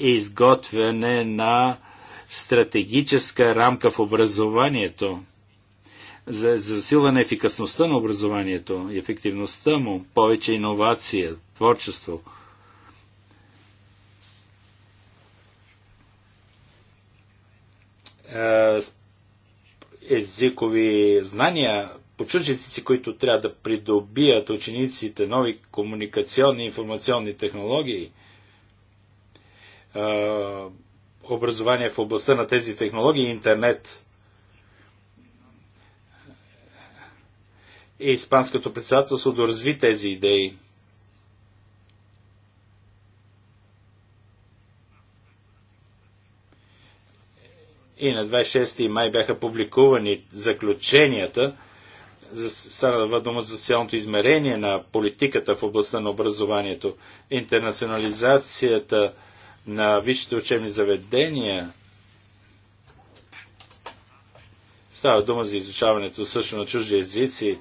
изготвяне на стратегическа рамка в образованието, за засилване ефикасността на образованието, ефективността му, повече иновация, творчество. Е, езикови знания подчужници, които трябва да придобият учениците нови комуникационни и информационни технологии, образование в областта на тези технологии, интернет. И Испанското председателство доразви тези идеи. И на 26 май бяха публикувани заключенията – става дума за социалното измерение на политиката в областта на образованието, интернационализацията на висшите учебни заведения. Става дума за изучаването също на чужди езици,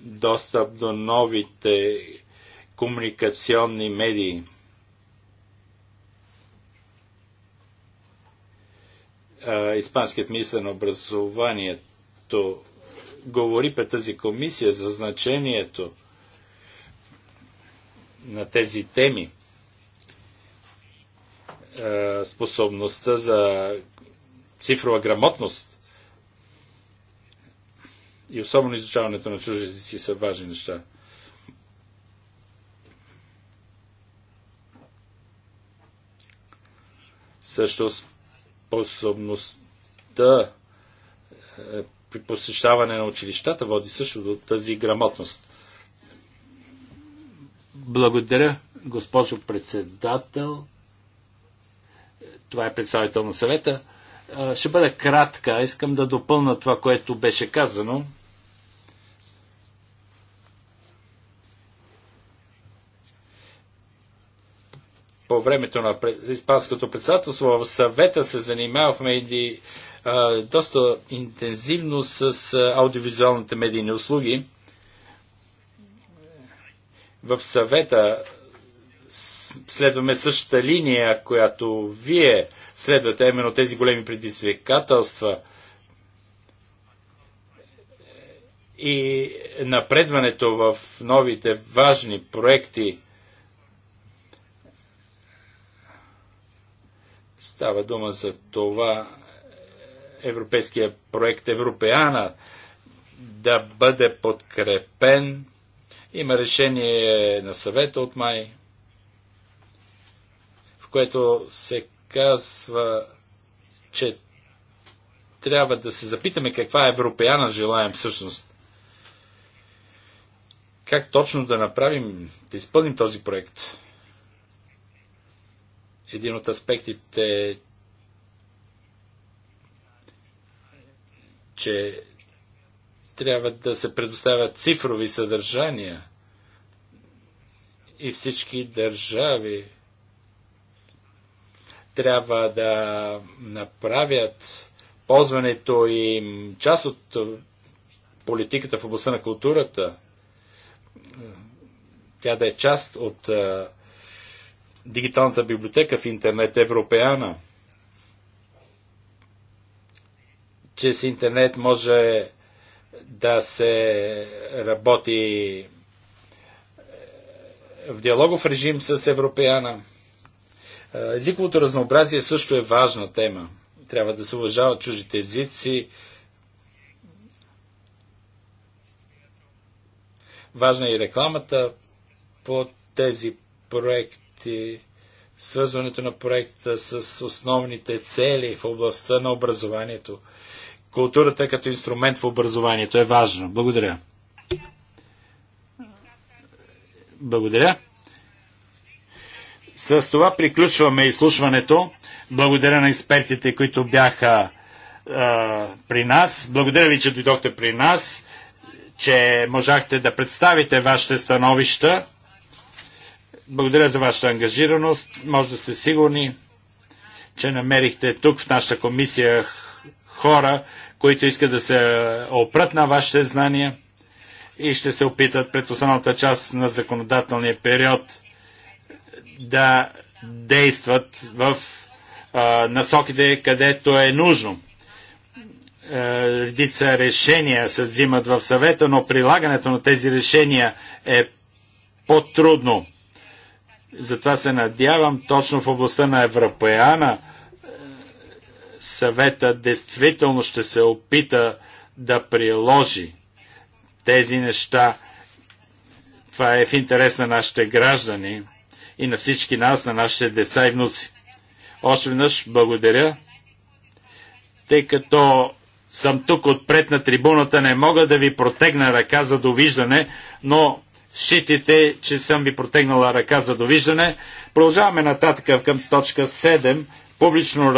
достъп до новите комуникационни медии. Испанският министр на образованието говори пред тази комисия за значението на тези теми, е, способността за цифрова грамотност и особено изучаването на чужди езици са важни неща. Също способността е, при посещаване на училищата води също до тази грамотност. Благодаря, госпожо председател. Това е представител на съвета. Ще бъда кратка. Искам да допълна това, което беше казано. по времето на испанското председателство в съвета се занимавахме и доста интензивно с а, аудиовизуалните медийни услуги. В съвета следваме същата линия, която вие следвате, именно тези големи предизвикателства и напредването в новите важни проекти. Става дума за това европейския проект Европеана да бъде подкрепен. Има решение на съвета от май, в което се казва, че трябва да се запитаме каква европеяна желаем всъщност. Как точно да направим, да изпълним този проект? Един от аспектите е, че трябва да се предоставят цифрови съдържания и всички държави трябва да направят ползването им част от политиката в областта на културата. Тя да е част от дигиталната библиотека в интернет Европеана – че с интернет може да се работи е, в диалогов режим с европеяна. Е, езиковото разнообразие също е важна тема. Трябва да се уважават чужите езици. Важна е и рекламата по тези проекти, свързването на проекта с основните цели в областта на образованието – културата като инструмент в образованието е важно. Благодаря. Благодаря. С това приключваме изслушването. Благодаря на експертите, които бяха е, при нас. Благодаря ви, че дойдохте при нас, че можахте да представите вашите становища. Благодаря за вашата ангажираност. Може да сте сигурни, че намерихте тук в нашата комисия хора, които искат да се опрат на вашите знания и ще се опитат пред останалата част на законодателния период да действат в а, насоките, където е нужно. Е, редица решения се взимат в съвета, но прилагането на тези решения е по-трудно. Затова се надявам точно в областта на Европеяна – съвета действително ще се опита да приложи тези неща. Това е в интерес на нашите граждани и на всички нас, на нашите деца и внуци. Още веднъж благодаря, тъй като съм тук отпред на трибуната, не мога да ви протегна ръка за довиждане, но считайте, че съм ви протегнала ръка за довиждане. Продължаваме нататък към точка 7 публично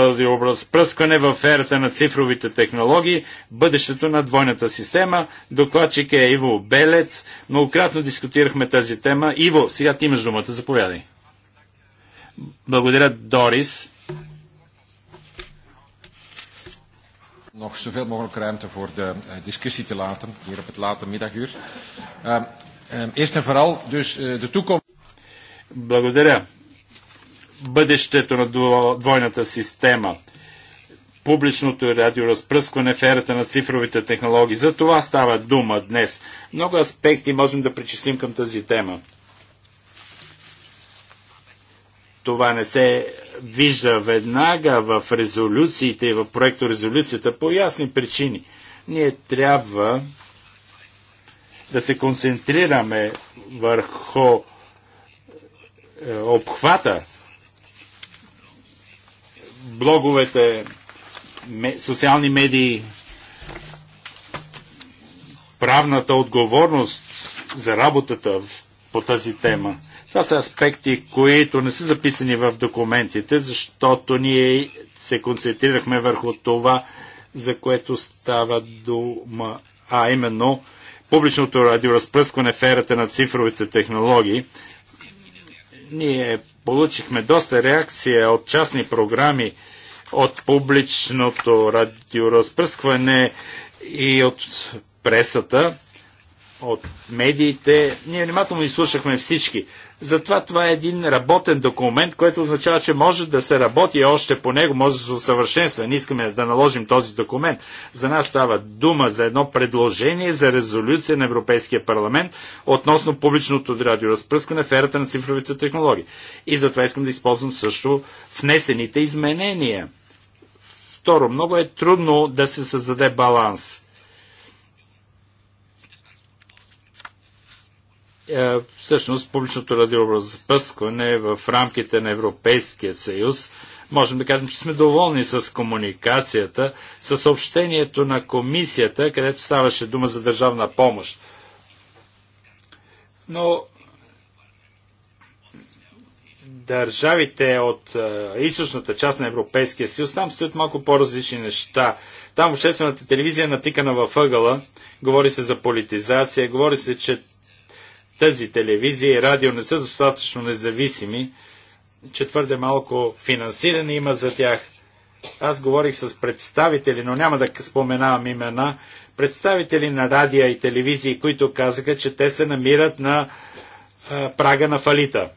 пръскане в ерата на цифровите технологии, бъдещето на двойната система. Докладчик е Иво Белет. Многократно дискутирахме тази тема. Иво, сега ти имаш думата. Заповядай. Благодаря, Дорис. nog zoveel mogelijk ruimte voor de uh, discussie te laten hier op het late middaguur. Uh, uh, eerst en vooral dus uh, de toekomst. Благодаря бъдещето на двойната система. Публичното радиоразпръскване в ерата на цифровите технологии. За това става дума днес. Много аспекти можем да причислим към тази тема. Това не се вижда веднага в резолюциите и в проекто резолюцията по ясни причини. Ние трябва да се концентрираме върху е, обхвата блоговете, социални медии, правната отговорност за работата по тази тема. Това са аспекти, които не са записани в документите, защото ние се концентрирахме върху това, за което става дума, а именно публичното радиоразпръскване в ерата на цифровите технологии. Ние Получихме доста реакция от частни програми, от публичното радиоразпръскване и от пресата от медиите. Ние внимателно изслушахме всички. Затова това е един работен документ, което означава, че може да се работи още по него, може да се усъвършенства. Не искаме да наложим този документ. За нас става дума за едно предложение за резолюция на Европейския парламент относно публичното радиоразпръскване в ерата на цифровите технологии. И затова искам да използвам също внесените изменения. Второ, много е трудно да се създаде баланс Е, всъщност публичното радиоразпръскване в рамките на Европейския съюз. Можем да кажем, че сме доволни с комуникацията, с съобщението на комисията, където ставаше дума за държавна помощ. Но държавите от е, източната част на Европейския съюз, там стоят малко по-различни неща. Там обществената телевизия е натикана във ъгъла, говори се за политизация, говори се, че тази телевизия и радио не са достатъчно независими, че твърде малко финансиране има за тях. Аз говорих с представители, но няма да споменавам имена, представители на радио и телевизии, които казаха, че те се намират на а, прага на фалита.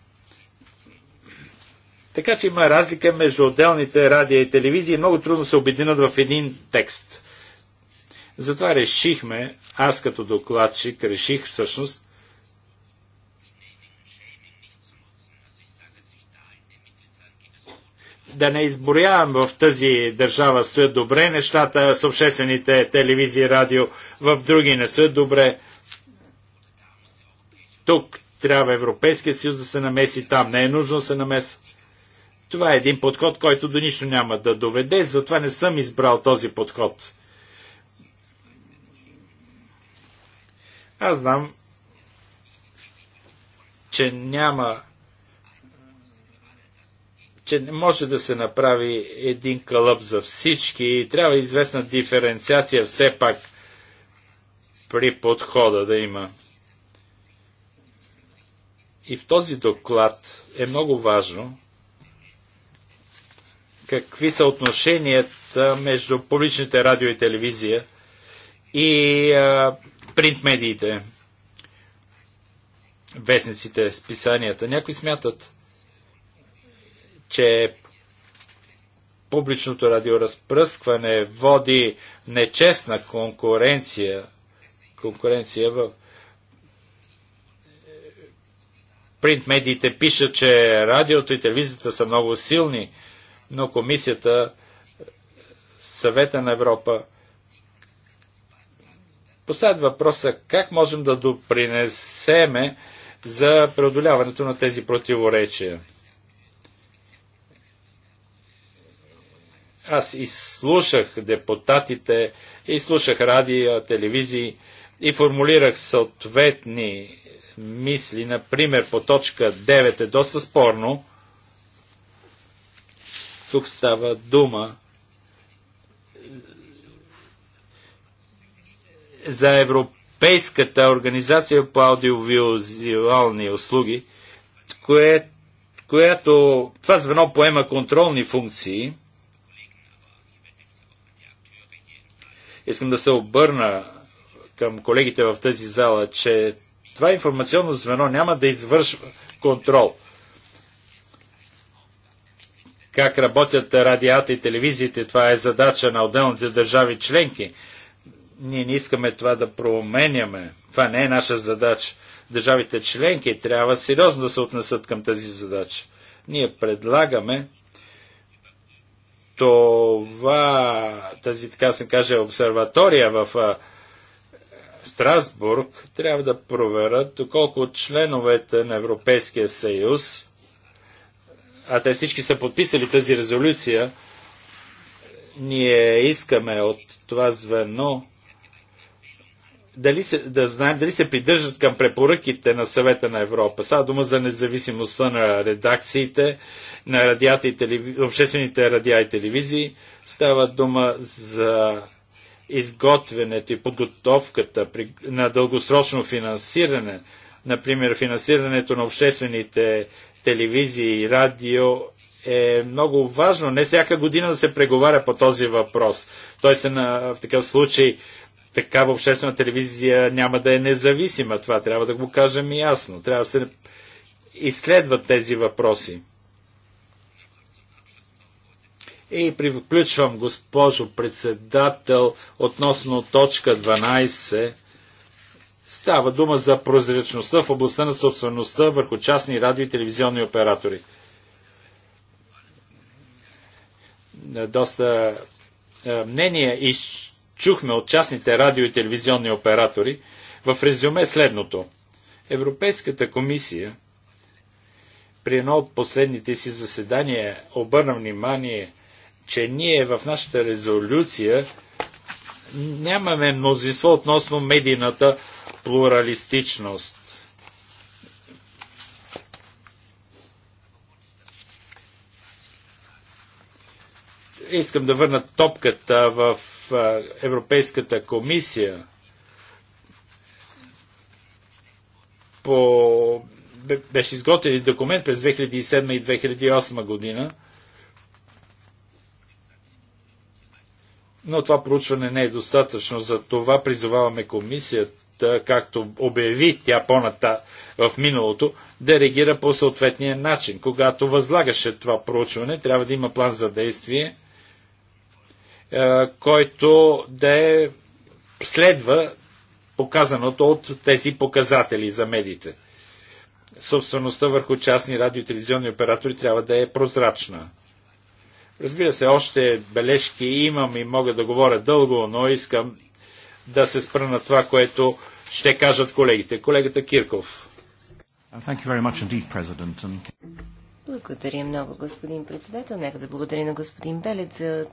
Така че има разлика между отделните радио и телевизии и много трудно се обединят в един текст. Затова решихме, аз като докладчик реших всъщност да не изброявам в тази държава стоят добре нещата с обществените телевизии, радио, в други не стоят добре. Тук трябва Европейският съюз да се намеси там. Не е нужно да се намесва. Това е един подход, който до нищо няма да доведе, затова не съм избрал този подход. Аз знам, че няма че не може да се направи един кълъп за всички и трябва известна диференциация все пак при подхода да има. И в този доклад е много важно какви са отношенията между публичните радио и телевизия и а, принт медиите, вестниците, списанията. Някои смятат, че публичното радиоразпръскване води нечестна конкуренция, конкуренция в принт медиите пишат, че радиото и телевизията са много силни, но комисията, съвета на Европа, поставят въпроса как можем да допринесеме за преодоляването на тези противоречия. Аз изслушах депутатите, изслушах радио, телевизии и формулирах съответни мисли. Например, по точка 9 е доста спорно. Тук става дума за Европейската организация по аудиовизуални услуги, кое, която това звено поема контролни функции – Искам да се обърна към колегите в тази зала, че това информационно звено няма да извършва контрол. Как работят радиата и телевизиите, това е задача на отделните държави членки. Ние не искаме това да променяме. Това не е наша задача. Държавите членки трябва сериозно да се отнесат към тази задача. Ние предлагаме това, тази, така се каже, обсерватория в Страсбург трябва да проверят доколко членовете на Европейския съюз, а те всички са подписали тази резолюция, ние искаме от това звено дали се, да знаем дали се придържат към препоръките на съвета на Европа. Става дума за независимостта на редакциите, на радиата и телевизии, обществените радиа и телевизии. Става дума за изготвянето и подготовката при... на дългосрочно финансиране, например финансирането на обществените телевизии и радио е много важно. Не всяка година да се преговаря по този въпрос. Той се на, в такъв случай такава обществена телевизия няма да е независима. Това трябва да го кажем и ясно. Трябва да се изследват тези въпроси. И приключвам, госпожо председател, относно точка 12. Става дума за прозрачността в областта на собствеността върху частни радио и телевизионни оператори. Доста е, мнения и чухме от частните радио и телевизионни оператори, в резюме следното. Европейската комисия при едно от последните си заседания обърна внимание, че ние в нашата резолюция нямаме мнозинство относно медийната плуралистичност. Искам да върна топката в Европейската комисия по... беше изготвен документ през 2007 и 2008 година, но това проучване не е достатъчно. За това призоваваме комисията, както обяви тя по-ната в миналото, да реагира по съответния начин. Когато възлагаше това проучване, трябва да има план за действие – е, който да е следва показаното от тези показатели за медиите. Собствеността върху частни радио и телевизионни оператори трябва да е прозрачна. Разбира се, още бележки имам и мога да говоря дълго, но искам да се спра на това, което ще кажат колегите. Колегата Кирков. Uh, благодаря много, господин председател. Нека да благодаря на господин Белец за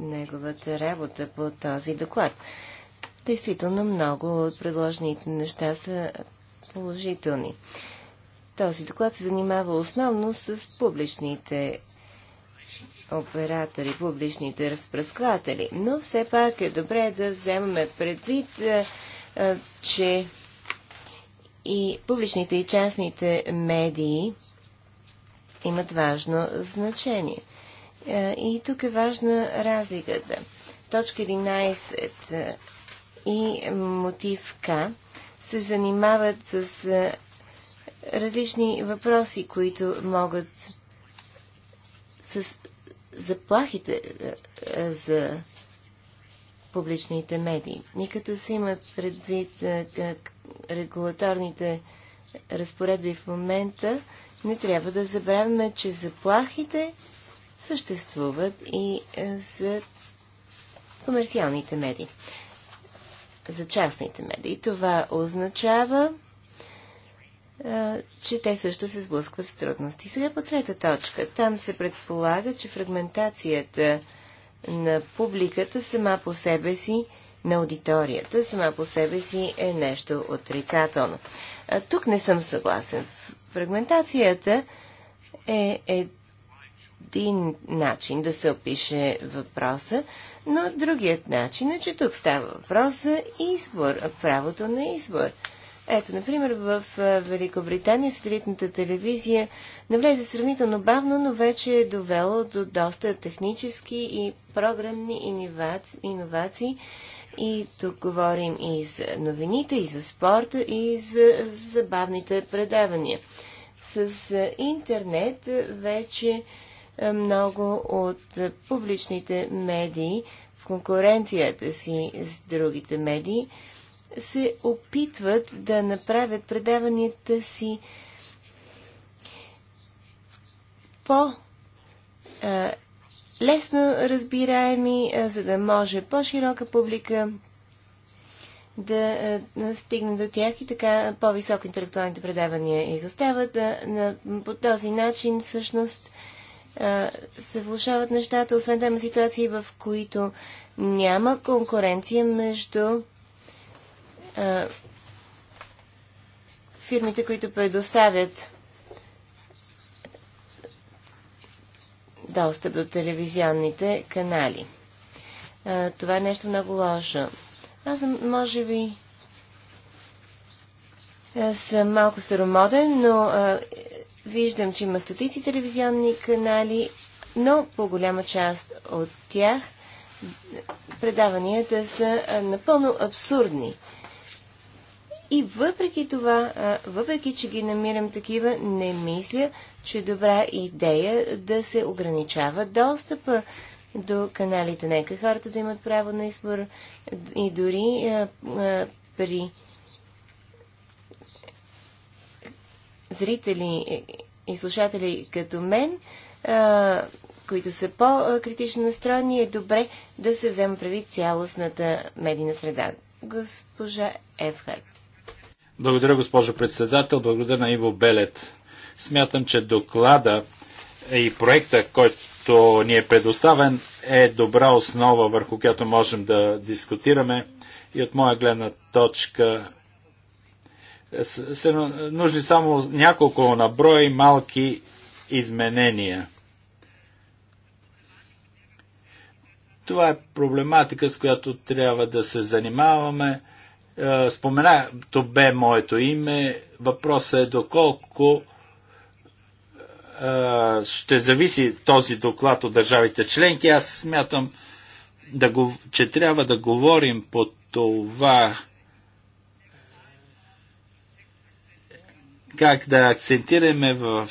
неговата работа по този доклад. Действително много от предложените неща са положителни. Този доклад се занимава основно с публичните оператори, публичните разпръскватели. Но все пак е добре да вземаме предвид, е, е, че и публичните и частните медии имат важно значение. Е, и тук е важна разликата. Точка 11 е, и мотив К се занимават с е, различни въпроси, които могат с заплахите за публичните медии. И като се имат предвид регулаторните разпоредби в момента, не трябва да забравяме, че заплахите съществуват и е, за комерциалните медии, за частните медии. Това означава, е, че те също се сблъскват с трудности. Сега по трета точка. Там се предполага, че фрагментацията на публиката сама по себе си, на аудиторията сама по себе си е нещо отрицателно. А, тук не съм съгласен. Фрагментацията е, е един начин да се опише въпроса, но другият начин е, че тук става въпрос за избор, правото на избор. Ето, например, в Великобритания сателитната телевизия навлезе сравнително бавно, но вече е довело до доста технически и програмни иновации. И тук говорим и за новините, и за спорта, и за забавните предавания. С интернет вече много от публичните медии в конкуренцията си с другите медии се опитват да направят предаванията си по лесно разбираеми, за да може по-широка публика да стигне до тях и така по-високо интелектуалните предавания изостават. Да, на, по този начин всъщност се влушават нещата. Освен това има ситуации, в които няма конкуренция между а, фирмите, които предоставят достъп до телевизионните канали. А, това е нещо много лошо. Аз съм, може би, съм малко старомоден, но а, Виждам, че има стотици телевизионни канали, но по голяма част от тях предаванията са напълно абсурдни. И въпреки това, въпреки че ги намирам такива, не мисля, че е добра идея да се ограничава достъпа до каналите. Нека хората да имат право на избор и дори при зрители и слушатели като мен, които са по-критично настроени, е добре да се взема прави цялостната медийна среда. Госпожа Евхарт. Благодаря, госпожо председател. Благодаря на Иво Белет. Смятам, че доклада и проекта, който ни е предоставен, е добра основа, върху която можем да дискутираме. И от моя гледна точка се нужни само няколко на брой малки изменения. Това е проблематика, с която трябва да се занимаваме. Е, то бе моето име. Въпросът е доколко е, ще зависи този доклад от държавите членки. Аз смятам, да го, че трябва да говорим по това как да акцентираме в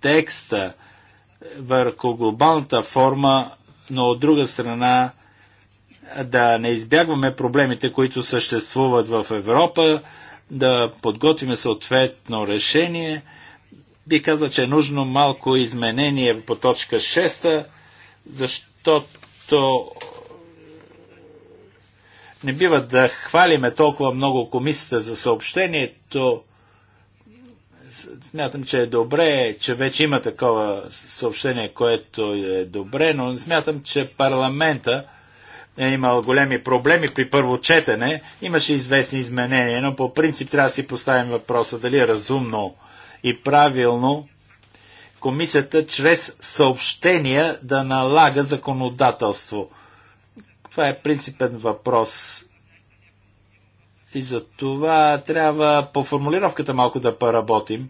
текста върху глобалната форма, но от друга страна да не избягваме проблемите, които съществуват в Европа, да подготвим съответно решение. Би каза, че е нужно малко изменение по точка 6, защото не бива да хвалиме толкова много комисията за съобщението, смятам, че е добре, че вече има такова съобщение, което е добре, но смятам, че парламента е имал големи проблеми при първо четене. Имаше известни изменения, но по принцип трябва да си поставим въпроса дали е разумно и правилно комисията чрез съобщения да налага законодателство. Това е принципен въпрос и за това трябва по формулировката малко да поработим.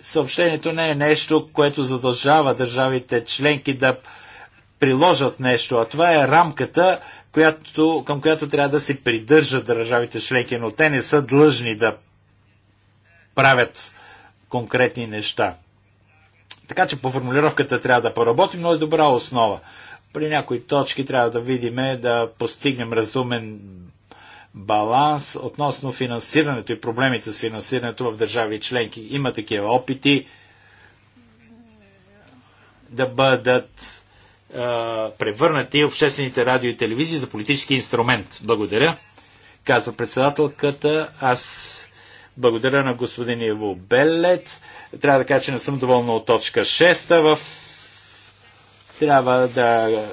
Съобщението не е нещо, което задължава държавите членки да приложат нещо, а това е рамката, която, към която трябва да се придържат държавите членки, но те не са длъжни да правят конкретни неща. Така че по формулировката трябва да поработим, но е добра основа. При някои точки трябва да видим да постигнем разумен баланс относно финансирането и проблемите с финансирането в държави и членки. Има такива опити да бъдат е, превърнати обществените радио и телевизии за политически инструмент. Благодаря, казва председателката. Аз благодаря на господин Иво Белет. Трябва да кажа, че не съм доволна от точка 6 в... Трябва да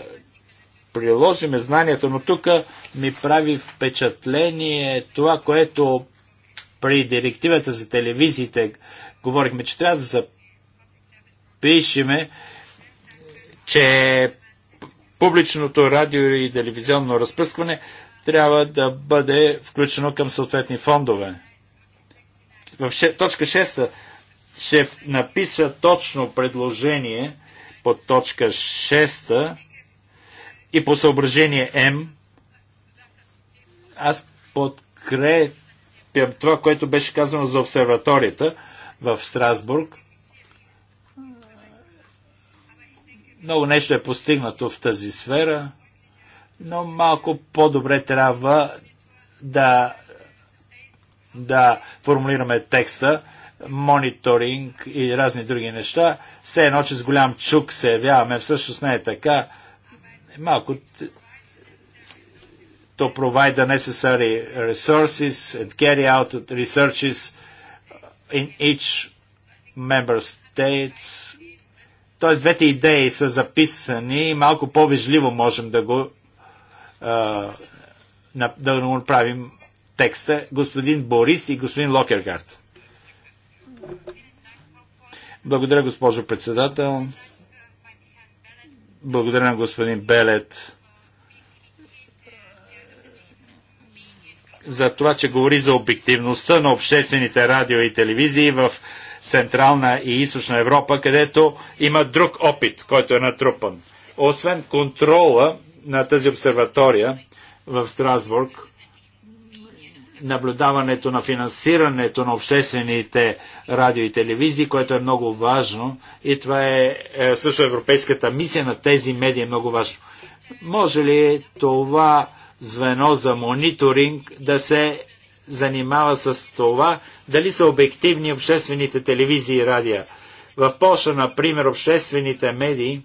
приложиме знанието, но тук ми прави впечатление това, което при директивата за телевизиите говорихме, че трябва да запишеме, че публичното радио и телевизионно разпръскване трябва да бъде включено към съответни фондове. В точка 6 ще напиша точно предложение под точка 6 и по съображение М, аз подкрепям това, което беше казано за обсерваторията в Страсбург. Много нещо е постигнато в тази сфера, но малко по-добре трябва да, да формулираме текста, мониторинг и разни други неща. Все едно, че с голям чук се явяваме, всъщност не е така малко to provide the necessary resources and carry out researches in each member states. Тоест, двете идеи са записани и малко по-вежливо можем да го а, да го направим текста. Господин Борис и господин Локергард. Благодаря, госпожо председател. Благодаря на господин Белет за това, че говори за обективността на обществените радио и телевизии в Централна и Източна Европа, където има друг опит, който е натрупан. Освен контрола на тази обсерватория в Страсбург, наблюдаването на финансирането на обществените радио и телевизии, което е много важно и това е, е, също европейската мисия на тези медии е много важно. Може ли това звено за мониторинг да се занимава с това дали са обективни обществените телевизии и радио? В Польша, например, обществените медии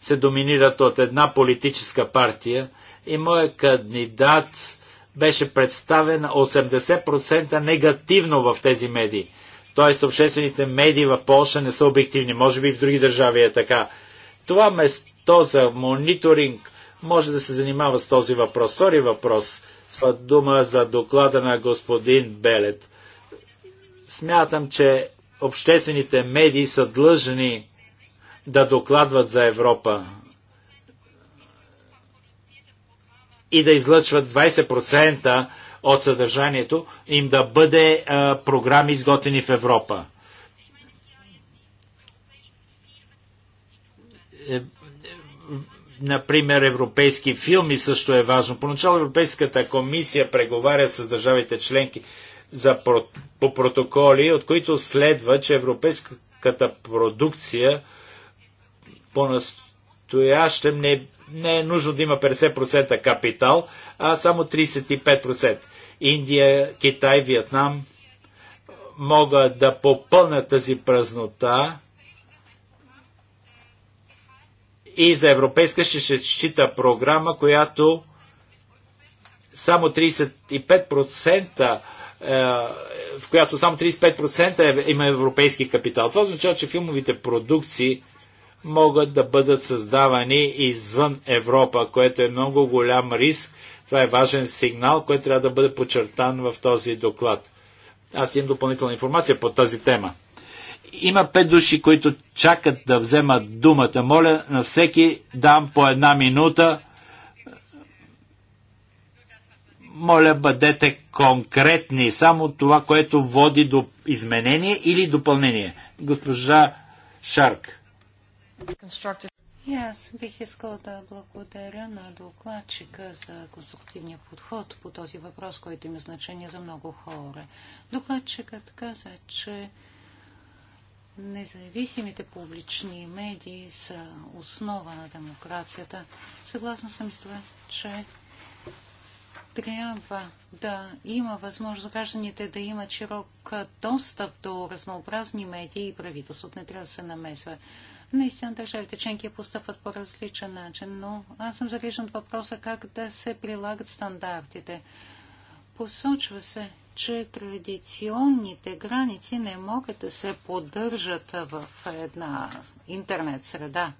се доминират от една политическа партия – и моят кандидат беше представен 80% негативно в тези медии. Тоест обществените медии в Польша не са обективни. Може би в други държави е така. Това место за мониторинг може да се занимава с този въпрос. Втори въпрос. след дума за доклада на господин Белет. Смятам, че обществените медии са длъжни да докладват за Европа. и да излъчват 20% от съдържанието им да бъде а, програми изготвени в Европа. Е, например, европейски филми също е важно. Поначало Европейската комисия преговаря с държавите членки за, по протоколи, от които следва, че европейската продукция по-настоящем не е не е нужно да има 50% капитал, а само 35%. Индия, Китай, Виетнам могат да попълнят тази празнота и за европейска ще се счита програма, която само 35% е, в която само 35% е, има европейски капитал. Това означава, че филмовите продукции могат да бъдат създавани извън Европа, което е много голям риск. Това е важен сигнал, който трябва да бъде подчертан в този доклад. Аз имам допълнителна информация по тази тема. Има пет души, които чакат да вземат думата. Моля, на всеки дам по една минута. Моля, бъдете конкретни. Само това, което води до изменение или допълнение. Госпожа Шарк. И аз бих искала да благодаря на докладчика за конструктивния подход по този въпрос, който има значение за много хора. Докладчикът каза, че независимите публични медии са основа на демокрацията. Съгласна съм с това, че трябва да има възможност гражданите да имат широк достъп до разнообразни медии и правителството не трябва да се намесва. Наистина държавите членки постъпват по различен начин, но аз съм загрижен от въпроса как да се прилагат стандартите. Посочва се, че традиционните граници не могат да се поддържат в една интернет среда.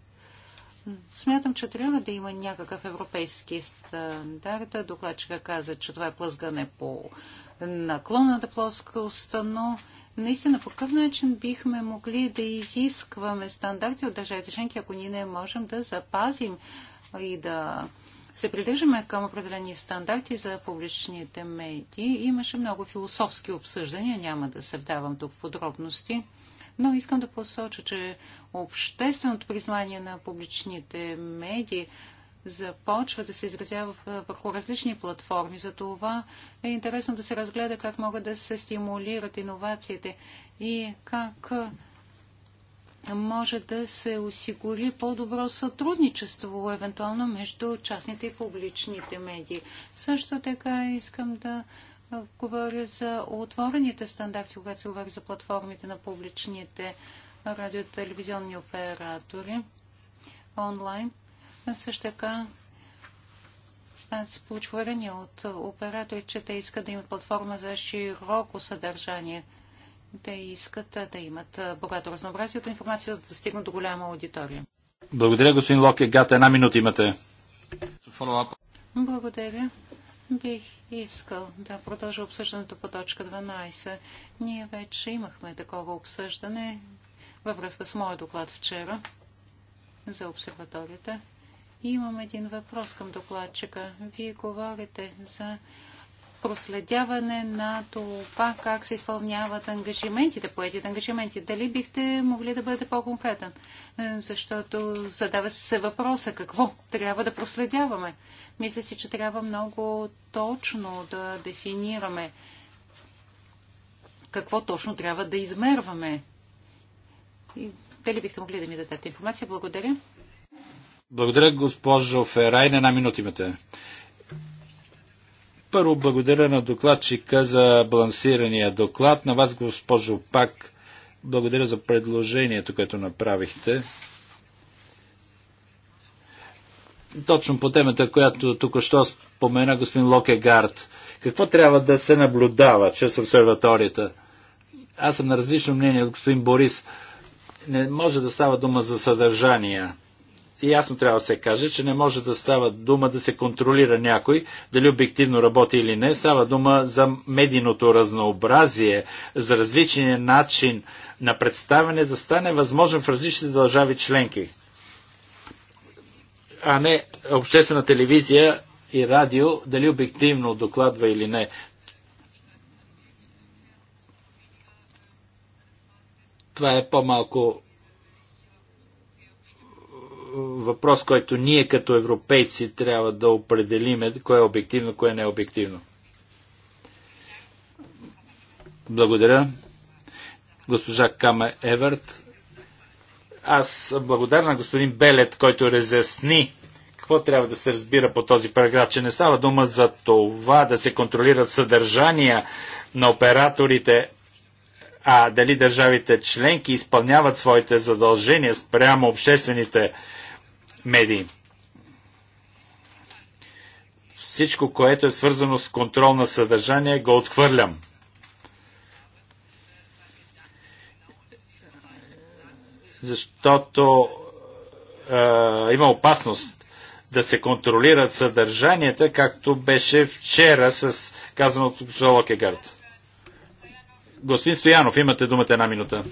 Смятам, че трябва да има някакъв европейски стандарт. Докладчика каза, че това е плъзгане по наклонната плоскост, но наистина по какъв начин бихме могли да изискваме стандарти от държавите членки, ако ние не можем да запазим и да се придържаме към определени стандарти за публичните медии. Имаше много философски обсъждания, няма да се вдавам тук в подробности, но искам да посоча, че общественото признание на публичните медии започва да се изразява върху различни платформи. За това е интересно да се разгледа как могат да се стимулират иновациите и как може да се осигури по-добро сътрудничество, евентуално между частните и публичните медии. Също така искам да говоря за отворените стандарти, когато се говори за платформите на публичните радиотелевизионни оператори онлайн. Също така аз получих уверение от оператори, че те искат да имат платформа за широко съдържание. Те искат да имат богато разнообразие от информация, за да стигнат до голяма аудитория. Благодаря, господин Локе. Гат, една минута имате. Благодаря. Бих искал да продължа обсъждането по точка 12. Ние вече имахме такова обсъждане във връзка с моя доклад вчера за обсерваторията. Имам един въпрос към докладчика. Вие говорите за проследяване на това как се изпълняват ангажиментите, поетите ангажименти. Дали бихте могли да бъдете по-конкретен? Е, защото задава се въпроса какво трябва да проследяваме. Мисля си, че трябва много точно да дефинираме какво точно трябва да измерваме. И Дали бихте могли да ми дадете информация? Благодаря. Благодаря, госпожо Ферайн. Една минута имате. Първо благодаря на докладчика за балансирания доклад. На вас, госпожо Пак, благодаря за предложението, което направихте. Точно по темата, която тук що спомена господин Локегард. Какво трябва да се наблюдава чрез обсерваторията? Аз съм на различно мнение от господин Борис. Не може да става дума за съдържания ясно трябва да се каже, че не може да става дума да се контролира някой, дали обективно работи или не. Става дума за медийното разнообразие, за различния начин на представяне да стане възможен в различните държави членки. А не обществена телевизия и радио, дали обективно докладва или не. Това е по-малко въпрос, който ние като европейци трябва да определиме, кое е обективно, кое не е обективно. Благодаря. Госпожа Кама Еверт. Аз благодаря на господин Белет, който разясни какво трябва да се разбира по този параграф, че не става дума за това да се контролират съдържания на операторите, а дали държавите членки изпълняват своите задължения спрямо обществените медии. Всичко, което е свързано с контрол на съдържание, го отхвърлям. Защото е, има опасност да се контролират съдържанията, както беше вчера с казаното от Локегард. Господин Стоянов, имате думата една минута.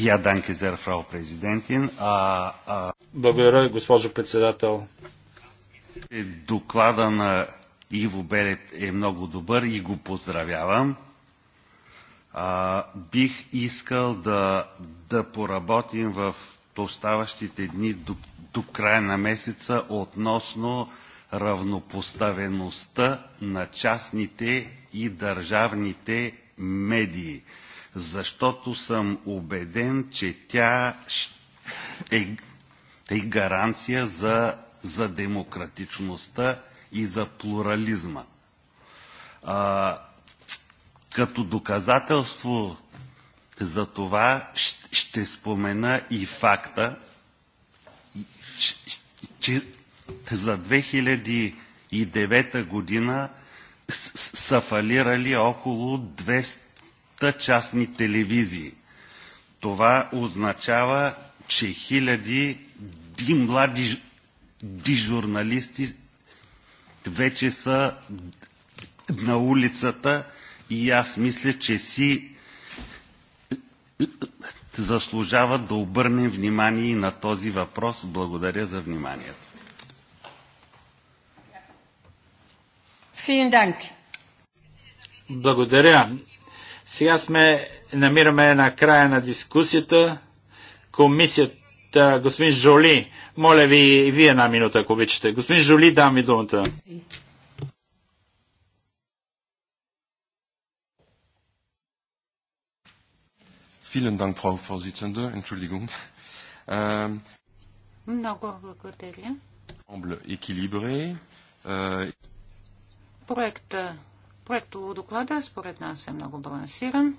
Я, данки зер, фрау президентин. Благодаря, госпожо председател. Е, доклада на Иво Белет е много добър и го поздравявам. А, бих искал да, да поработим в оставащите дни до, до края на месеца относно равнопоставеността на частните и държавните медии защото съм убеден, че тя е, е гаранция за, за демократичността и за плурализма. А, като доказателство за това ще спомена и факта, че за 2009 година са фалирали около 200 частни телевизии. Това означава, че хиляди ди млади ди журналисти вече са на улицата и аз мисля, че си заслужава да обърнем внимание и на този въпрос. Благодаря за вниманието. Благодаря. Сега сме, намираме на края на дискусията. Комисията, господин Жоли, моля ви и вие една минута, ако обичате. Господин Жоли, дам ви думата. Ähm, Много благодаря. Äh, Проекта Проекто доклада според нас е много балансиран.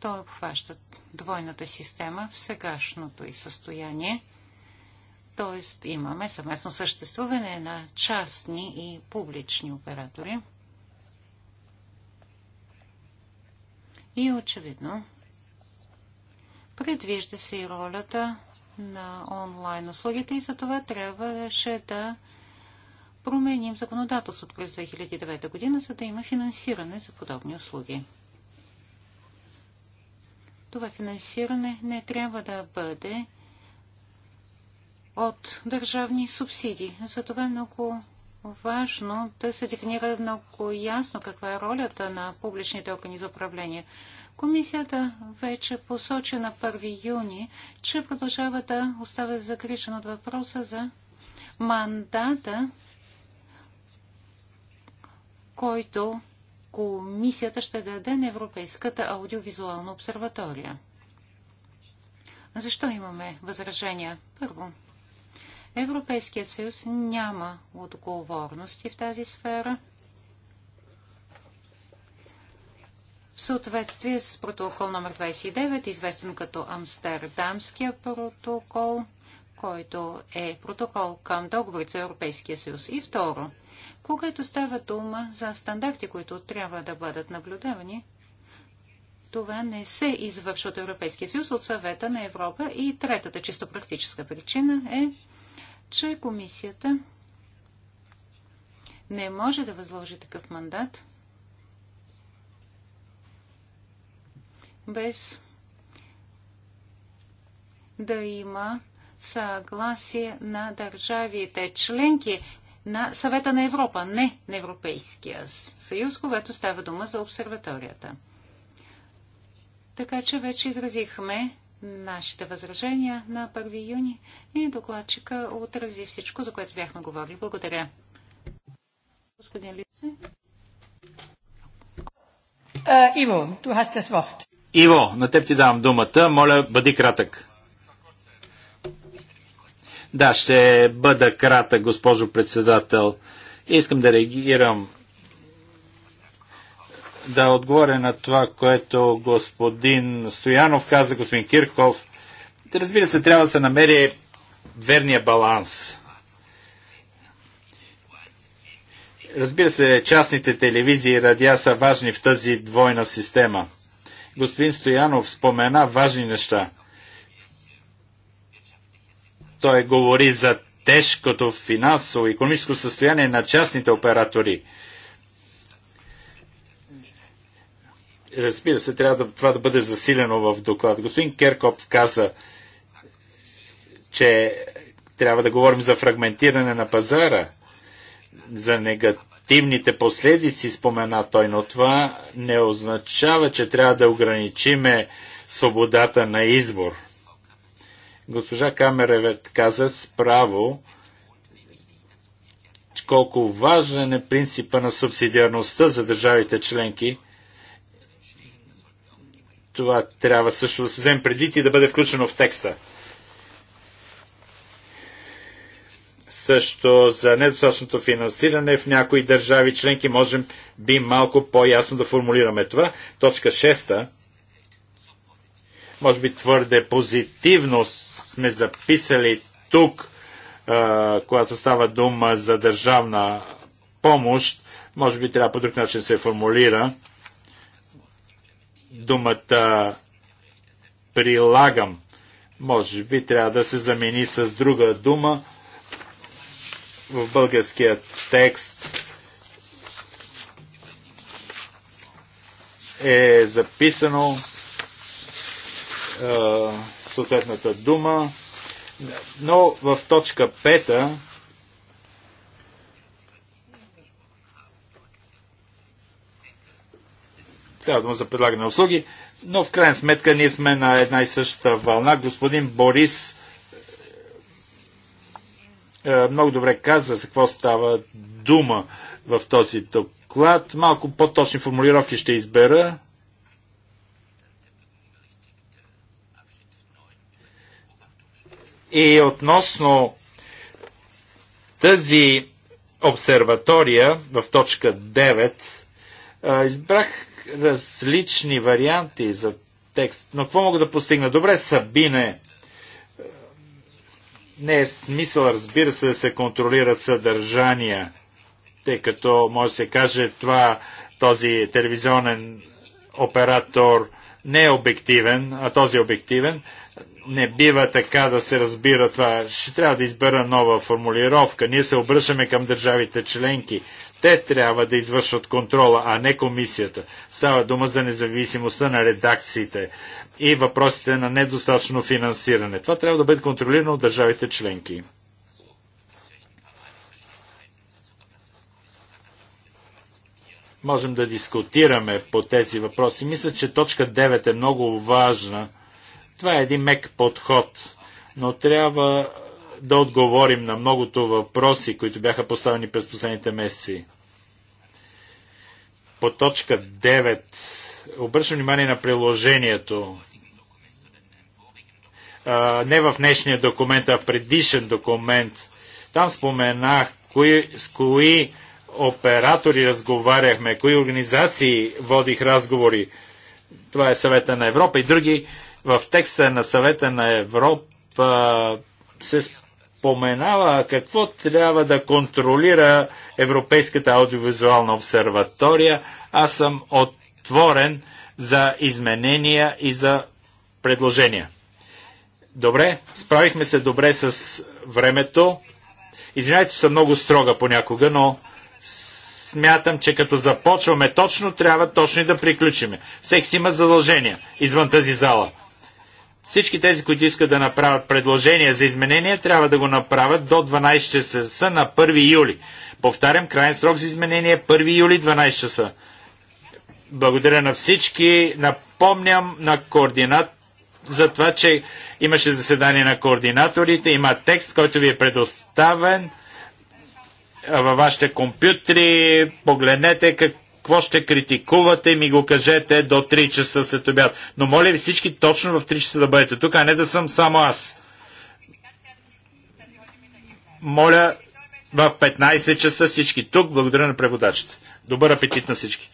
Той обхваща двойната система в сегашното и състояние. Тоест имаме съвместно съществуване на частни и публични оператори. И очевидно, предвижда се и ролята на онлайн услугите и за това трябваше да променим законодателството през 2009 година, за да има финансиране за подобни услуги. Това финансиране не трябва да бъде от държавни субсидии. Затова е много важно да се дефинира много ясно каква е ролята на публичните органи за управление. Комисията вече посочи на 1 юни, че продължава да оставя загрижен от въпроса за мандата който комисията ще даде на Европейската аудиовизуална обсерватория. Защо имаме възражения? Първо, Европейският съюз няма отговорности в тази сфера. В съответствие с протокол номер 29, известен като Амстердамския протокол, който е протокол към договорите за Европейския съюз. И второ, когато става дума за стандарти, които трябва да бъдат наблюдавани, това не се извършва от Европейския съюз, от съвета на Европа. И третата чисто практическа причина е, че комисията не може да възложи такъв мандат без да има съгласие на държавите членки, на съвета на Европа, не на Европейския съюз, когато става дума за обсерваторията. Така че вече изразихме нашите възражения на 1 юни и докладчика отрази всичко, за което бяхме говорили. Благодаря. Господин Лице. Е, Иво, на теб ти давам думата. Моля, бъди кратък. Да, ще бъда кратък, госпожо председател. Искам да реагирам да отговоря на това, което господин Стоянов каза, господин Кирков. Разбира се, трябва да се намери верния баланс. Разбира се, частните телевизии и радиа са важни в тази двойна система. Господин Стоянов спомена важни неща – той говори за тежкото финансово и економическо състояние на частните оператори. Разбира се, трябва да, това да бъде засилено в доклад. Господин Керкоп каза, че трябва да говорим за фрагментиране на пазара, за негативните последици, спомена той, но това не означава, че трябва да ограничиме свободата на избор. Госпожа Камеревет каза справо, колко важен е принципа на субсидиарността за държавите членки. Това трябва също да се вземе преди и да бъде включено в текста. Също за недостатъчното финансиране в някои държави членки можем би малко по-ясно да формулираме това. Точка 6 може би твърде позитивно сме записали тук, а, когато става дума за държавна помощ, може би трябва по друг начин се формулира думата прилагам. Може би трябва да се замени с друга дума в българския текст. е записано е, съответната дума. Но в точка 5 трябва дума за предлагане услуги, но в крайна сметка ние сме на една и съща вълна. Господин Борис е, много добре каза за какво става дума в този доклад. Малко по-точни формулировки ще избера. И относно тази обсерватория в точка 9 избрах различни варианти за текст. Но какво мога да постигна? Добре, Сабине, не е смисъл, разбира се, да се контролират съдържания, тъй като може да се каже това, този телевизионен оператор не е обективен, а този е обективен не бива така да се разбира това. Ще трябва да избера нова формулировка. Ние се обръщаме към държавите членки. Те трябва да извършват контрола, а не комисията. Става дума за независимостта на редакциите и въпросите на недостатъчно финансиране. Това трябва да бъде контролирано от държавите членки. Можем да дискутираме по тези въпроси. Мисля, че точка 9 е много важна – това е един мек подход, но трябва да отговорим на многото въпроси, които бяха поставени през последните месеци. По точка 9 обръщам внимание на приложението. А, не в днешния документ, а в предишен документ. Там споменах кои, с кои оператори разговаряхме, кои организации водих разговори. Това е съвета на Европа и други в текста на съвета на Европа се споменава какво трябва да контролира Европейската аудиовизуална обсерватория. Аз съм отворен за изменения и за предложения. Добре, справихме се добре с времето. Извинявайте, че съм много строга понякога, но смятам, че като започваме точно, трябва точно и да приключиме. Всеки си има задължения извън тази зала. Всички тези, които искат да направят предложения за изменения, трябва да го направят до 12 часа на 1 юли. Повтарям, крайен срок за изменение 1 е юли 12 часа. Благодаря на всички. Напомням на координат за това, че имаше заседание на координаторите. Има текст, който ви е предоставен във вашите компютри. Погледнете как какво ще критикувате, ми го кажете до 3 часа след обяд. Но моля ви всички точно в 3 часа да бъдете тук, а не да съм само аз. Моля в 15 часа всички тук. Благодаря на преводачите. Добър апетит на всички!